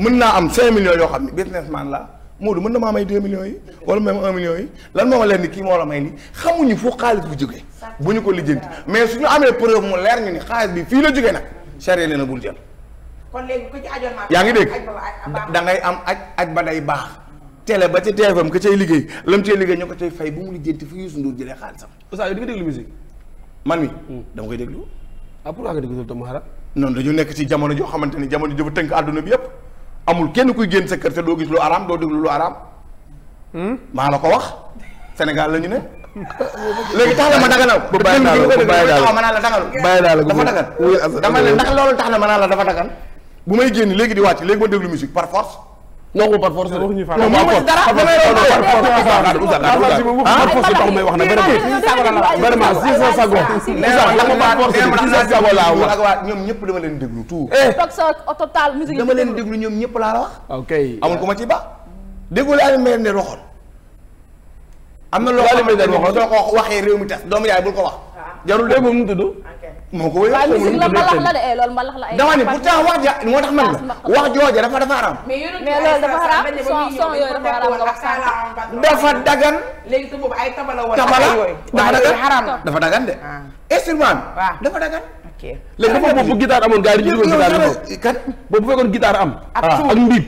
mën naa am cinq millions yoo xam ne businessman la Moodu mën na ma may 2 millions yi wala même 1 million yi lan moo ma leen ni kii moo la may li xamuñu fu xaalis bu jógee bu ñu ko lijjanti mais suñu amee preuve mu leer ñu ni xaalis bi fii la jógee nag charia leen a bul jël kon léegi yaa ngi dégg da ngay am aj aj ba day baax télé ba ci TFM ka cay liggéey lam cay liggéey ñu ko cay fay bu mu lijjanti fu Youssou Ndour jëlee xaalisam Oustaz yow di nga déglu musique man mi hmm. dama koy déglu ah pourquoi nga déglu tam xara noonu dañu nekk ci jamono joo xamante ni jamono jëfa tënk àdduna bi yëpp amul kenn kuy génn sa kër sa doo gis lu araam doo déglu lu araam. Hmm? maa la ko wax Sénégal la ñu ne. léegi tax na ma daganal. ba bàyyi daal ba bàyyi daal ma naa la daganal. bàyyi daal dafa dagan. dama ne ndax loolu tax na ma naa la dafa dagan. bu may génn léegi di wàcc léegi ma déglu musique par force. non ko par force de. non par force dara par force tax may wax na vraiment si sa sago. mais ñoom ñëpp dama leen déglu tout. toog sa total musique dama leen déglu ñoom ñëpp laa la wax. ok amul ko ma ci ba. déggoo la Alioune Mbengue waxoon. am na loo ko ne waxee réew mi tas doomu yaay bul ko wax. jarul dégg mu tudd. moo ko wéyoo xamul lu mu tuddee la de eh, loolu ay. Eh, dama ne pourtant moo tax man la wax jooja dafa dafa haram. mais loolu dafa haram son son dafa haram nga wax sànq. dafa dagan. léegi sa boobu ay tabala wala ay tabala dafa dagan dafa dagan de. Ah. instrument dafa dagan. dafa boobu guitare amoon gars yi dañu ci dugal guitare amoon. kat boobu bu fekkoon guitare am. ak ah, ak mbiib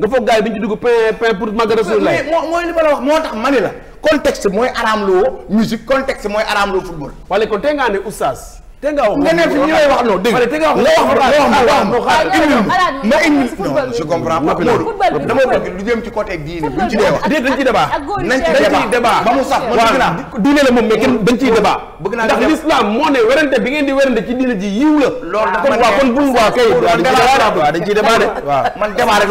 nga foog gars yi dañu ci dugg pain pain pour magasin suul lay. mooy li ma la wax moo tax ma la contexte mooy araam loo musique contexte mooy araam loo football. wala kon tey ngaa ne oustaz te nga wax nga fi ñu lay wax non dégg nga te nga wax nga wax non je comprends pas dama bëgg lu jëm ci côté diine buñ ba mu sax man bi ngeen di werante ci diine ji yiw de waaw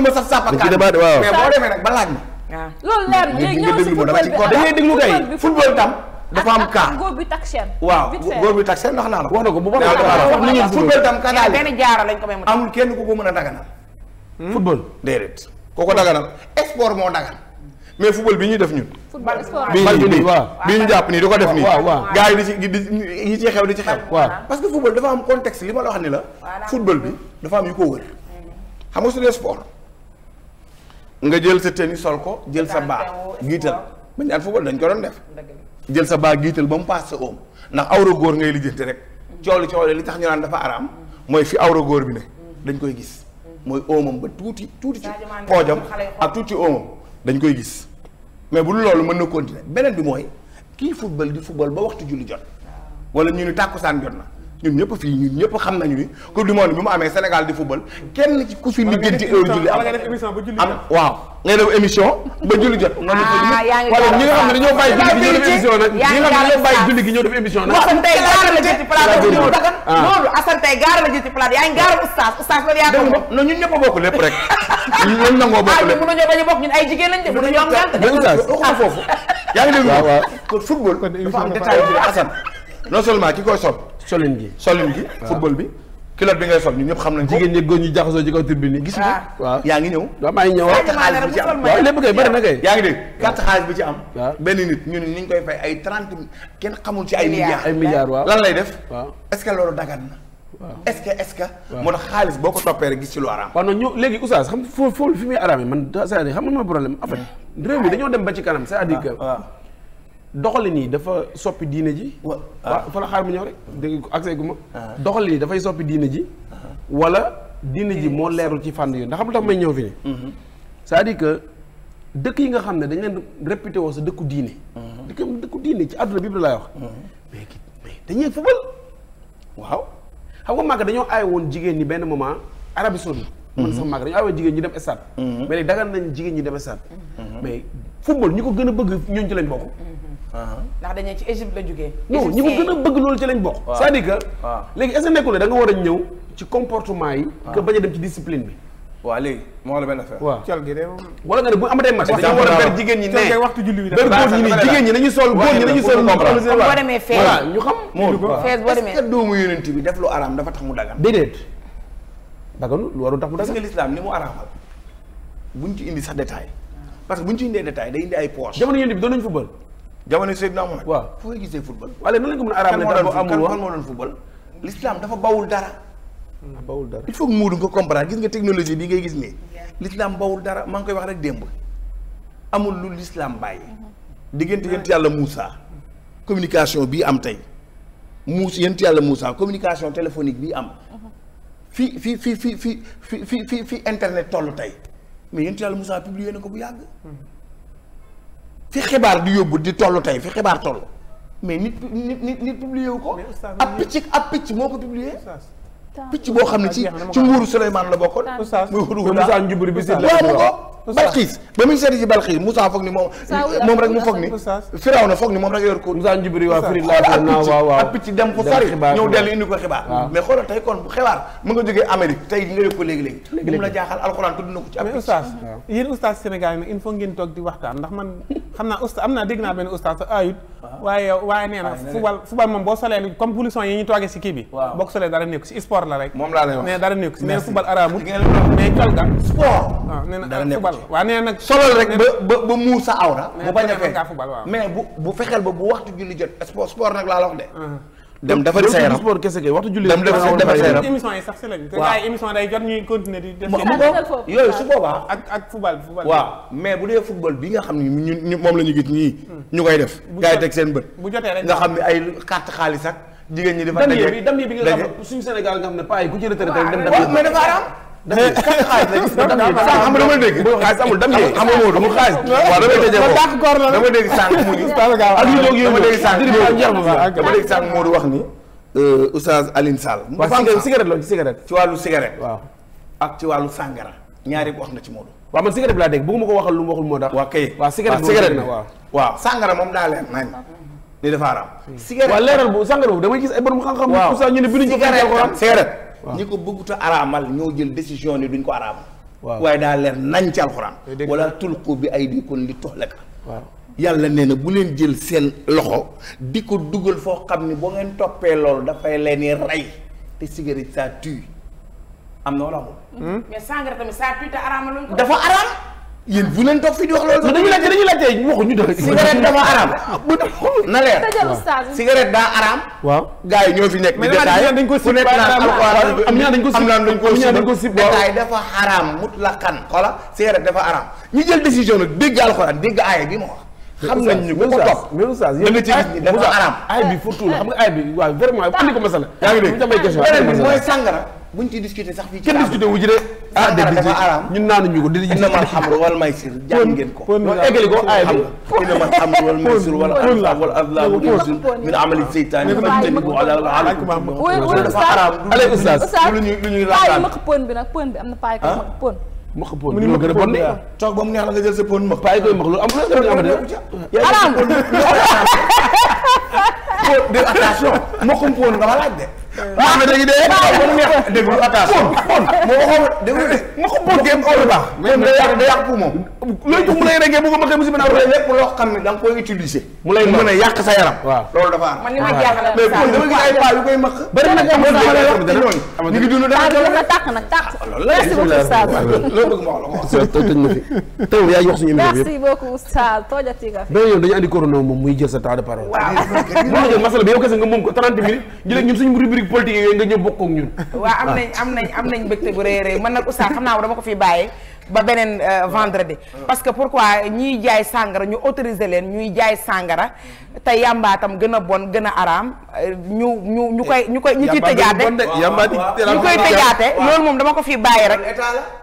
ma saf sàpp dañ ciy débat de waaw mais boo demee nag ba laaj ma waaw loolu leer na léegi ñoo si football bi football tam dafa am cas góor bi takk seen. waaw góor bi takk seen wax naa la. na ko bu boobaa wax football tam kanaal benn jaaro ko ko mën a daganal. Hmm? football koo ko daganal sport moo dagan mais football bi ñu def ñun. football sport bi ñu jàpp nii di ko def nii. gars yi di ci di ci xew di ci xew. parce que football dafa am contexte li ma la wax ni la. football bi dafa am yu ko wër. xam nga su dee sport. nga jël sa tennis sol ko jël sa baax giital ba ñaan football dañ ko doon def jël sa baa giital ba mu paas sa oom ndax awra góor ngay lijjanti rek coolu coolu li tax ñu naan dafa araam mooy fi awra góor bi ne dañ koy gis mooy oomam ba tuuti tuuti ci poojam ak tuuti ci oomam dañ koy gis mais bu dul loolu mën na continuer beneen bi mooy kii football di football ba waxtu julli jot wala ñu ni tàkkusaan jot na ñun ñëpp fii ñun ñëpp xam nañu ni coupe du monde bi mu amee Sénégal di football kenn ci ku fi lijjanti heure waaw ngay def émission ba julli jot ah, nga nga xam ne dañoo bàyyi def émission nag ñi nga xam ne dañoo bàyyi julli gi ñoo def émission nag asante gaara la ah. a bokk lépp rek ñun nangoo bokk ah, lépp mënuñoo bañ a bokk ñun ay jigéen lañ de mënuñoo am gànt foofu yaa ngi dégg football dafa am détail bi Assane non seulement solin gi solin gi football bi kilote bi ngay sol ñu ñëpp xam nañ ko jigéen ñi góor ñi jaxasoo ci kaw tribune yaa ngi ñëw waaw maa ngi ñëw waaw lépp kay na ñu ne ñu koy fay ay trente kenn xamul ci ay milliards ay milliards waaw lan lay def waaw est-ce que loolu dagan na waaw est-ce que est-ce que. moo tax xaalis boo ko ñu ma problème en fait hmm. réew dañoo dem ba ci kanam c'est-à-dire doxalin yi dafa soppi diine ji. waaw ah. fa la xaar mu ñëw rek dégg accès gu ma. Ah. doxalin dafay soppi diine ji. Ah. wala diine ji moo leerul ci fànn yi ndax xam tax may ñëw fi nii. Mm-hmm. cest à que dëkk yi nga xam ne dañ leen réputé woo sa dëkku diine. Mm-hmm. dëkk dëkku diine ci àdduna bi bi laay wax. Mm-hmm. mais ki mais dañuy fubal waaw xam nga màgg dañoo aay woon jigéen ñi benn moment arabi Saoudite. man sax màgg dañoo aay woon jigéen ñi dem stade. mais léegi nañ jigéen ñi dem stade. mais fubal ñu ko gën a bëgg ñooñu ci lañ Uh-huh. ndax dañu ci Égypte la jógee. non ñi ko gën a bëgg loolu ci lañ bokk. waaw c'est-à-dire léegi est-ce que nga war a ñëw ci comportement yi. que bañ a dem ci discipline bi. waa léegi moo la benn affaire. waaw col gi de. wala a ber jigéen ñi ne waxtu julli jigéen ñi nañu sol góor ñi nañu sol boo demee fees voilà ñu xam moo fees boo demee est-ce que doomu yonent bi def lu araam dafa tax mu dagan déedéet daganu lu waru tax mu dagan parce que mu araamal buñ ci indi sax détail parce que buñ ci indee détail day indi ay poche jamono yonent bi doon nañu jamono Seydina Mohamed. waaw foo gisee football. wala nan la ñu ko mën a arable dafa amul ah. kan dafa bawul dara. Hmm, bawul dara il faut que muudu nga comprendre gis nga technologie bi ngay gis nii. l'islam bawul dara maa ngi koy wax rek démb. amul lu lislaam bàyyi. Hmm. diggante yent yàlla Moussa. communication bii am tey. Mous yent yàlla Moussa communication téléphonique bi am. Hmm. fi fi fi fi fi fi fi fi internet toll tey. mais yent yàlla Moussa publié na ko bu yàgg. fi xibaar di yóbbu di tollu tey fi xibaar toll mais nit nit nit nit publié wu ko ab picc ab picc moo ko publié picc boo xam ne ci ah, ci nguuru Souleymane la bokkoon muy xudu bi si la ko Balxiis ba muy seeti ci Balxiis Moussa foog ni moom. rek mu foog ni. Firaw na foog ni moom ko. Moussa Njibri waaw Firi laa na waaw waaw ñëw dellu indi ko xibaar. mais xoolal tey kon bu xibaar mu nga jógee Amérique tey nga yëg ko léegi-léegi. léegi mu la jaaxal alxuraan tudd na ko ci ab picc. mais Sénégal yi nag il faut ngeen toog di waxtaan ndax man xam naa oustaz am naa dégg naa benn oustaz ayut. Ah. waaye waaye nee na football moom boo solee comme football rek ba ba ba muur sa awra bu bañ a fekk mais bu bu fexeel ba bu waxtu julli jot sport sport nag laa la wax de uh-huh. dem defar sa yaram sport kese kay sa yaram émission day jot ñuy continuer di def yooyu ñu koy def gars yi teg seen bët nga xam ne ay carte xaalis ak jigéen ñi dafa daje dam yi bi nga xam ne suñu Sénégal nga xam ne paa yi ku ci retraité dem dem mais dafa araam damay xaalis la damay sànq dama dégg. xaalis amul damay amul moo du mu xaalis. waaw damay tëjee ko dama dégg sànq mu ni. ak yu jóg yow dama dégg sànq dama dégg sànq moo du wax ni. Oustaz Alioune Sall. waaw cigarette la ci cigarette. ci wàllu cigarette. waaw ak ci wàllu sàngara. ñaari wax na ci Modou. waaw man cigarette bi laa dégg bëgguma ko waxal lu mu waxul moo tax. waaw kay waaw cigarette na waaw waaw sàngara moom daa leer nañ ni dafa araam. cigarette waaw leeral bu sàngara boobu damay gis ay borom xam-xam. waaw ñu ne binduñu ko cigarette ñi ko bëggut a araamal ñoo jël décision ni duñ ko araamal waaye daal leer nañ ci alxuraan wala tulqu bi aydikum li tuhlaka yàlla nee na bu leen jël seen loxo di ko dugal foo xam ni boo ngeen toppee loolu dafay leen rey te cigarette ça tue am na wala amul hmm? dafa araam yéen bu leen toog fii di wax loolu. dañuy laajte dañuy laajte waxuñu dëgg. cigarette dafa araam. na leer cigarette daa araam. waaw gars yi ñoo fi nekk. mais dañ ko sib am ñaar dañ ko sib am ñaar dañ ko sib détail dafa araam mutlaqan xoola cigarette dafa araam ñu jël décision nag dégg alxuraan dégg aaya bi ma wax. xam nañ ñu ko topp mais oustaz yéen da nga ci dafa araam aay bi furtu la xam nga aay bi waaw vraiment andi ko masala yaa ngi dégg ah, beneen bi mooy sàngara buñ ci discuter sax fii ci kenn discuter wu ji de ah de di ñun naanu ñu ko di inna mal xamru wal maysir jàng ngeen ko non eggali ko ay xam nga inna mal xamru wal maysir wal ansab wal azlam rijsun min amali seytaani fajtanibu ala alaikum dafa xaraam ale oustaz lu ñuy lu ñuy raxtaan mak pon bi nag pon bi am na paay ko ah? mak pon mak pon lu gën a bon de toog ba mu neex la nga jël sa pon mak paay koy mak loolu am la nga am de xaraam di attention makum pon nga ma laaj de Mohamed da ngi dee. déglu attention. moo waxoon déglu de. ma ko bon géem xool baax. même day yàq day yàq pour moom. looy jox mu lay reggee bu ko mënee musiba naa lépp loo xam ne da nga koy utiliser. mu lay mën a yàq sa yaram. waaw loolu dafa am. man li ma jaaxal la mais bon dama gis ay paa yu koy maq. bari na ko mën a wax dëgg ñu ngi dund dara dara dara tàq nag tàq. merci beaucoup Oustaz. loolu bëgg ma wax la ko. tëj na fi tëj yaa ngi wax suñu émission bi yëpp. merci beaucoup Oustaz toojati nga fi. beneen yoon dañu andi corona moom muy jël sa temps de parole. waaw mën na jël masala bi yow kese nga moom ko 30 minutes jëlee ñun suñu rubrique politique yooyu nga ñëw bokk ak ñun. waaw am nañ am nañ am nañ mbégte bu rëy a rëy man nag oustaz xam naa dama ko fi bàyyee ba beneen euh, vendredi. parce que pourquoi ñiy jaay sàngara ñu autoriser leen ñuy jaay sàngara te yàmbaatam gën a bon gën a araam euh, ñu ñu ñu koy ñu koy ñu ciy tëjaate ñu koy tëjaate loolu moom dama ko fii bàyyi rek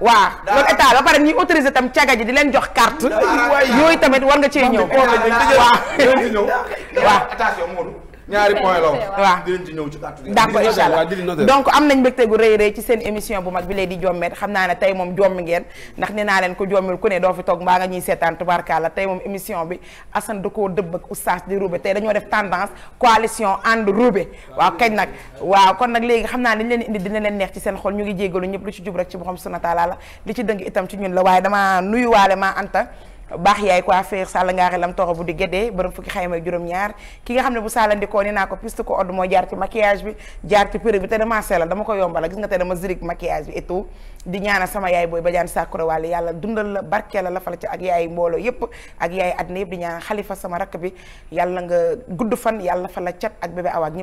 waa loolu état la ba pare ñuy autoriser tam caga ji di leen jox carte yooyu tamit war nga cee ñëw waaw waaw ñaari point la waaw dinañ ci ñëw donc am nañ mbégte gu rëy rëy ci seen émission bu mag bi lee di jommet xam naa ne tey moom jommi ngeen ndax ne naa leen ko jommil ku ne doo fi toog mbaa nga ñuy seetaan tubaarkàlla tey moom émission bi Assane da koo dëbb ak oustaz di roube tey dañoo def tendance coalition ànd roube waaw kañ nag waaw kon nag léegi xam naa dañ leen indi dina leen neex ci seen xol ñu ngi jéggalu ñëpp lu ci jub rek ci boxam sunataala la li ci itam ci ñun la waaye dama nuyuwaale maa baax yaay coiffeur sàll ngaare lam toro bu di gédee borom fukki xayma juróom-ñaar ki nga xam ne bu sàllandikoo nee naa ko piste ko odd moo jaar ci maquillage bi jaar ci péré bi te dama sellal dama ko yombala gis nga te dama zirik maquillage bi et di ñaanal sama yaay booy ba jaan sàkkura yàlla dundal la barkee la lafal ci ak yaay mbooloo yépp ak yaay àddina yëpp di ñaan xalifa sama rakk bi yàlla nga gudd fan yàlla fa la cat ak bébé awaak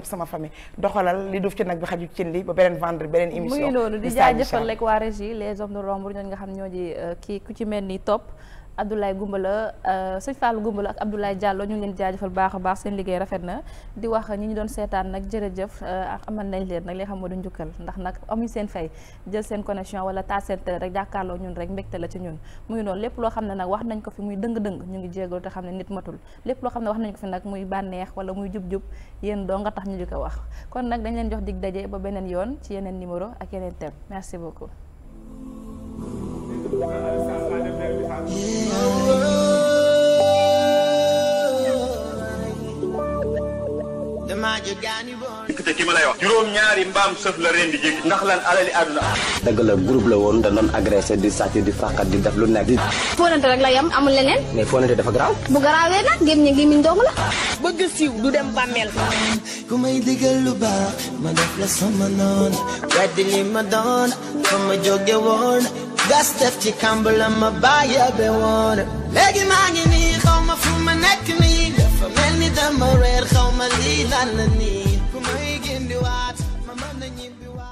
Abdoulaye Goumbala euh, sëñ Fallou Goumbala ak Abdoulaye jàlloo ñu ngi leen jaajëfal baax a baax seen liggéey rafet na di wax ñi ñu doon seetaan nag jërëjëf euh, ak amal nañ leen nag li xam moo du njukkal ndax nag amuñ seen fay jël seen connexion wala taal seen rek jàkkaarloo ñun rek mbégte la ci ñun muy noonu lépp loo xam ne nag wax nañ ko fi muy dëng-dëng ñu ngi jéegalu te xam ne nit matul lépp loo xam ne wax nañ ko fi nag muy bànneex wala muy jub-jub yéen doo nga tax ñu di ko wax kon nag dañ leen dig daje ba beneen yoon ci yeneen numéro ak yeneen thème merci beaucoup The magic dikk te ci ma lay wax juróom-ñaari mbaam sëf la ren ndax lan alali àdduna dëgg la groupe la woon da doon agressé di sàcc di fàqat di def lu nekk di fóonante rek la yam amul leneen mais fóonante dafa garaaw bu garaawee nag ngeen ñi ngi miñ dong la bëgg siiw du dem bàmmeel ku may digal lu baax ma def la sama noon weddi li ma doon fa ma jóge woon gas def ci kàmb la ma bàyyi woon léegi maa ngi nii xaw fu ma nekk nii dafa mel ni dama reer xaw lii lan la nii do I